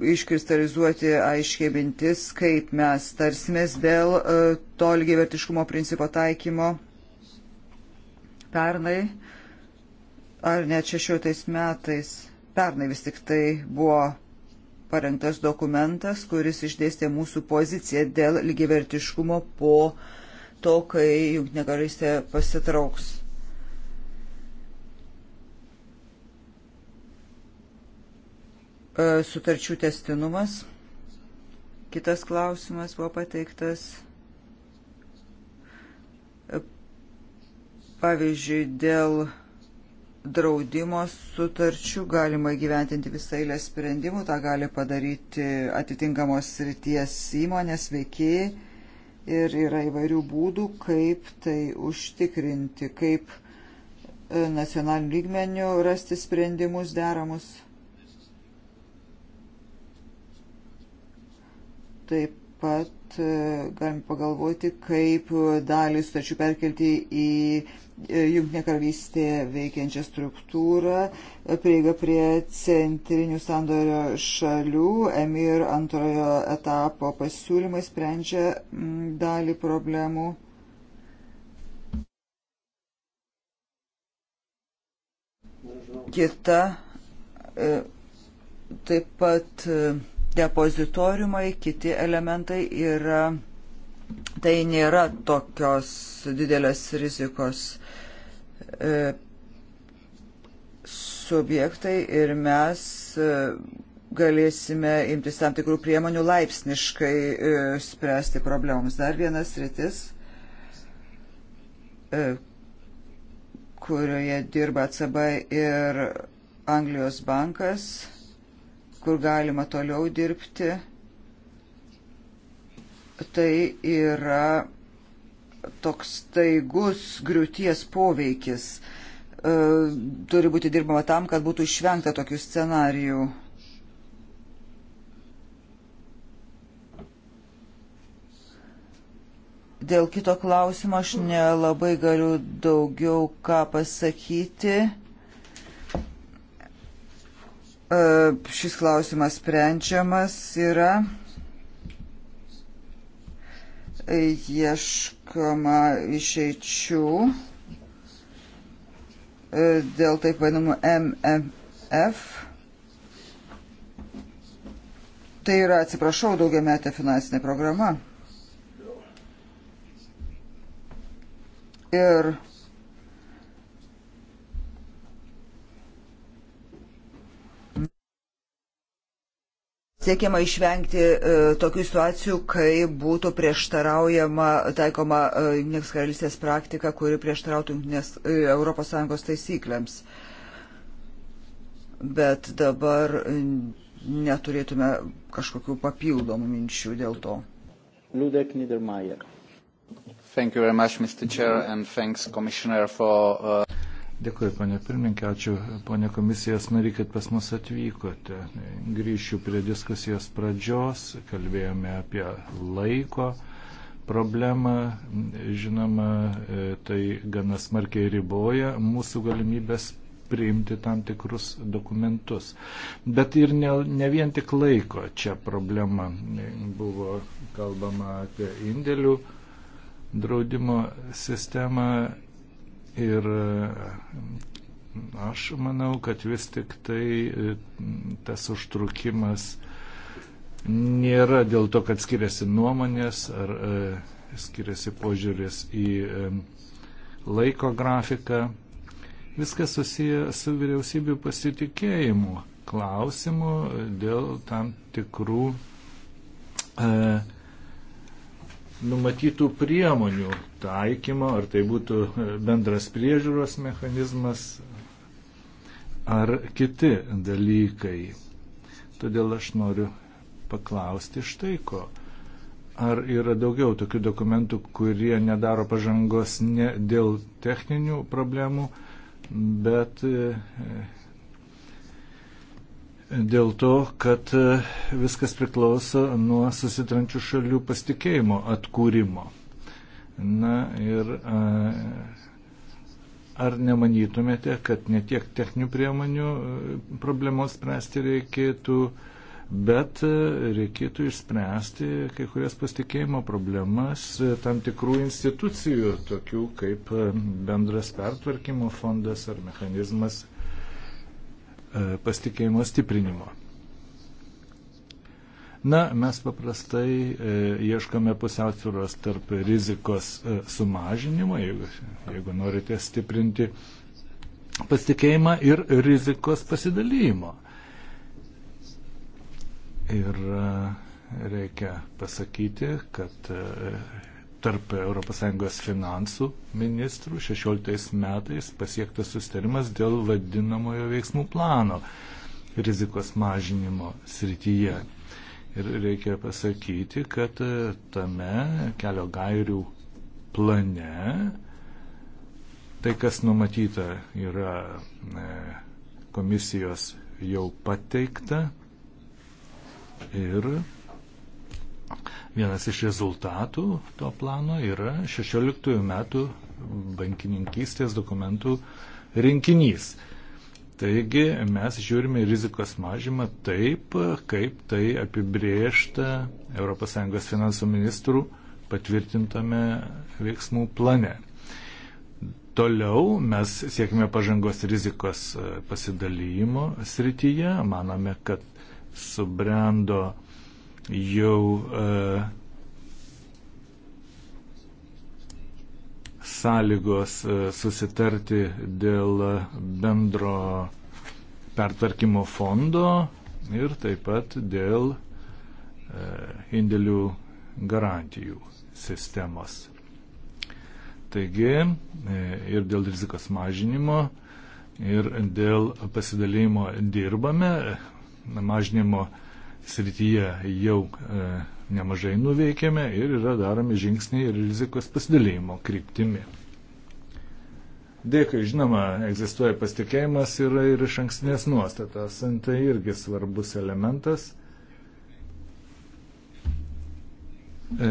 iškristalizuoti aiškiai mintis, kaip mes tarsimės dėl e, to lygiavertiškumo principo taikymo pernai ar net šešiotais metais. Pernai vis tik tai buvo parengtas dokumentas, kuris išdėstė mūsų poziciją dėl lygiavertiškumo po to, kai Junktinė karalystė pasitrauks. E, sutarčių testinumas. Kitas klausimas buvo pateiktas. E, pavyzdžiui, dėl draudimo sutarčių galima gyventinti visą eilę sprendimų, tą gali padaryti atitinkamos srities įmonės veikėjai ir yra įvairių būdų, kaip tai užtikrinti, kaip e, nacionalinių lygmenių rasti sprendimus deramus Taip pat e, galime pagalvoti, kaip dalį sutarčių perkelti į e, Junktinė karalystė veikiančią struktūrą, prieiga prie centrinių sandorio šalių, emir antrojo etapo pasiūlymai sprendžia dalį problemų. Kita e, taip pat depozitoriumai, kiti elementai yra, tai nėra tokios didelės rizikos e, subjektai ir mes e, galėsime imtis tam tikrų priemonių laipsniškai e, spręsti problemus. Dar vienas rytis, e, kurioje dirba ACB ir Anglijos bankas kur galima toliau dirbti, tai yra toks taigus griūties poveikis. E, turi būti dirbama tam, kad būtų išvengta tokių scenarijų. Dėl kito klausimo aš nelabai galiu daugiau ką pasakyti. E, šis klausimas sprendžiamas yra ieškoma išeičių e, dėl taip vadinamų MMF. Tai yra, atsiprašau, daugiametė finansinė programa. Ir siekiama išvengti e, tokių situacijų, kai būtų prieštaraujama, taikoma e, Junktinės karalystės praktika, kuri prieštarautų Junktinės e, Europos Sąjungos taisyklėms. Bet dabar neturėtume kažkokių papildomų minčių dėl to. Ludek Niedermayer. Thank you very much, Mr. Chair, and thanks, Commissioner, for... Uh... Dėkuoju, ponė pirmininkė, ačiū ponė komisijos nariai, kad pas mus atvykote. Grįšiu prie diskusijos pradžios, kalbėjome apie laiko problemą, žinoma, e, tai gana smarkiai riboja mūsų galimybės priimti tam tikrus dokumentus. Bet ir ne, ne vien tik laiko čia problema. Buvo kalbama apie indėlių draudimo sistemą Ir aš manau, kad vis tik tai e, tas užtrukimas nėra dėl to, kad skiriasi nuomonės ar e, skiriasi požiūris į e, laiko grafiką. Viskas susiję su vyriausybių pasitikėjimu klausimu dėl tam tikrų e, numatytų priemonių taikymo, ar tai būtų bendras priežiūros mechanizmas, ar kiti dalykai. Todėl aš noriu paklausti štai ko. Ar yra daugiau tokių dokumentų, kurie nedaro pažangos ne dėl techninių problemų, bet dėl to, kad e, viskas priklauso nuo susitrančių šalių pasitikėjimo atkūrimo. Na ir e, ar nemanytumėte, kad ne tiek techninių priemonių e, problemos spręsti reikėtų, bet reikėtų išspręsti kai kurias pasitikėjimo problemas tam tikrų institucijų, tokių kaip bendras pertvarkymo fondas ar mechanizmas E, pasitikėjimo stiprinimo. Na, mes paprastai e, ieškome pusiausvėros tarp rizikos e, sumažinimo, jeigu, jeigu norite stiprinti pasitikėjimą ir rizikos pasidalymo. Ir e, reikia pasakyti, kad e, tarp ES finansų ministrų 16 metais pasiektas sustarimas dėl vadinamojo veiksmų plano rizikos mažinimo srityje. Ir reikia pasakyti, kad e, tame kelio gairių plane tai, kas numatyta, yra e, komisijos jau pateikta ir Vienas iš rezultatų to plano yra 16 metų bankininkystės dokumentų rinkinys. Taigi mes žiūrime rizikos mažymą taip, kaip tai apibriešta ES finansų ministrų patvirtintame veiksmų plane. Toliau mes siekime pažangos rizikos pasidalymo srityje. Manome, kad subrendo jau e, sąlygos e, susitarti dėl bendro pertvarkymo fondo ir taip pat dėl e, indėlių garantijų sistemos. Taigi e, ir dėl rizikos mažinimo, ir dėl pasidalėjimo dirbame, mažinimo e, srityje jau e, nemažai nuveikėme ir yra daromi žingsniai ir rizikos pasidalymo kryptimi. Dėkui, žinoma, egzistuoja pasitikėjimas yra ir iš ankstinės nuostatas, tai irgi svarbus elementas. E, e,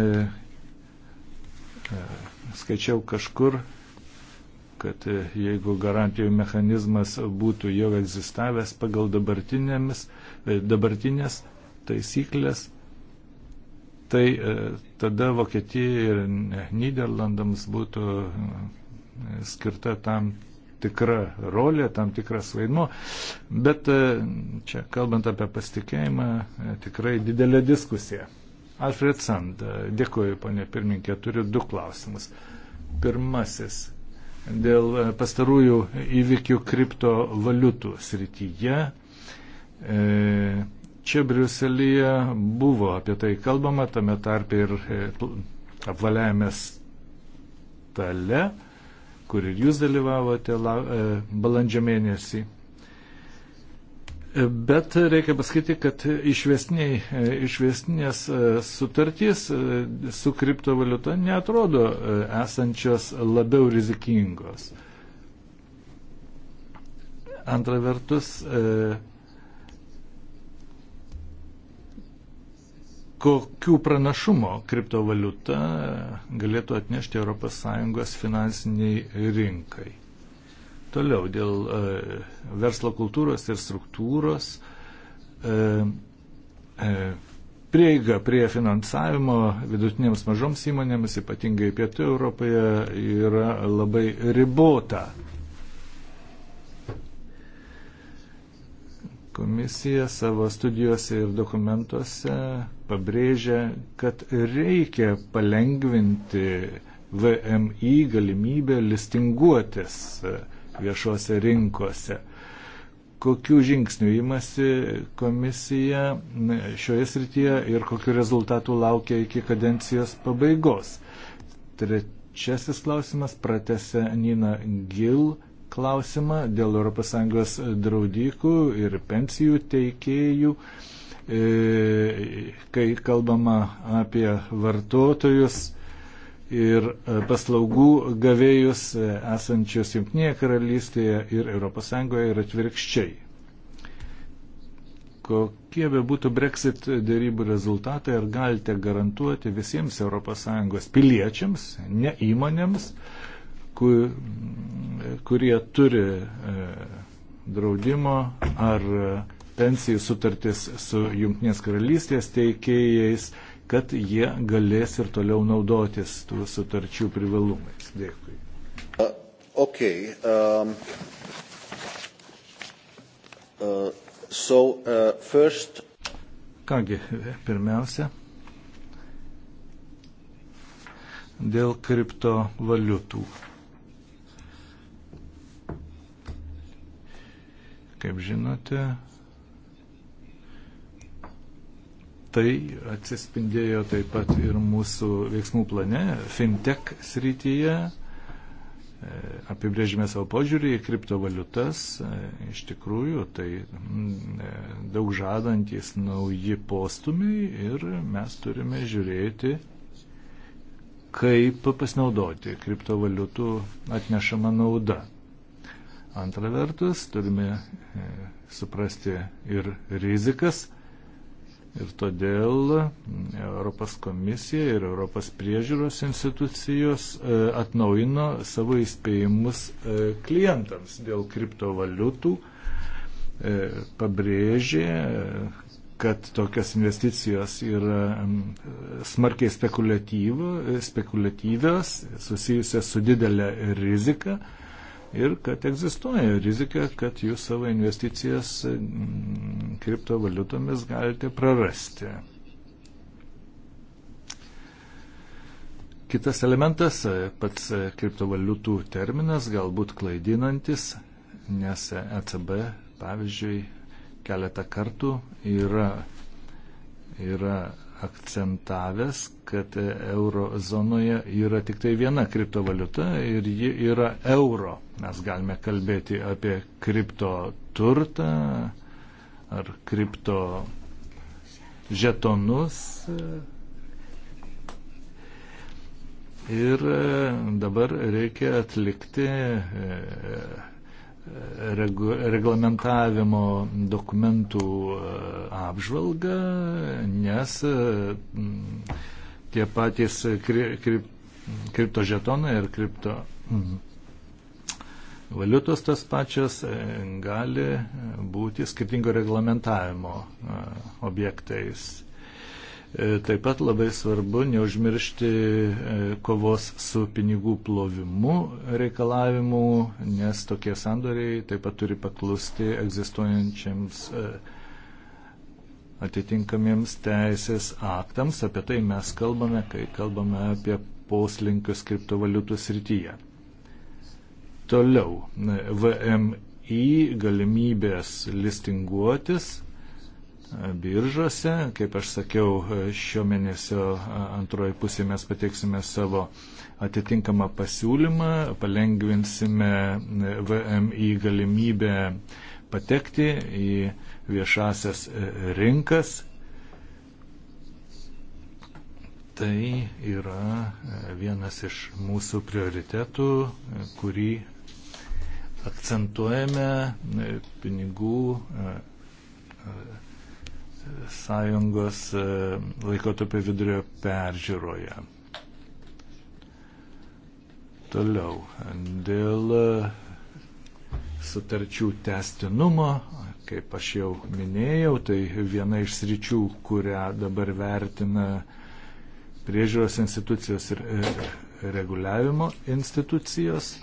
skaičiau kažkur, kad e, jeigu garantijų mechanizmas būtų jau egzistavęs pagal e, dabartinės taisyklės, tai e, tada Vokietijai ir Niderlandams būtų e, skirta tam tikra rolė, tam tikras vaidmo. Bet e, čia kalbant apie pasitikėjimą, tikrai didelė diskusija. Alfred Sand, dėkuoju, ponė pirmininkė, turiu du klausimus. Pirmasis. Dėl pastarųjų įvykių kriptovaliutų srityje e, Čia Briuselėje buvo apie tai kalbama, tame tarpe ir e, apvaliajame stale, kur ir jūs dalyvavote la, e, balandžio mėnesį. E, bet reikia pasakyti, kad išvestinės sutartys su kriptovaliuta netrodo esančios labiau rizikingos. Antra vertus, kokių pranašumo kriptovaliuta galėtų atnešti ES finansiniai rinkai. Toliau dėl e, verslo kultūros ir struktūros. E, e, prieiga prie finansavimo vidutinėms mažoms įmonėms, ypatingai Pietų Europoje, yra labai ribota. Komisija savo studijuose ir dokumentuose pabrėžia, kad reikia palengvinti VMI galimybę listinguotis viešuose rinkose. Kokių žingsnių imasi komisija šioje srityje ir kokiu rezultatu laukia iki kadencijos pabaigos? Trečiasis klausimas pratese Nina Gil klausimą dėl ES draudikų ir pensijų teikėjų. E, kai kalbama apie vartotojus ir e, paslaugų gavėjus e, esančius Junktinėje karalystėje ir ES ir atvirkščiai. Kokie be būtų Brexit dėrybų rezultatai, ar galite garantuoti visiems ES piliečiams, ne įmonėms, kur, kurie turi e, draudimo ar e, pensijų sutartis su Junktinės karalystės teikėjais, kad jie galės ir toliau naudotis tų sutarčių privalumais. Dėkui. Uh, okay, um, uh, so, uh, first... Kągi, pirmiausia, dėl kriptovaliutų. Kaip žinote, tai atsispindėjo taip pat ir mūsų veiksmų plane fintech srityje. E, apibrėžime savo požiūrį į kriptovaliutas. E, iš tikrųjų, tai e, daug žadantis nauji postumiai ir mes turime žiūrėti, kaip pasinaudoti kriptovaliutų atnešama nauda. Antra vertus, turime e, suprasti ir rizikas. Ir todėl Europos komisija ir Europos priežiūros institucijos e, atnaujino savo įspėjimus e, klientams dėl kriptovaliutų, pabrėžė, kad tokios investicijos yra smarkiai spekuliatyvios, susijusios su didelė rizika ir kad egzistuoja rizika, kad jūs savo investicijas mm, kriptovaliutomis galite prarasti. Kitas elementas, pats kriptovaliutų terminas, galbūt klaidinantis, nes ECB, pavyzdžiui, keletą kartų yra, yra akcentavęs, kad eurozonoje yra tik tai viena kriptovaliuta ir ji yra euro. Mes galime kalbėti apie kripto turtą ar kripto žetonus. Ir dabar reikia atlikti regu, reglamentavimo dokumentų e, apžvalgą, nes e, tie patys kri, kri, kripto žetonai ir kripto mhm, valiutos tas pačias e, gali būti skirtingo reglamentavimo objektais. E, taip pat labai svarbu neužmiršti e, kovos su pinigų plovimu reikalavimu, nes tokie sandoriai taip pat turi paklusti egzistuojančiams e, atitinkamiems teisės aktams. Apie tai mes kalbame, kai kalbame apie poslinkius kriptovaliutų srityje. Toliau, VMI galimybės listinguotis biržose. Kaip aš sakiau, šio mėnesio antroji pusė mes pateiksime savo atitinkamą pasiūlymą, palengvinsime VMI galimybę patekti į viešasias rinkas. Tai yra vienas iš mūsų prioritetų, kurį akcentuojame pinigų sąjungos e, laikotarpio vidurio peržiūroje. Toliau, dėl e, sutarčių testinumo, kaip aš jau minėjau, tai viena iš sričių, kurią dabar vertina priežiūros institucijos ir e, reguliavimo institucijos.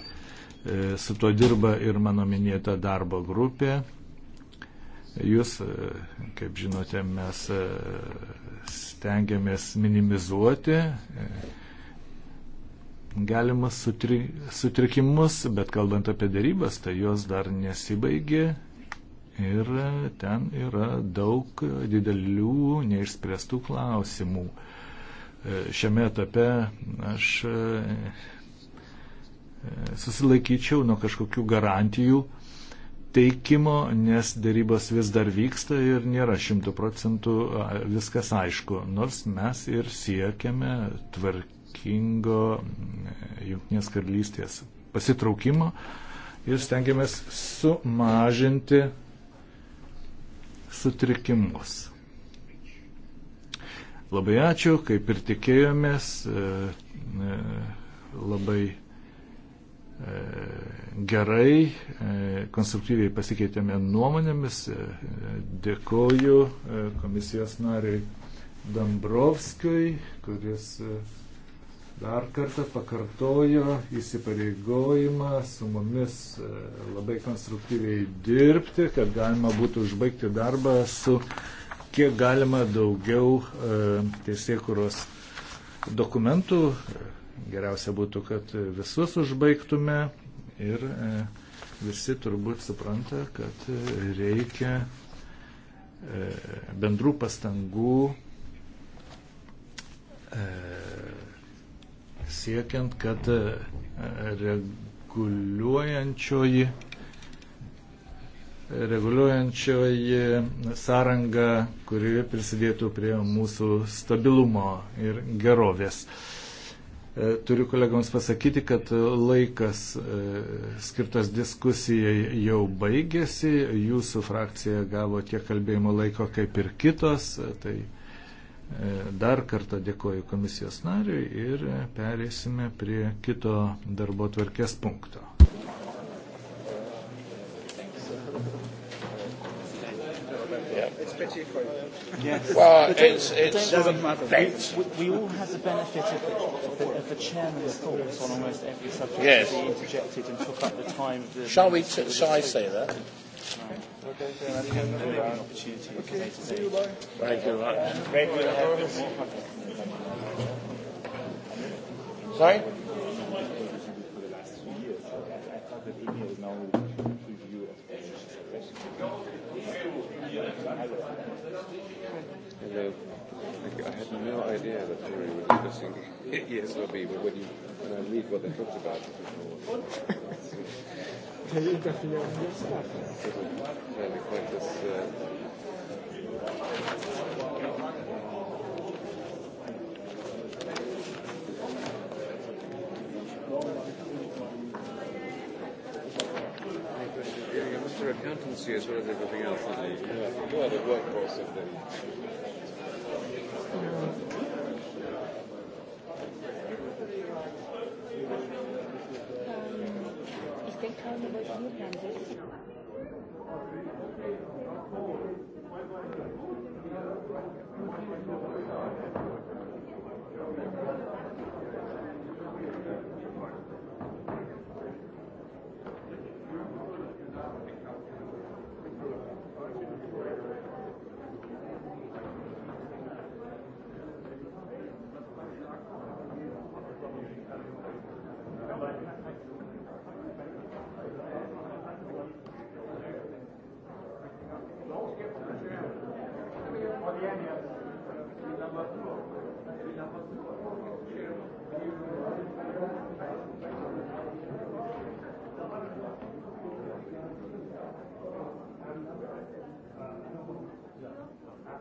Su to dirba ir mano minėta darbo grupė, Jūs, e, kaip žinote, mes e, stengiamės minimizuoti e, galimas sutri, sutrikimus, bet kalbant apie dėrybas, tai jos dar nesibaigė ir ten yra daug didelių neišspręstų klausimų. Šiame etape aš susilaikyčiau nuo kažkokių garantijų, teikimo, nes dėrybos vis dar vyksta ir nėra šimtų procentų viskas aišku, nors mes ir siekiame tvarkingo mm, Junktinės karalystės pasitraukimo ir stengiamės sumažinti sutrikimus. Labai ačiū, kaip ir tikėjomės, e, e, labai E, gerai, e, konstruktyviai pasikeitėme nuomonėmis. E, dėkoju komisijos nariai Dombrovskijui, kuris dar kartą pakartojo įsipareigojimą su mumis labai konstruktyviai dirbti, kad galima būtų užbaigti darbą su kiek galima daugiau teisėkuros dokumentų Geriausia būtų, kad visus užbaigtume ir e, visi turbūt supranta, kad reikia e, bendrų pastangų e, siekiant, kad reguliuojančioji, reguliuojančioji sąranga, kuri prisidėtų prie mūsų stabilumo ir gerovės. E, turiu kolegams pasakyti, kad e, laikas e, skirtas diskusijai jau baigėsi, jūsų frakcija gavo tiek kalbėjimo laiko kaip ir kitos, tai dar kartą dėkoju komisijos nariui ir perėsime prie kito darbo tvarkės punkto. pity for you. Yes. Well, but it's, it doesn't matter. Thanks. We, we all have the benefit of the, of the, of the chairman's thoughts on almost every subject. Yes. He interjected and took up the time. Of the shall we? T- shall I say that? Right. Okay, so that's an opportunity okay. today. Thank you very much. Maybe we'll have a bit more. Sorry? that India is now review of Hello. Thank you. I had no idea that Jerry was discussing ESRB, but when, you, when I read what they talked about, it was more. They interfere with your stuff. It was really quite this. Uh, accountancy as well as everything else, isn't it? Yeah. You are the workhorse of the. Um, ich denke gerade, wir wollten hier bleiben, sitzen.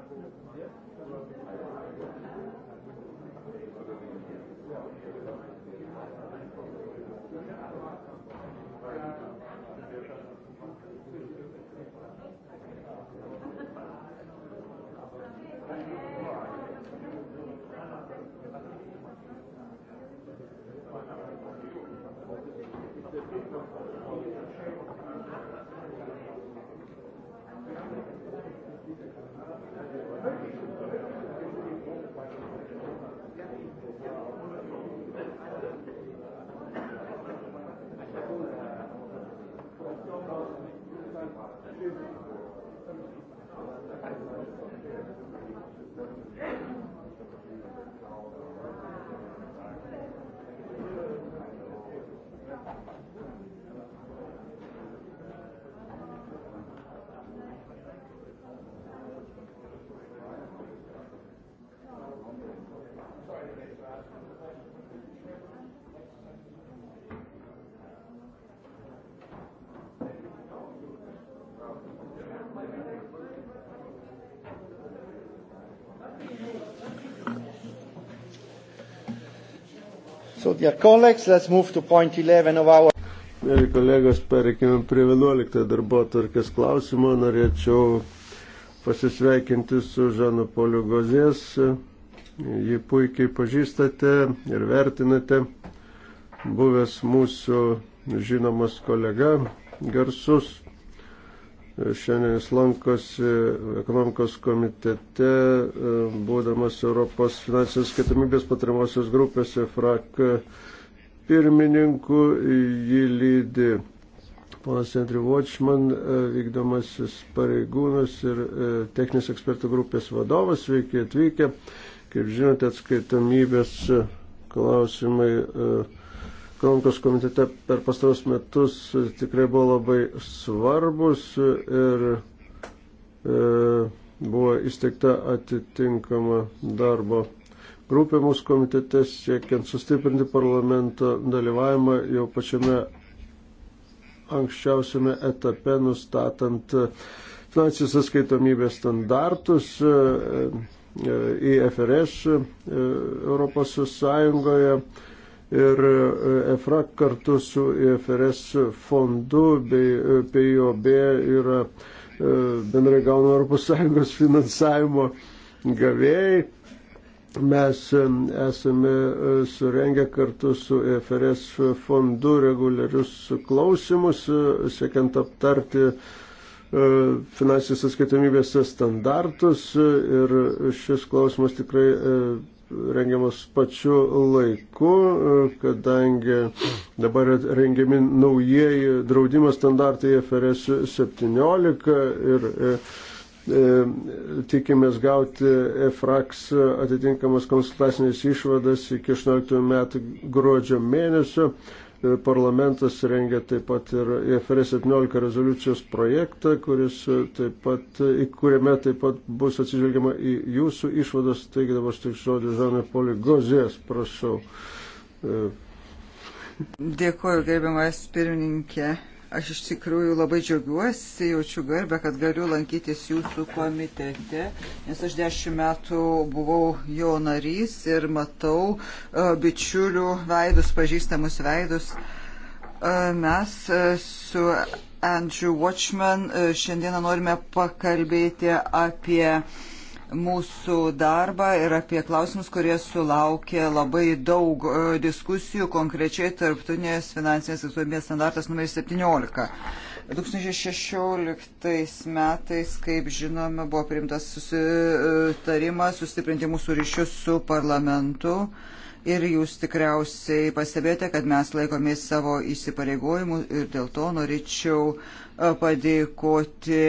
Yeah. So, dear colleagues, let's move to point 11 of our. Mėly kolegos, pereikime prie 11 darbo tvarkės klausimo. Norėčiau pasisveikinti su Žanu Poliu Gozės. Jį puikiai pažįstate ir vertinate. Buvęs mūsų žinomas kolega, garsus Šiandien jis lankosi ekonomikos komitete, e, būdamas Europos finansinės skatomybės patariamosios grupės FRAK pirmininku, jį lydi ponas Andriu Vočman, e, vykdomasis pareigūnas ir e, techninės ekspertų grupės vadovas. Sveiki atvykę. Kaip žinote, atskaitomybės klausimai. Uh, ekonomikos komitete per pastarus metus tikrai buvo labai svarbus ir e, buvo įsteigta atitinkama darbo grupė mūsų komitete siekiant sustiprinti parlamento dalyvavimą jau pačiame anksčiausiame etape nustatant finansinės atskaitomybės standartus e, e, IFRS e, Europos Sąjungoje ir e, EFRA kartu su EFRS fondu bei e, PIOB yra e, bendrai gaunama ES finansavimo gavėjai. Mes esame surengę kartu su EFRS fondu reguliarius klausimus, siekiant aptarti finansinės atskaitomybės standartus ir šis klausimas tikrai rengiamas pačiu laiku, kadangi dabar rengiami naujieji draudimo standartai FRS 17 ir e, e, tikimės gauti EFRAX atitinkamas konsultacinės išvadas iki 18 metų gruodžio mėnesio. Parlamentas rengia taip pat ir IFR 17 rezoliucijos projektą, kuris e, taip pat, e, kuriame taip pat bus atsižvelgiama į jūsų išvadas. Taigi dabar tik žodį Žanė Poli Gozės, prašau. E. Dėkuoju, gerbiamas pirmininkė. Aš iš tikrųjų labai džiaugiuosi, jaučiu garbę, kad galiu lankytis jūsų komitete, nes aš dešimt metų buvau jo narys ir matau e, bičiulių veidus, pažįstamus veidus. E, mes e, su Andrew Watchman šiandieną norime pakalbėti apie mūsų darbą ir apie klausimus, kurie sulaukė labai daug e, diskusijų, konkrečiai tarptautinės finansinės atsakomybės standartas numeris 17. 2016 metais, kaip žinome, buvo priimtas susitarimas sustiprinti mūsų ryšius su parlamentu. Ir jūs tikriausiai pastebėjote, kad mes laikomės savo įsipareigojimų ir dėl to norėčiau e, padėkoti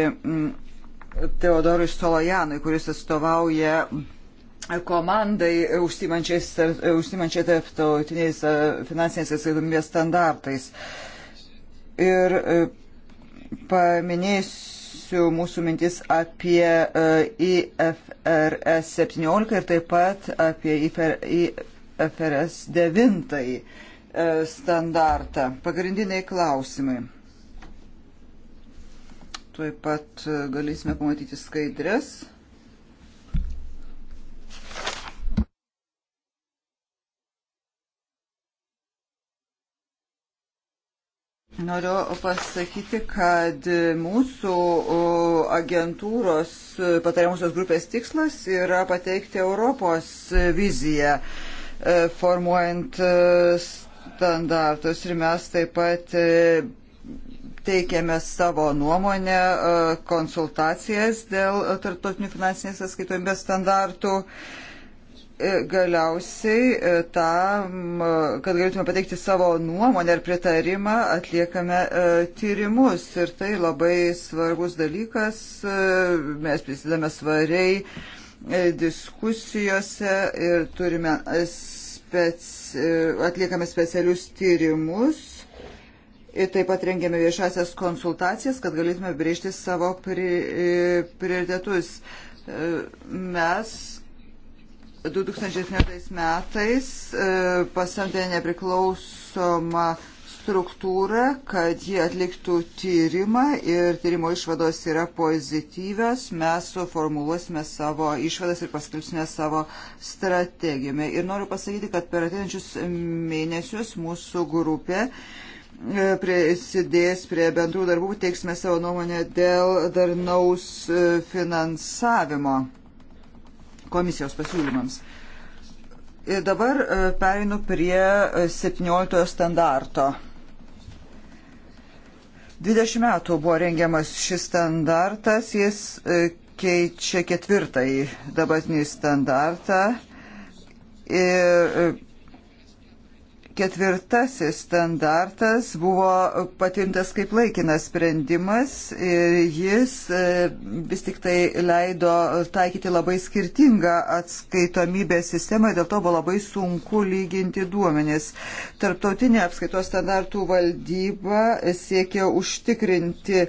Teodorui Solojanui, kuris atstovauja komandai e, e, užsimančiai tarptautiniais e, finansinės atskaitomybės standartais. Ir paminėsiu mūsų mintis apie IFRS 17 ir taip pat apie IFRS 9 standartą. Pagrindiniai klausimai. Tuoj pat e, galėsime pamatyti skaidrės. Noriu pasakyti, kad mūsų agentūros e, patariamusios grupės tikslas yra pateikti Europos viziją e, formuojant standartus ir mes taip pat teikiame savo nuomonę, e, konsultacijas dėl tarptautinių finansinės atskaitomybės standartų. E, galiausiai e, tam, kad galėtume pateikti savo nuomonę ar pritarimą, atliekame tyrimus. Ir tai labai svarbus dalykas. Mes prisidame svariai diskusijose ir turime speci... atliekame specialius tyrimus Ir taip pat rengėme viešasias konsultacijas, kad galėtume brėžti savo pri, e, prioritetus. E, mes 2017 metais e, pasamdė nepriklausomą struktūrą, kad ji atliktų tyrimą ir tyrimo išvados yra pozityvios. Mes suformuluosime savo išvadas ir paskelbsime savo strategijome. Ir noriu pasakyti, kad per ateinančius mėnesius mūsų grupė uh, E, prisidės prie bendrų darbų, teiksime savo nuomonę dėl darnaus e, finansavimo komisijos pasiūlymams. Ir dabar e, pereinu prie 17 standarto. 20 metų buvo rengiamas šis standartas, jis keičia ketvirtąjį dabartinį standartą ir Ketvirtasis standartas buvo patintas kaip laikinas sprendimas ir jis e, vis tik tai leido taikyti labai skirtingą atskaitomybės sistemą, dėl to buvo labai sunku lyginti duomenis. Tarptautinė apskaitos standartų valdyba siekia užtikrinti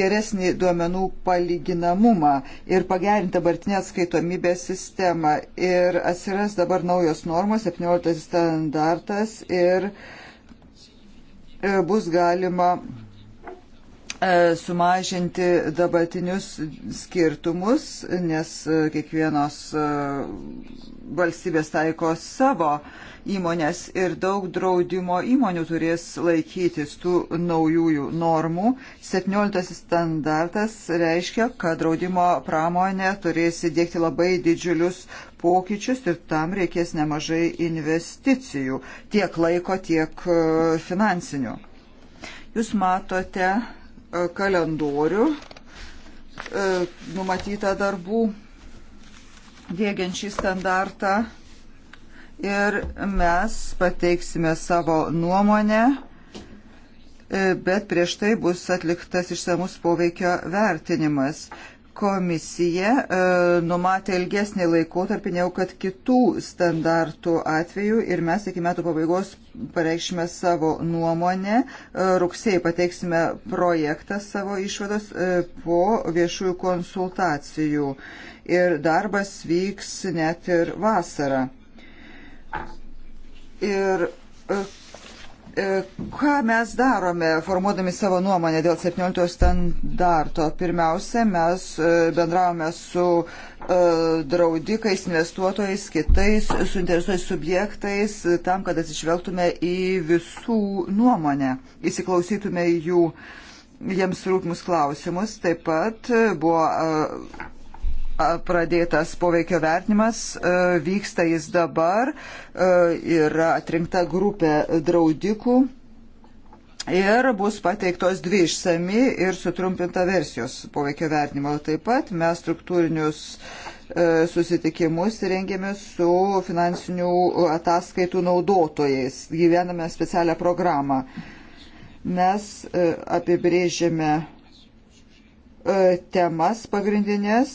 geresnį duomenų palyginamumą ir pagerinti dabartinę atskaitomybės sistemą. Ir atsiras dabar naujos normos, 17 standartas ir e, bus galima E, sumažinti dabartinius skirtumus, nes e, kiekvienos e, valstybės taiko savo įmonės ir daug draudimo įmonių turės laikytis tų naujųjų normų. 17 standartas reiškia, kad draudimo pramonė turės įdėkti labai didžiulius pokyčius ir tam reikės nemažai investicijų, tiek laiko, tiek finansinių. Jūs matote E, kalendorių e, numatytą darbų dėgiant šį standartą ir mes pateiksime savo nuomonę, e, bet prieš tai bus atliktas išsamus poveikio vertinimas. Komisija e, numatė ilgesnį laikotarpį, negu kad kitų standartų atveju ir mes iki metų pabaigos pareikšime savo nuomonę. E, rugsėjai pateiksime projektą savo išvados e, po viešųjų konsultacijų ir darbas vyks net ir vasarą. Ir e, E, ką mes darome, formuodami savo nuomonę dėl 17 standarto? Pirmiausia, mes e, bendravome su e, draudikais, investuotojais, kitais suinteresuotais subjektais, tam, kad atsižvelgtume į visų nuomonę, įsiklausytume jų jiems rūpimus klausimus. Taip pat buvo pradėtas poveikio vertinimas, e, vyksta jis dabar, e, yra atrinkta grupė draudikų ir bus pateiktos dvi išsami ir sutrumpinta versijos poveikio vertinimo. Taip pat mes struktūrinius e, susitikimus rengėme su finansinių ataskaitų naudotojais, gyvename specialią programą. Mes apibrėžėme temas pagrindinės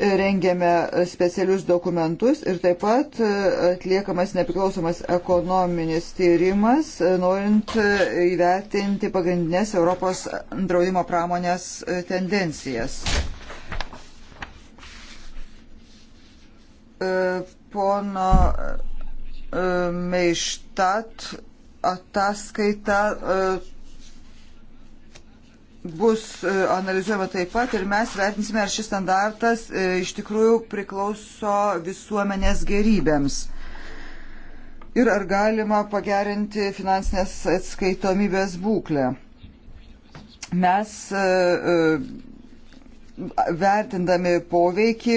rengiame specialius dokumentus ir taip pat e, atliekamas nepriklausomas ekonominis tyrimas, e, norint e, įvertinti pagrindinės Europos draudimo pramonės tendencijas. Pono Meištat ataskaita bus e, analizuojama taip pat ir mes vertinsime, ar šis standartas e, iš tikrųjų priklauso visuomenės gerybėms. Ir ar galima pagerinti finansinės atskaitomybės būklę. Mes e, vertindami poveikį,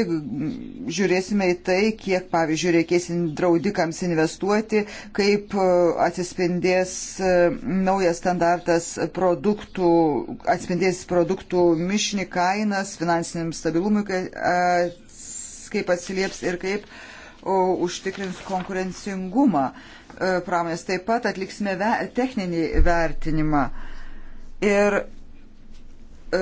žiūrėsime į tai, kiek, pavyzdžiui, reikės draudikams investuoti, kaip e, atsispindės e, naujas standartas produktų, atspindės produktų mišinį kainas, finansiniam stabilumui, e, kaip atsilieps ir kaip užtikrins konkurencingumą pramonės. Taip pat atliksime ve techninį vertinimą. Ir e,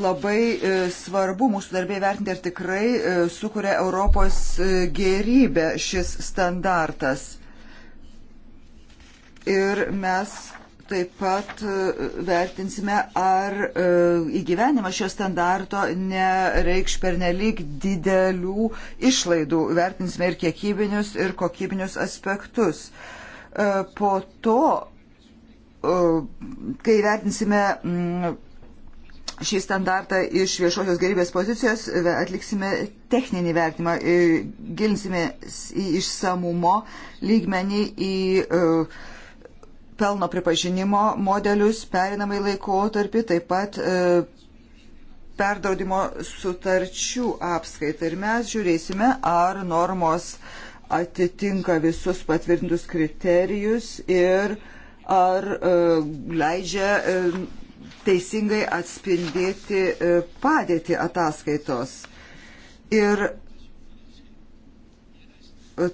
labai e, svarbu mūsų darbė vertinti, ar tikrai e, sukuria Europos e, gerybę šis standartas. Ir mes taip pat vertinsime, ar įgyvenimas šio standarto nereikš pernelyg didelių išlaidų. Vertinsime ir kiekybinius, ir kokybinius aspektus. Po to, kai vertinsime šį standartą iš viešosios gerybės pozicijos, atliksime techninį vertimą, e, gilinsime į išsamumo lygmenį, į e, pelno pripažinimo modelius, perinamai laikotarpį, taip pat e, perdaudimo sutarčių apskaitą. Ir mes žiūrėsime, ar normos atitinka visus patvirtintus kriterijus ir ar leidžia teisingai atspindėti e, padėti ataskaitos. Ir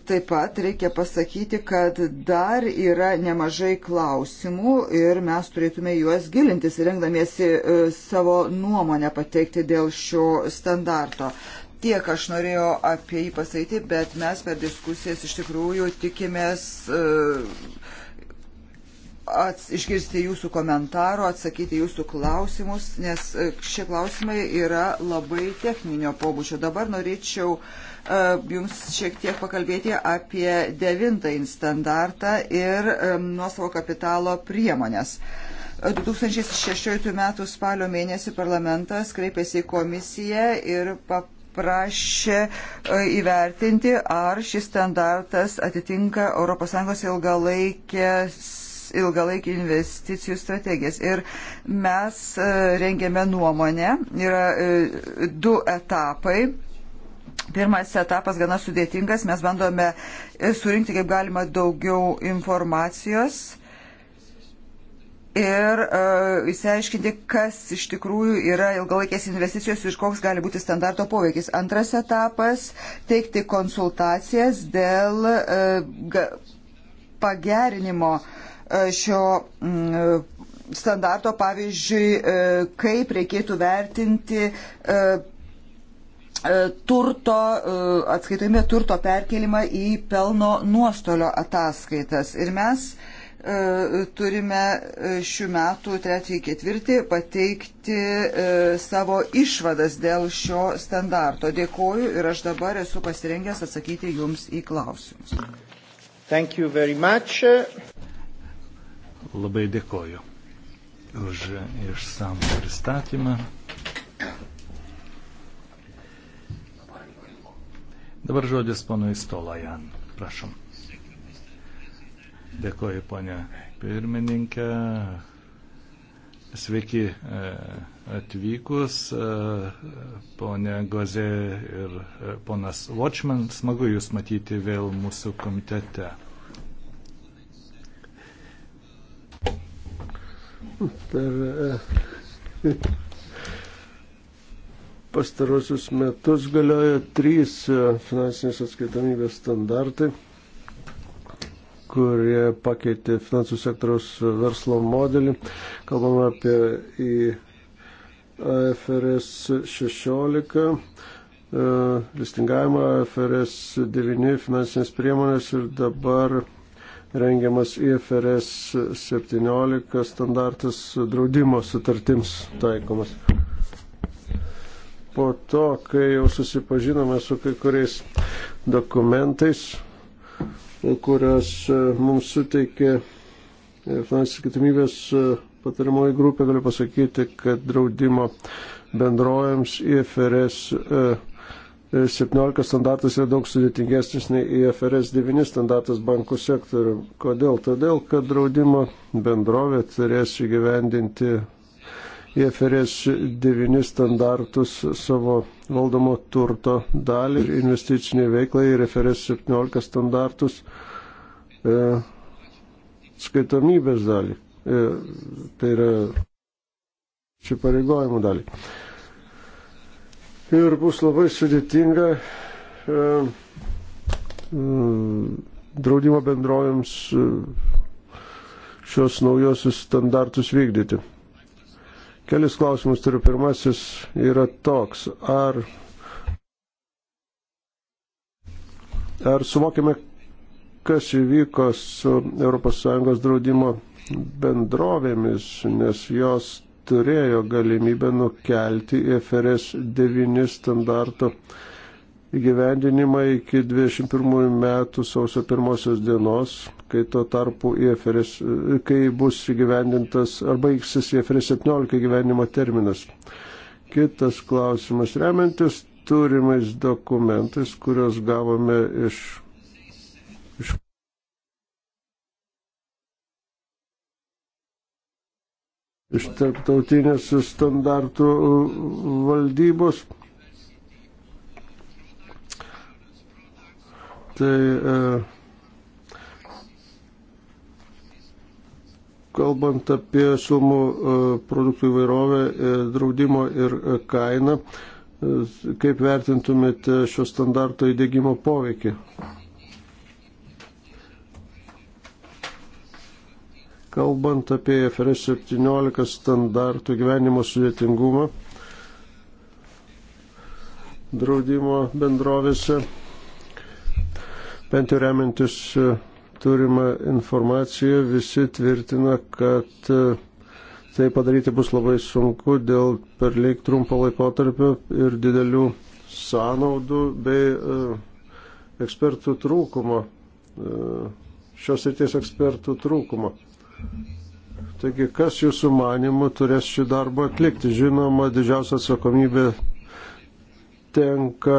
Taip pat reikia pasakyti, kad dar yra nemažai klausimų ir mes turėtume juos gilintis, rengdamiesi e, savo nuomonę pateikti dėl šio standarto. Tiek aš norėjau apie jį pasakyti, bet mes per diskusijas iš tikrųjų tikimės e, ats, išgirsti jūsų komentarų, atsakyti jūsų klausimus, nes e, šie klausimai yra labai techninio pobūdžio. Dabar norėčiau e, Jums šiek tiek pakalbėti apie devintąjį standartą ir e, nuosavo kapitalo priemonės. 2016 m. spalio mėnesį parlamentas kreipėsi į komisiją ir paprašė įvertinti, ar šis standartas atitinka ES ilgalaikės ilgalaikį investicijų strategijas. Ir mes e, rengėme nuomonę, yra e, du etapai. Pirmas etapas gana sudėtingas, mes bandome e, surinkti kaip galima daugiau informacijos ir uh, įsiaiškinti, kas iš tikrųjų yra ilgalaikės investicijos ir koks gali būti standarto poveikis. Antras etapas - teikti konsultacijas dėl uh, pagerinimo uh, šio mm, standarto, pavyzdžiui, e, kaip reikėtų vertinti e, e, turto, atskaitojame turto perkelimą į pelno nuostolio ataskaitas. Ir mes turime šių metų trečiąjį ketvirtį pateikti savo išvadas dėl šio standarto. Dėkuoju ir aš dabar esu pasirengęs atsakyti Jums į klausimus. Thank you very much labai dėkoju už išsamų pristatymą. Dabar žodis ponui Stolajan. Prašom. Dėkoju, ponė pirmininkė. Sveiki e, atvykus, e, ponė Gozė ir e, ponas Watchman. Smagu Jūs matyti vėl mūsų komitete. Per e, pastarosius metus galioja trys e, finansinės atskaitomybės standartai, kurie pakeitė finansų sektoriaus verslo modelį. Kalbame apie į AFRS 16 listingavimą, AFRS 9 finansinės priemonės ir dabar rengiamas IFRS 17 standartas draudimo sutartims taikomas. Po to, kai jau susipažinome su kai kuriais dokumentais, kurios e, mums suteikė e, finansinės kitimybės e, patariamoji grupė, galiu pasakyti, kad draudimo bendrojams IFRS 17 standartas yra daug sudėtingesnis nei IFRS 9 standartas bankų sektorių. Kodėl? Todėl, kad draudimo bendrovė turės įgyvendinti IFRS 9 standartus savo valdomo turto dalį ir investicinį veiklą ir IFRS 17 standartus e, skaitomybės dalį. E, tai yra šių pareigojimų dalį. E, ir bus labai sudėtinga e, mm, draudimo bendrovėms e, šios naujosius standartus vykdyti. Kelis klausimus turiu. Pirmasis yra toks. Ar, ar suvokime, kas įvyko su ES draudimo bendrovėmis, nes jos turėjo galimybę nukelti FRS 9 standarto įgyvendinimą iki 21 metų sausio pirmosios dienos, kai tuo tarpu IFRS, kai bus įgyvendintas ar baigsis IFRS 17 įgyvendinimo terminas. Kitas klausimas. Remiantis turimais dokumentais, kuriuos gavome iš iš tarptautinės standartų valdybos. Tai e, kalbant apie sumų e, produktų įvairovę, e, draudimo ir e, kainą, e, kaip vertintumėte šio standarto įdėgymo poveikį? Kalbant apie FRS 17 standartų gyvenimo sudėtingumą draudimo bendrovėse, bent jau remiantis e, turimą informaciją, visi tvirtina, kad e, tai padaryti bus labai sunku dėl per lyg trumpo laikotarpio ir didelių sąnaudų bei e, ekspertų trūkumo, šios ryties ekspertų trūkumo. Taigi, kas jūsų manimų turės šį darbą atlikti? Žinoma, didžiausia atsakomybė tenka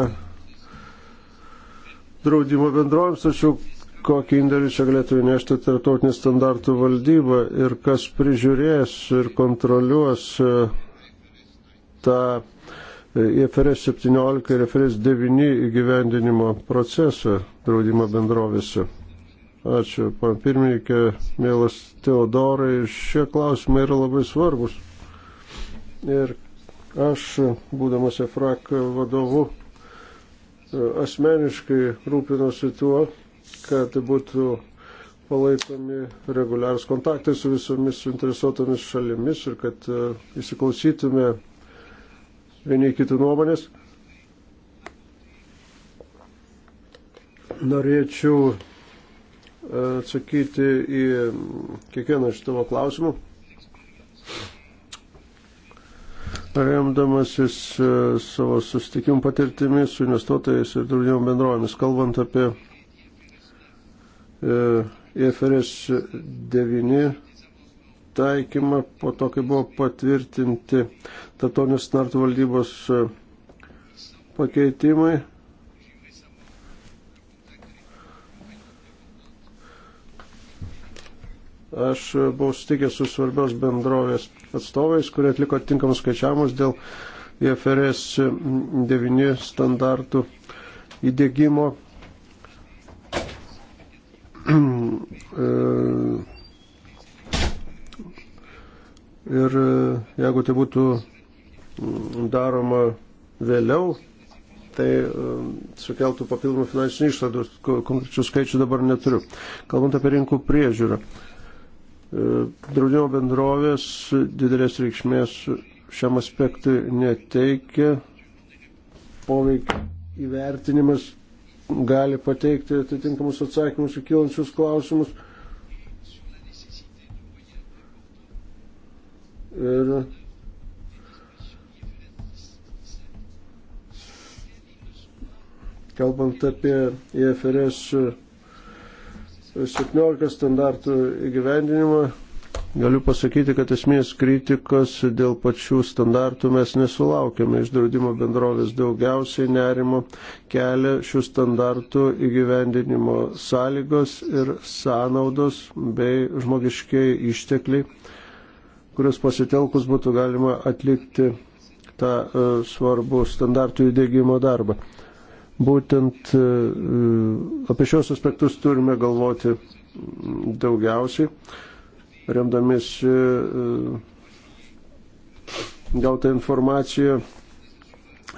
draudimo bendrovėms, tačiau kokį indėlį čia galėtų įnešti tarptautinį standartų valdybą ir kas prižiūrės ir kontroliuos e, tą IFRS 17 ir IFRS 9 įgyvendinimo procesą draudimo bendrovėse. Ačiū, pan pirmininkė, mielas Teodorai, šie klausimai yra labai svarbus. Ir aš, būdamas EFRAK vadovu, asmeniškai rūpinosi tuo, kad būtų palaikomi reguliarūs kontaktai su visomis suinteresuotomis šalimis ir kad e, įsiklausytume vieni kitų nuomonės. Norėčiau atsakyti į kiekvieną iš tavo klausimų. Remdamasis e, savo susitikimų patirtimi su investuotojais ir draudimo bendrovėmis, kalbant apie e, IFRS 9 taikymą, po to, kai buvo patvirtinti Tatonės Nart valdybos e, pakeitimai, Aš buvau sutikęs su svarbios bendrovės atstovais, kurie atliko tinkamus skaičiavimus dėl IFRS 9 standartų įdėgymo. Ir e, jeigu tai būtų mm, daroma vėliau, tai e, sukeltų papildomų finansinių išlaidų, konkrečių skaičių dabar neturiu. Kalbant apie rinkų priežiūrą, E, draudimo bendrovės didelės reikšmės šiam aspektui neteikia. Poveikio įvertinimas gali pateikti atitinkamus atsakymus į kilančius klausimus. Ir kalbant apie IFRS 17 standartų įgyvendinimą. Galiu pasakyti, kad esmės kritikos dėl pačių standartų mes nesulaukėme. Iš draudimo bendrovės daugiausiai nerimo kelia šių standartų įgyvendinimo sąlygos ir sąnaudos bei žmogiškiai ištekliai, kurios pasitelkus būtų galima atlikti tą e, svarbų standartų įdėgymo darbą. Būtent e, e, apie šios aspektus turime galvoti daugiausiai, remdamiesi e, gautą informaciją.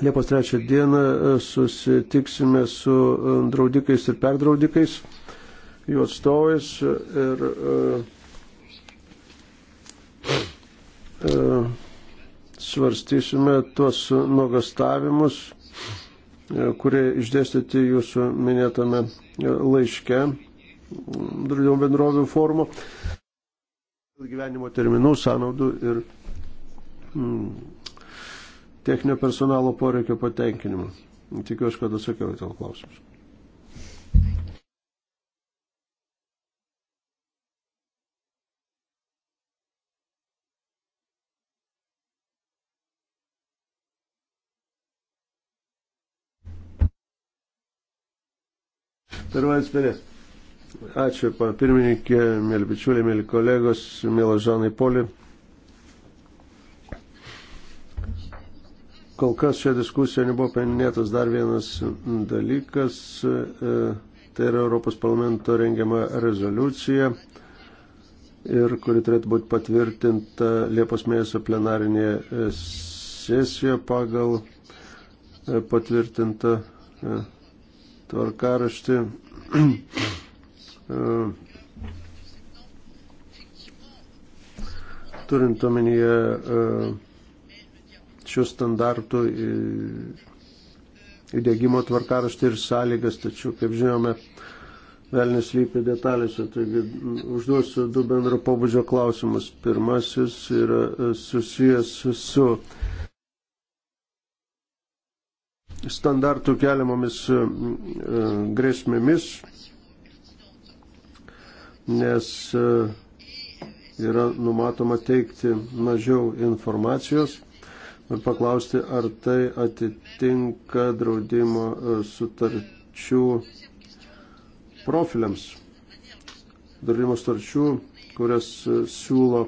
Liepos trečią dieną susitiksime su draudikais ir perdraudikais, jų atstovais ir svarstysime tuos nuogastavimus kurie išdėstyti jūsų minėtame laiške draudimo bendrovių formų gyvenimo terminų, sąnaudų ir mm, techninio personalo poreikio patenkinimo. Tikiuosi, kad atsakiau į tavo klausimus. Pervans Perės. Ačiū, pana pirmininkė, mėly bičiuliai, mėly kolegos, mėly Žanai Poli. Kol kas šią diskusiją nebuvo paminėtas dar vienas dalykas, e, tai yra Europos parlamento rengiama rezoliucija, ir kuri turėtų būti patvirtinta Liepos mėnesio plenarinėje e, sesijoje pagal e, patvirtintą tvarkaraštį Ehm, turint omenyje ehm, šių standartų įdėgymo tvarkaraštį ir sąlygas, tačiau, kaip žinome, velnis lypi detalėse, taigi užduosiu du bendro pobūdžio klausimus. Pirmasis yra e, susijęs su, su standartų keliamomis e, e, grėsmėmis, nes e, yra numatoma teikti mažiau informacijos ir paklausti, ar tai atitinka draudimo sutarčių profiliams. Draudimo sutarčių, kurias siūlo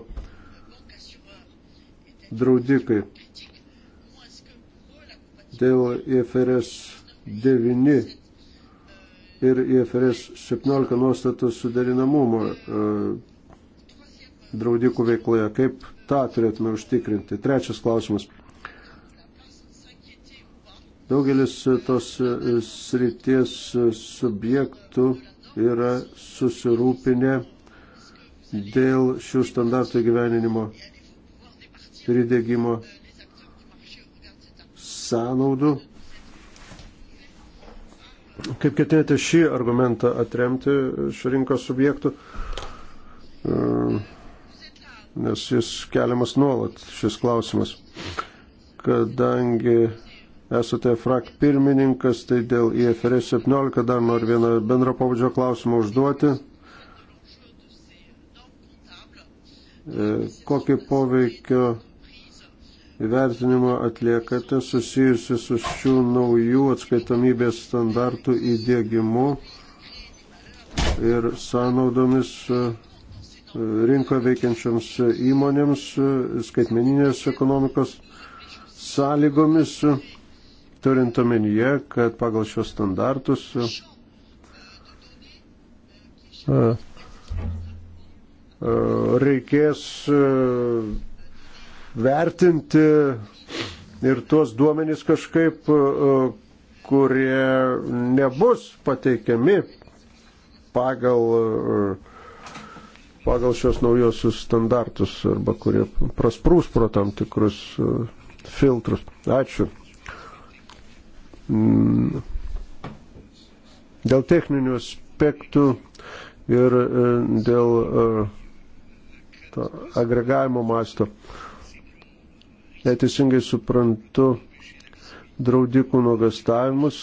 draudikai dėl IFRS 9 ir IFRS 17 nuostatų suderinamumo e, draudikų veikloje. Kaip tą turėtume užtikrinti? Trečias klausimas. Daugelis tos e, srities e, subjektų yra susirūpinę dėl šių standartų gyveninimo ir įdėgymo sąnaudų. Kaip ketinate šį argumentą atremti iš rinkos subjektų, e, nes jis keliamas nuolat, šis klausimas. Kadangi esate frak pirmininkas, tai dėl IFRS 17 dar noriu vieną bendro pavadžio klausimą užduoti. E, kokį poveikio įvertinimą atliekate susijusi su šių naujų atskaitomybės standartų įdėgymu ir sąnaudomis e, rinko veikiančiams įmonėms, e, skaitmeninės ekonomikos sąlygomis, e, turint omenyje, kad pagal šios standartus reikės vertinti ir tuos duomenys kažkaip, e, kurie nebus pateikiami pagal, e, pagal šios naujosius standartus arba kurie prasprūs pro tam tikrus e, filtrus. Ačiū. Mm. Dėl techninių aspektų ir dėl agregavimo masto neteisingai suprantu draudikų nuogastavimus,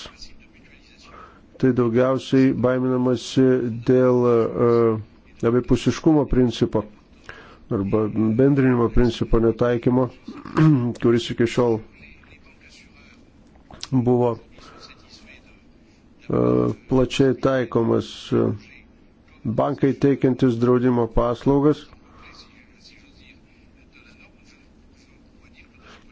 tai daugiausiai baiminamasi dėl e, abipusiškumo principo arba bendrinimo principo netaikymo, kuris iki šiol buvo e, plačiai taikomas e, bankai teikiantis draudimo paslaugas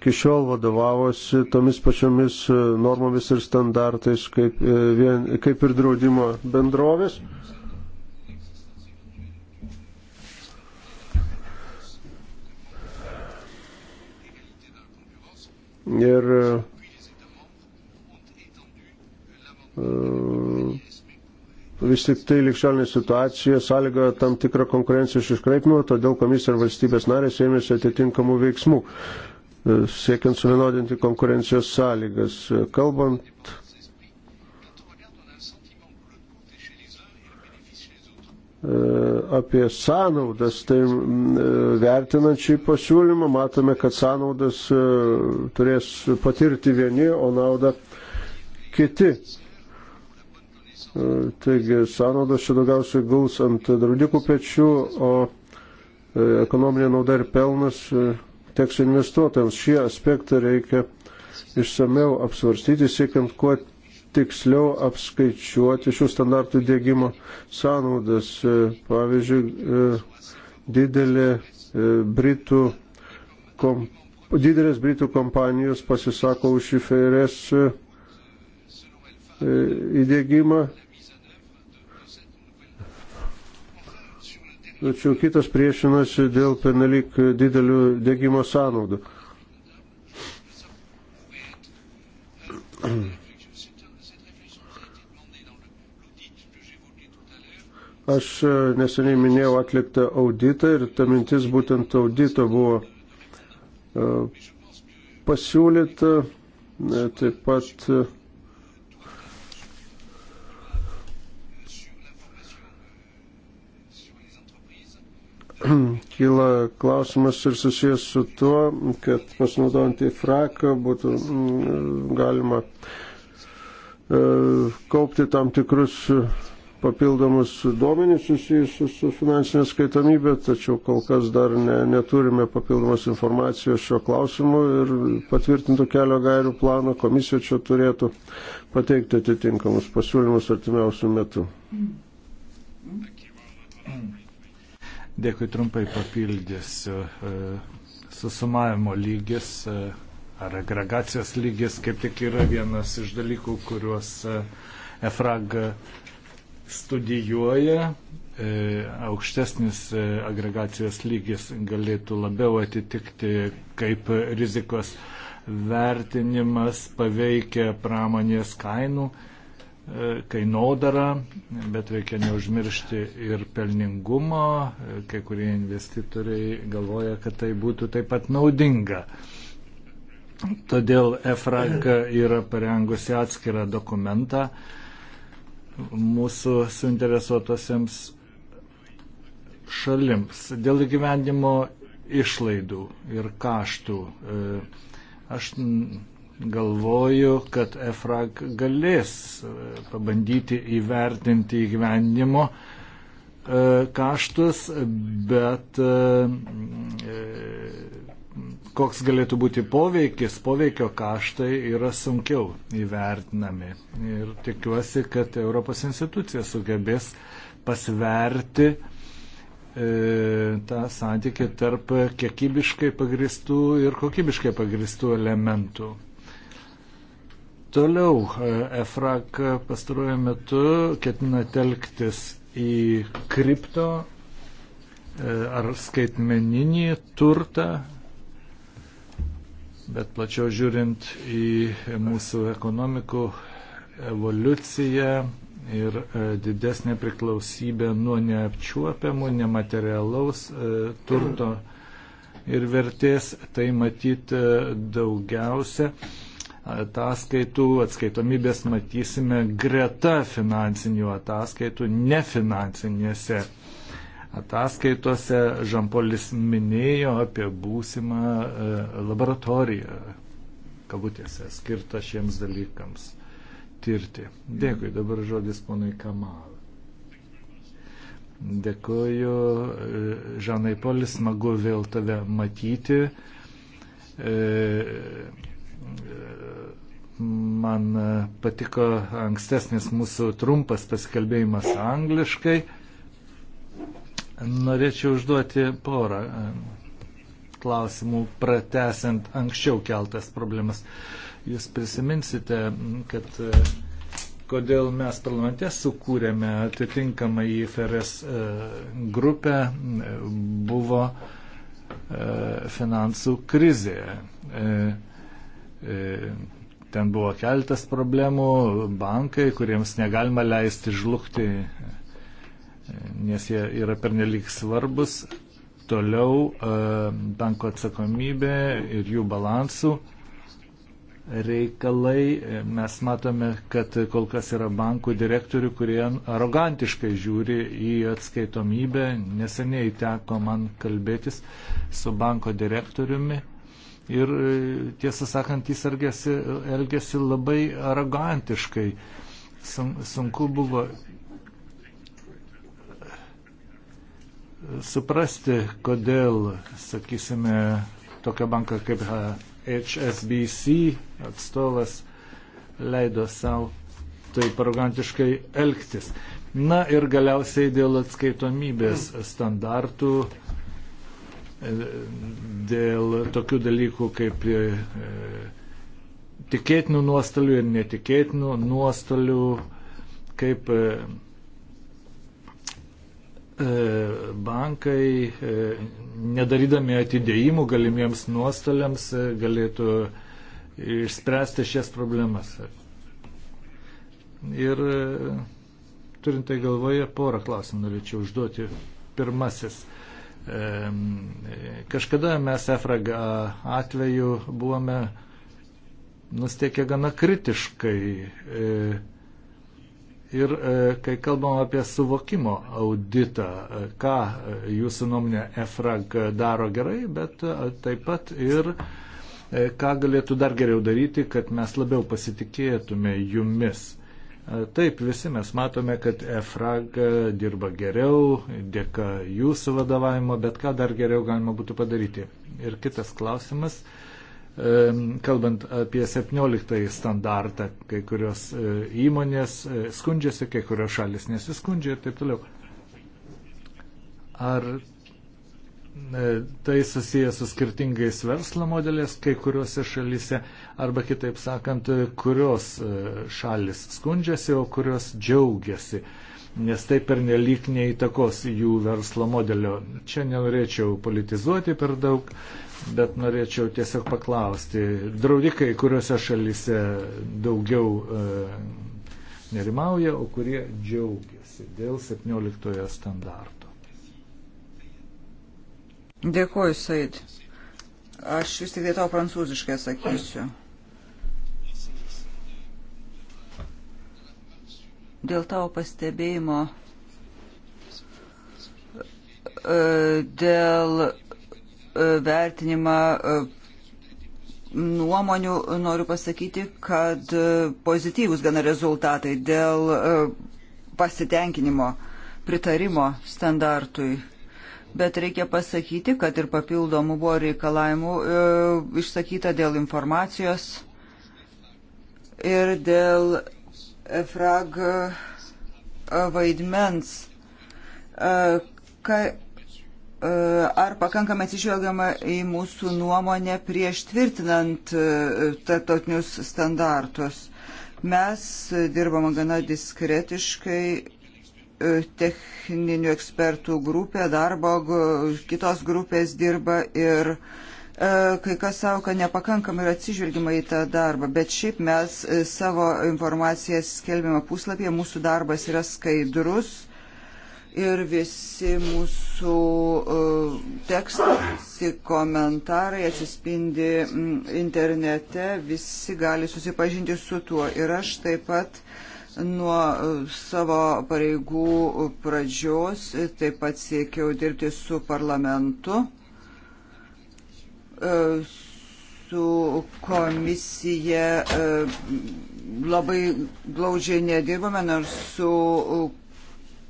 iki šiol vadovavosi tomis pačiomis e, normomis ir standartais kaip, e, vien, kaip ir draudimo bendrovės. Ir e, vis tik tai likščiolinė situacija sąlyga tam tikrą konkurencijos iškraipimą, todėl komisija ir valstybės narės ėmėsi atitinkamų veiksmų. E, siekiant suvienodinti konkurencijos sąlygas. E, kalbant e, apie sąnaudas, tai vertinant šį pasiūlymą matome, kad sąnaudas turės patirti vieni, o naudą kiti. Taigi sąnaudos čia daugiausiai guls ant draudikų pečių, o ekonominė nauda ir pelnas teks investuotojams. Šį aspektą reikia išsameu apsvarstyti, siekiant kuo tiksliau apskaičiuoti šių standartų dėgymo sąnaudas. E, pavyzdžiui, e, didelė e, Britų kompanija didelės Britų kompanijos pasisako už IFRS įdėgymą tačiau kitas priešinasi dėl penelik didelių degimo sąnaudų. Aš e, neseniai minėjau atliktą auditą ir ta mintis būtent audito buvo e, pasiūlyta e, taip pat kyla klausimas ir susijęs su tuo, kad pasinaudojant į fraką būtų mm, galima e, kaupti tam tikrus papildomus duomenys susijusius su finansinė skaitomybė, tačiau kol kas dar ne, neturime papildomos informacijos šio klausimu ir patvirtintų kelio gairių planą komisija čia turėtų pateikti atitinkamus pasiūlymus artimiausių metų. Mm. Dėkui trumpai papildysiu. E, susumavimo lygis e, ar agregacijos lygis kaip tik yra vienas iš dalykų, kuriuos e, EFRAG studijuoja. Aukštesnis agregacijos lygis galėtų labiau atitikti, kaip rizikos vertinimas paveikia pramonės kainų E, kainodarą, bet reikia neužmiršti ir pelningumo. E, kai kurie investitoriai galvoja, kad tai būtų taip pat naudinga. Todėl EFRAG yra parengusi atskirą dokumentą mūsų suinteresuotosiams šalims dėl įgyvendimo išlaidų ir kaštų. E, aš galvoju, kad EFRAG galės e, pabandyti įvertinti įgyvendimo e, kaštus, bet e, koks galėtų būti poveikis, poveikio kaštai yra sunkiau įvertinami. Ir tikiuosi, kad Europos institucija sugebės pasverti tą santykį tarp kiekybiškai pagristų ir kokybiškai pagristų elementų. Toliau e, EFRAK pastaruoju metu ketina telktis į kripto e, ar skaitmeninį turtą, bet plačiau žiūrint į mūsų ekonomikų evoliuciją ir e, didesnė priklausybė nuo neapčiuopiamų, nematerialaus turto ir vertės, tai matyti daugiausia ataskaitų, atskaitomybės matysime greta finansinių ataskaitų, nefinansinėse ataskaitose. Žampolis minėjo apie būsimą e, laboratoriją, kabutėse, skirtą šiems dalykams tirti. Dėkui, dabar žodis ponui Kamal. Dėkuoju, e, Žanai Polis, smagu vėl tave matyti. E, Man patiko ankstesnis mūsų trumpas pasikalbėjimas angliškai. Norėčiau užduoti porą e, klausimų, pratesiant anksčiau keltas problemas. Jūs prisiminsite, kad e, kodėl mes parlamente sukūrėme atitinkamą IFRS e, grupę, buvo finansų krizė. E, ten buvo keltas problemų, bankai, kuriems negalima leisti žlugti, e, nes jie yra pernelyg svarbus. Toliau e, banko atsakomybė ir jų balansų reikalai. Mes matome, kad kol kas yra bankų direktorių, kurie arogantiškai žiūri į atskaitomybę. Neseniai teko man kalbėtis su banko direktoriumi ir e, tiesą sakant jis elgėsi, elgėsi labai arogantiškai. Sun, sunku buvo e, suprasti, kodėl, sakysime, tokia banka kaip HSBC atstovas leido savo taip arogantiškai elgtis. Na ir galiausiai dėl atskaitomybės standartų dėl tokių dalykų kaip e, tikėtinų nuostolių ir netikėtinų nuostolių, kaip e, e, bankai, nedarydami atidėjimų galimiems nuostoliams, galėtų išspręsti šias problemas. Ir turint tai galvoje, porą klausimų norėčiau užduoti. Pirmasis. E, Kažkada mes EFRAG atveju buvome nusteikę gana kritiškai. E, ir e, kai kalbam apie suvokimo auditą, e, ką jūsų nuomonė EFRAG daro gerai, bet taip pat ir ką galėtų dar geriau daryti, kad mes labiau pasitikėtume jumis. Taip, visi mes matome, kad EFRAG dirba geriau, dėka jūsų vadovavimo, bet ką dar geriau galima būtų padaryti. Ir kitas klausimas, kalbant apie 17 standartą, kai kurios e, įmonės e, skundžiasi, kai kurios šalis nesiskundžia ir taip toliau. Ar E, tai susijęs su skirtingais verslo modelės kai kuriuose šalyse, arba kitaip sakant, kurios e, šalis skundžiasi, o kurios džiaugiasi, nes tai per nelik neįtakos jų verslo modelio. Čia nenorėčiau politizuoti per daug, bet norėčiau tiesiog paklausti. Draudikai, kuriuose šalyse daugiau e, nerimauja, o kurie džiaugiasi dėl 17 standartų. Dėkuoju, Said. Aš vis tik tai tau prancūziškai atsakysiu. Dėl tavo pastebėjimo, e, dėl e, vertinimą e, nuomonių noriu pasakyti, kad pozityvus gana rezultatai dėl pasitenkinimo, pritarimo standartui bet reikia pasakyti, kad ir papildomų buvo reikalavimų e, išsakyta dėl informacijos ir dėl EFRAG e, vaidmens. E, ka, e, ar pakankamai atsižvelgiama į mūsų nuomonę prieš tvirtinant e, tarptautinius standartus? Mes dirbame gana diskretiškai techninių ekspertų grupė, darbo, kitos grupės dirba ir e, kai kas savo, kad nepakankamai yra atsižvelgiama į tą darbą, bet šiaip mes e, savo informaciją skelbėme puslapyje, mūsų darbas yra skaidrus ir visi mūsų e, tekstai, visi komentarai atsispindi internete, visi gali susipažinti su tuo. Ir aš taip pat nuo e, savo pareigų pradžios, e, taip pat siekiau dirbti su parlamentu, e, su komisija labai glaudžiai nedirbame, nors su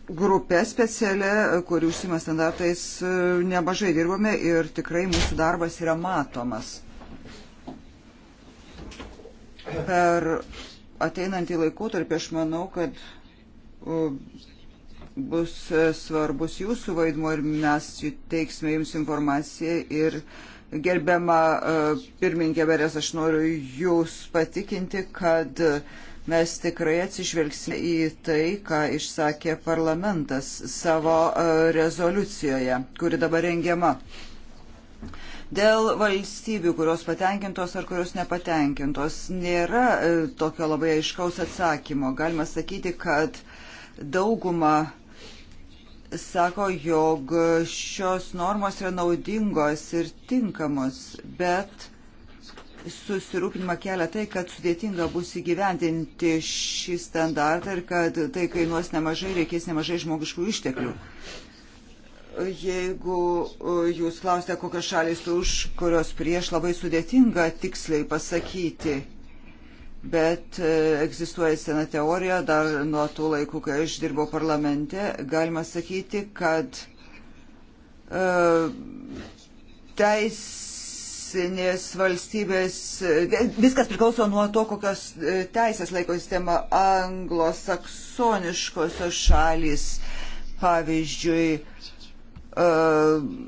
grupė specialia, kuri užsima standartais, nemažai dirbame ir tikrai mūsų darbas yra matomas. Per ateinantį laikotarpį aš manau, kad bus e, svarbus jūsų vaidmo ir mes teiksime jums informaciją ir gerbiama e, pirmininkė Berės, aš noriu jūs patikinti, kad mes tikrai atsižvelgsime į tai, ką išsakė parlamentas savo e, rezoliucijoje, kuri dabar rengiama. Dėl valstybių, kurios patenkintos ar kurios nepatenkintos, nėra e, tokio labai aiškaus atsakymo. Galima sakyti, kad dauguma sako, jog šios normos yra naudingos ir tinkamos, bet susirūpinimą kelia tai, kad sudėtinga bus įgyvendinti šį standartą ir kad tai kainuos nemažai, reikės nemažai žmogiškų išteklių. Mm. Jeigu e, jūs klausite, kokios šalis už, kurios prieš, labai sudėtinga tiksliai pasakyti. Bet e, egzistuoja sena teorija, dar nuo tų laikų, kai aš dirbau parlamente, galima sakyti, kad e, teisinės valstybės, e, viskas priklauso nuo to, kokios teisės laiko sistema anglosaksoniškosios šalis, pavyzdžiui, Ehm,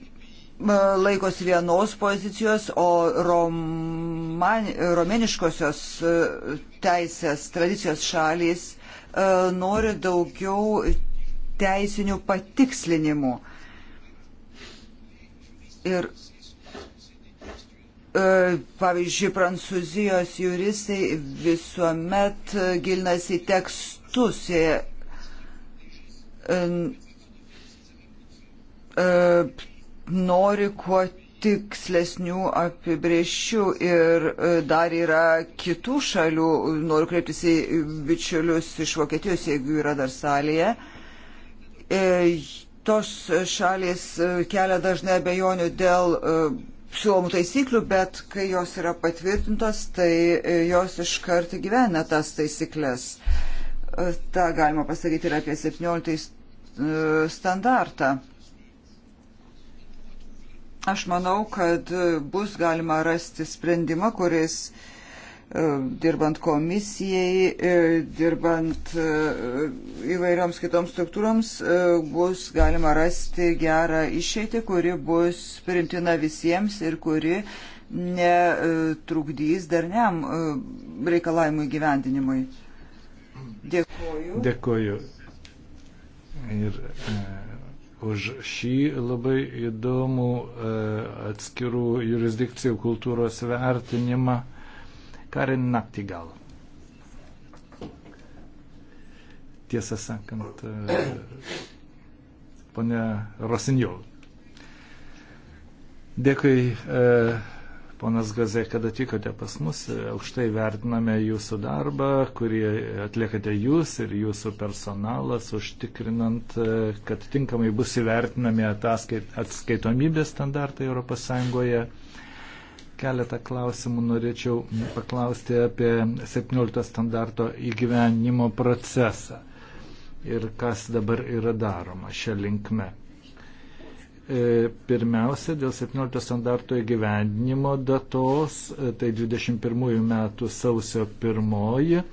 laikosi vienos pozicijos, o roman, romeniškosios e, teisės tradicijos šalys e, nori daugiau teisinių patikslinimų. Ir e, pavyzdžiui, prancūzijos juristai visuomet gilinasi tekstus, e, nori kuo tikslesnių apibrėžčių ir e, dar yra kitų šalių, noriu kreiptis į bičiulius iš Vokietijos, jeigu yra dar salėje. E, tos šalės e, kelia dažnai abejonių dėl siūlomų taisyklių, bet kai jos yra patvirtintos, tai jos iškart gyvena tas taisyklės. Ta galima pasakyti ir apie 17 standartą Aš manau, kad e, bus galima rasti sprendimą, kuris e, dirbant komisijai, e, dirbant įvairioms kitoms struktūroms, bus galima rasti gerą išeitį, kuri bus primtina visiems ir kuri netrukdys darniam reikalavimui gyvendinimui. Dėkoju. Dėkoju. Ir, e už šį labai įdomų e, atskirų jurisdikcijų kultūros vertinimą. Karin naktį gal. Tiesą sakant, e, ponia Rosinjol. Dėkui. E, ponas Gazė, kad atvykote pas mus. Aukštai vertiname jūsų darbą, kurį atliekate jūs ir jūsų personalas, užtikrinant, kad tinkamai bus įvertinami ataskait, atskaitomybės standartai ES. Keletą klausimų norėčiau paklausti apie 17 standarto įgyvenimo procesą ir kas dabar yra daroma šią linkme. E, pirmiausia, dėl 17 standarto įgyvendinimo datos, e, tai 21 metų sausio 1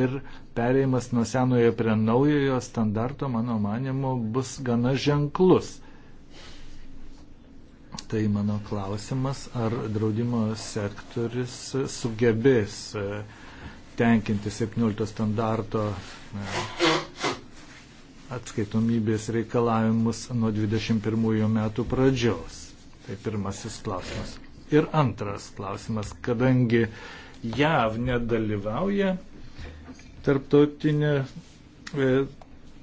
ir perėjimas nuo senojo prie naujojo standarto, mano manimo, bus gana ženklus. Tai mano klausimas, ar draudimo sektoris sugebės e, tenkinti 17 standarto atskaitomybės reikalavimus nuo 21 metų pradžios. Tai pirmasis klausimas. Ir antras klausimas, kadangi JAV nedalyvauja tarptautinė, e,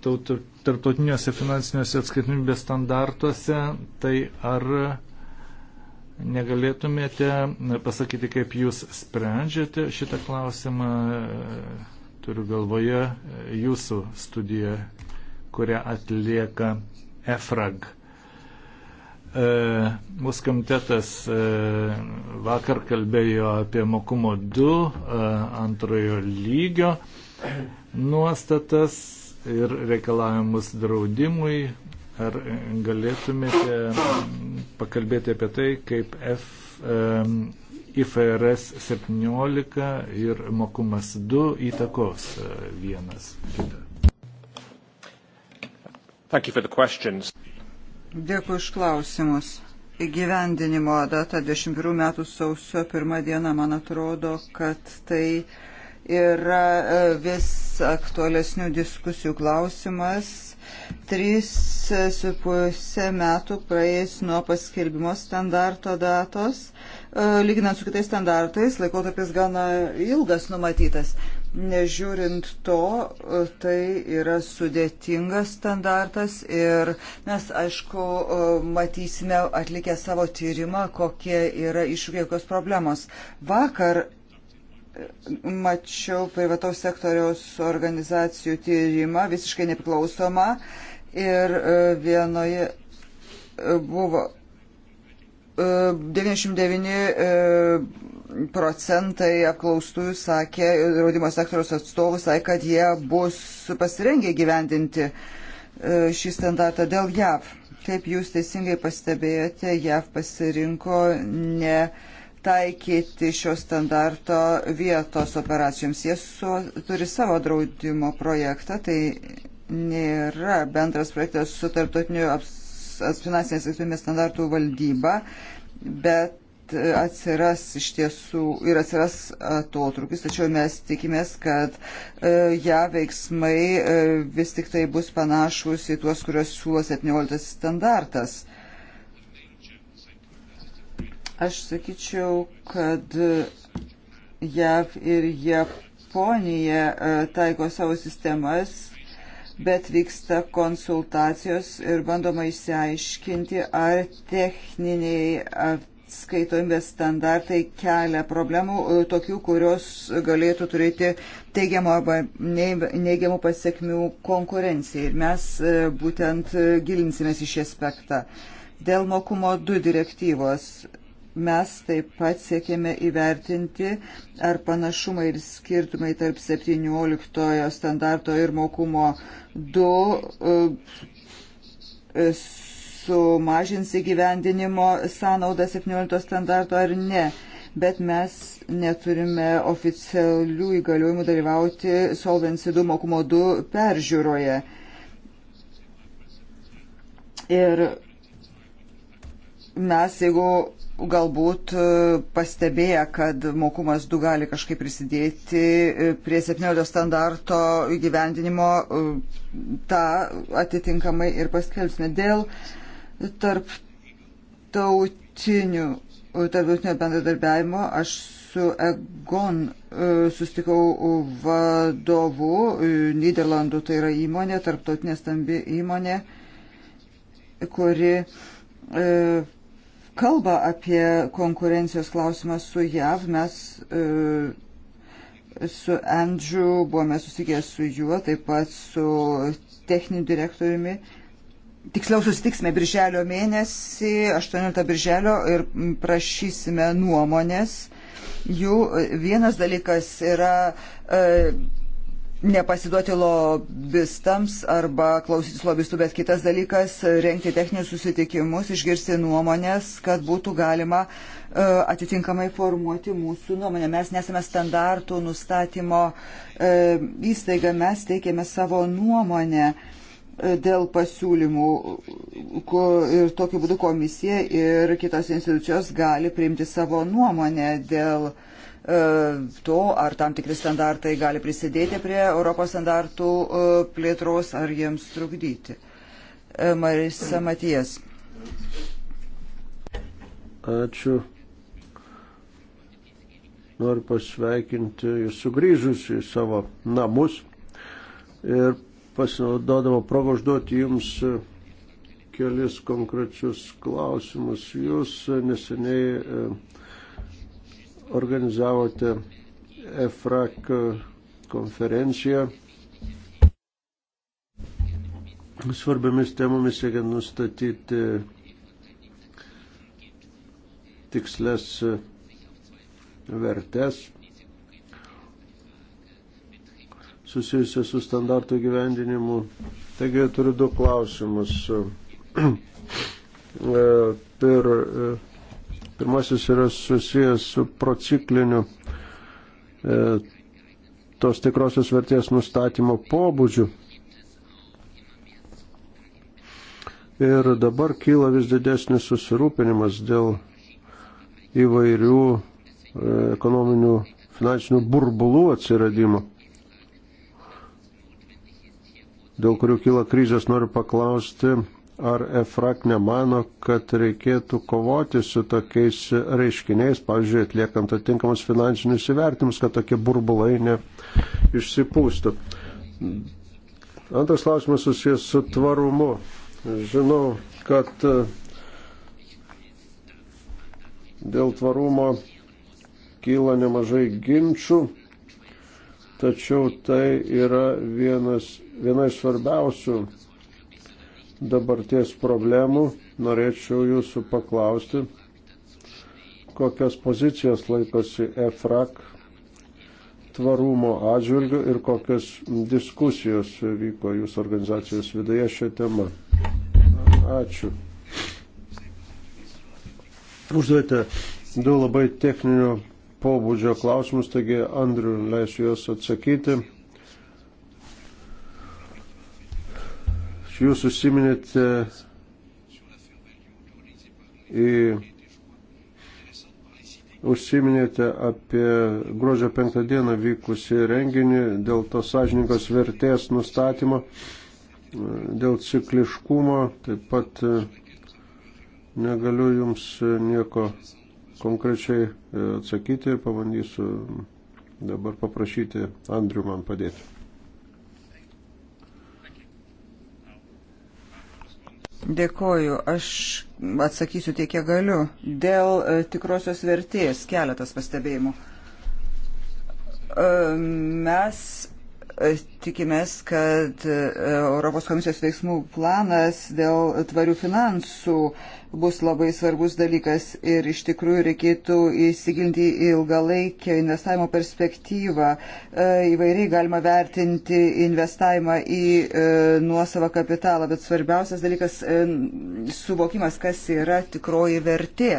tautų, tarptautiniuose finansiniuose atskaitomybės standartuose, tai ar negalėtumėte pasakyti, kaip jūs sprendžiate šitą klausimą? Turiu galvoje jūsų studiją kurią atlieka EFRAG. E, mūsų komitetas e, vakar kalbėjo apie mokumo 2 e, antrojo lygio nuostatas ir reikalavimus draudimui. Ar galėtumėte pakalbėti apie tai, kaip F, IFRS 17 ir mokumas 2 įtakos vienas kitą? Dėkui už klausimus. Įgyvendinimo data 21 metų sausio 1 diena, man atrodo, kad tai yra e, vis aktualesnių diskusijų klausimas. Trys e, su pusė metų praeis nuo paskelbimo standarto datos. E, lyginant su kitais standartais, laikotarpis gana ilgas numatytas. Nežiūrint to, tai yra sudėtingas standartas ir mes, aišku, matysime atlikę savo tyrimą, kokie yra iššūkios problemos. Vakar mačiau privataus sektoriaus organizacijų tyrimą, visiškai nepriklausomą, ir e, vienoje e, buvo 99 e, procentai apklaustųjų sakė, draudimo sektoriaus atstovų sakė, kad jie bus pasirengę gyvendinti e, šį standartą dėl JAV. Kaip jūs teisingai pastebėjote, JAV pasirinko ne taikyti šio standarto vietos operacijoms. Jie su, turi savo draudimo projektą, tai nėra bendras projektas su tarptautiniu apsaugos finansinės atsakomybės standartų valdyba, bet e, atsiras iš tiesų ir atsiras atotrukis, tačiau mes tikimės, kad e, ją ja, veiksmai e, vis tik tai bus panašus į tuos, kuriuos siūlo 17 standartas. Aš sakyčiau, kad JAV ir Japonija taiko savo sistemas bet vyksta konsultacijos ir bandoma išsiaiškinti, ar techniniai atskaitomybės standartai kelia problemų, e, tokių, kurios galėtų turėti teigiamų arba neigiamų pasiekmių konkurencijai. Ir mes e, būtent e, gilinsimės į šį aspektą. Dėl mokumo 2 direktyvos Mes taip pat siekėme įvertinti, ar panašumai ir skirtumai tarp 17 standarto ir mokumo 2 e, e, sumažins įgyvendinimo sąnaudą 17 standarto ar ne. Bet mes neturime oficialių įgaliojimų dalyvauti Solvency 2 mokumo 2 peržiūroje. Ir mes, jeigu galbūt e, pastebėję, kad mokumas 2 gali kažkaip prisidėti e, prie 17 standarto įgyvendinimo, e, tą atitinkamai ir paskelbsime. Dėl tarptautinių, tarptautinio bendradarbiavimo aš su Egon sustikau vadovu Niderlandų, tai yra įmonė, tarptautinė stambi įmonė, kuri e, kalba apie konkurencijos klausimą su JAV. Mes e, su Andrew buvome susikę su juo, taip pat su techniniu direktoriumi. Tiksliau susitiksime birželio mėnesį, 18 birželio ir prašysime nuomonės. Jų vienas dalykas yra e, nepasiduoti lobistams arba klausytis lobistų, bet kitas dalykas - renkti techninius susitikimus, išgirsti nuomonės, kad būtų galima e, atitinkamai formuoti mūsų nuomonę. Mes nesame standartų nustatymo e, įstaiga, mes teikėme savo nuomonę e, dėl pasiūlymų ir tokiu būdu komisija ir kitos institucijos gali priimti savo nuomonę dėl uh, E, to, ar tam tikri standartai gali prisidėti prie Europos standartų e, plėtros, ar jiems trukdyti. E, Marisa Matijas. Ačiū. Noriu pasveikinti jūs sugrįžus į savo namus ir pasinaudodama progą užduoti jums kelis konkrečius klausimus. Jūs neseniai organizavote EFRAK konferenciją svarbiamis temomis, siekiant nustatyti tikslias vertes susijusios su standartų gyvendinimu. Taigi turiu du klausimus. E, per e, Pirmasis yra susijęs su procikliniu e, tos tikrosios vertės nustatymo pobūdžiu. Ir dabar kyla vis didesnis susirūpinimas dėl įvairių e, ekonominių finansinių burbulų atsiradimo, dėl kurių kyla krizės. Noriu paklausti, Ar EFRAK nemano, kad reikėtų kovoti su tokiais reiškiniais, pavyzdžiui, atliekant atitinkamus finansinius įvertimus, kad tokie burbulai ne išsipūstų. Antras klausimas susijęs su tvarumu. Žinau, kad e, dėl tvarumo kyla nemažai ginčių, tačiau tai yra vienas, viena iš svarbiausių dabarties problemų, norėčiau jūsų paklausti, kokias pozicijas laikosi EFRAK tvarumo atžvilgių ir kokios diskusijos vyko jūsų organizacijos viduje šią temą. Ačiū. Užduodate du labai techninio pobūdžio klausimus, taigi Andriu leisiu juos atsakyti. Jūs užsiminėte į užsiminėte apie gruodžio penktą dieną vykusį renginį dėl tos sąžininkos vertės nustatymo, dėl cikliškumo, taip pat e, negaliu jums nieko konkrečiai e, atsakyti ir pabandysiu dabar paprašyti Andrių man padėti. Dėkoju, aš atsakysiu tiek, kiek galiu. Dėl e, tikrosios vertės keletas pastebėjimų. E, mes e, tikimės, kad Europos komisijos veiksmų planas dėl tvarių finansų bus labai svarbus dalykas ir iš tikrųjų reikėtų įsigilinti į ilgalaikę investavimo perspektyvą. E, įvairiai galima vertinti investavimą į e, nuosavą kapitalą, bet svarbiausias dalykas e, - suvokimas, kas yra tikroji vertė.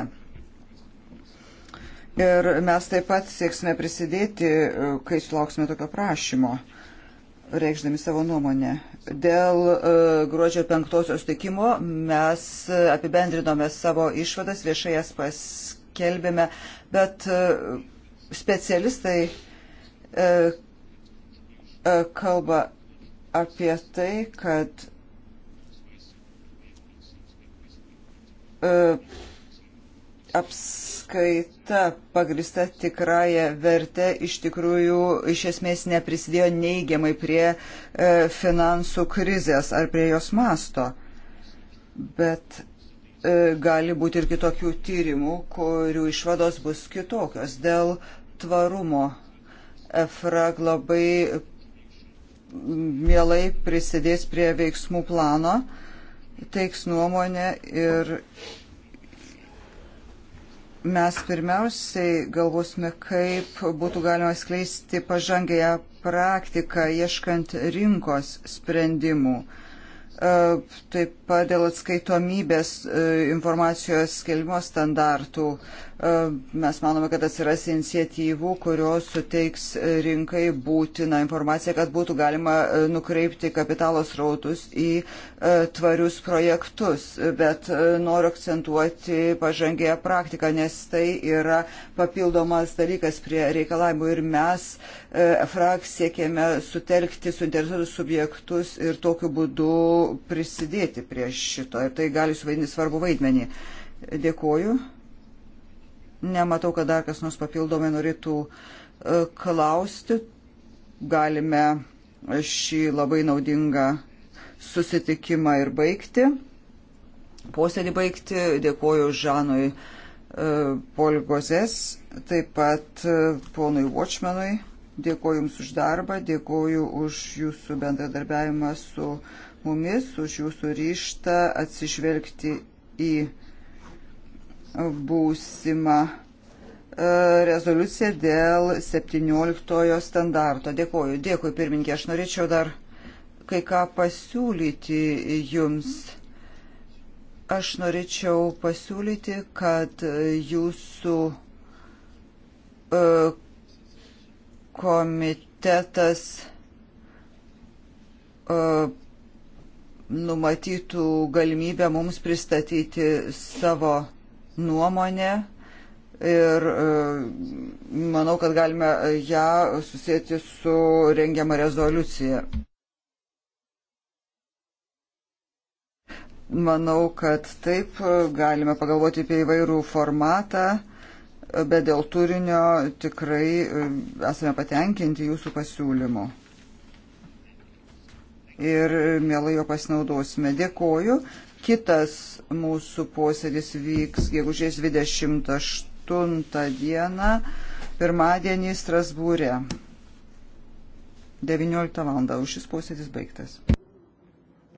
Ir mes taip pat sieksime prisidėti, kai sulauksime tokio prašymo reikšdami savo nuomonę. Dėl e, gruodžio penktosios tikimo mes apibendrinome savo išvadas, viešai jas paskelbėme, bet e, specialistai e, kalba apie tai, kad apskaita pagrista tikrąją vertę iš tikrųjų iš esmės neprisidėjo neigiamai prie e, finansų krizės ar prie jos masto. Bet e, gali būti ir kitokių tyrimų, kurių išvados bus kitokios. Dėl tvarumo EFRAG labai mielai prisidės prie veiksmų plano, teiks nuomonę ir mes pirmiausiai galvosime, kaip būtų galima skleisti pažangėją praktiką, ieškant rinkos sprendimų. E, taip pat dėl atskaitomybės e, informacijos skelbimo standartų E, mes manome, kad atsiras iniciatyvų, kurios suteiks rinkai būtiną informaciją, kad būtų galima e, nukreipti kapitalo srautus į e, tvarius projektus. Bet noriu akcentuoti pažangėją praktiką, nes tai yra papildomas dalykas prie reikalavimų ir mes frak siekėme sutelkti suinteresuotus subjektus ir tokiu būdu prisidėti prie šito. Ir tai gali suvaidinti svarbu vaidmenį. Dėkuoju. Nematau, kad dar kas nors papildomai norėtų e, klausti. Galime šį labai naudingą susitikimą ir baigti. Posėdį baigti. Dėkuoju Žanui e, Polgozės, taip pat e, ponui Watchmanui. Dėkuoju Jums už darbą, dėkuoju už Jūsų bendradarbiavimą su mumis, už Jūsų ryštą atsižvelgti į būsimą e, rezoliuciją dėl 17 standarto. Dėkoju. Dėkui, pirmininkė. Aš norėčiau dar kai ką pasiūlyti jums. Aš norėčiau pasiūlyti, kad jūsų e, komitetas e, numatytų galimybę mums pristatyti savo nuomonę ir e, manau, kad galime ją susijęti su rengiama rezoliucija. Manau, kad taip galime pagalvoti apie įvairų formatą, bet dėl turinio tikrai e, esame patenkinti jūsų pasiūlymu. Ir mielai jo pasinaudosime. Dėkoju. Kitas mūsų posėdis vyks gegužės 28 dieną, pirmadienį Strasbūrė. 19 val. Šis posėdis baigtas.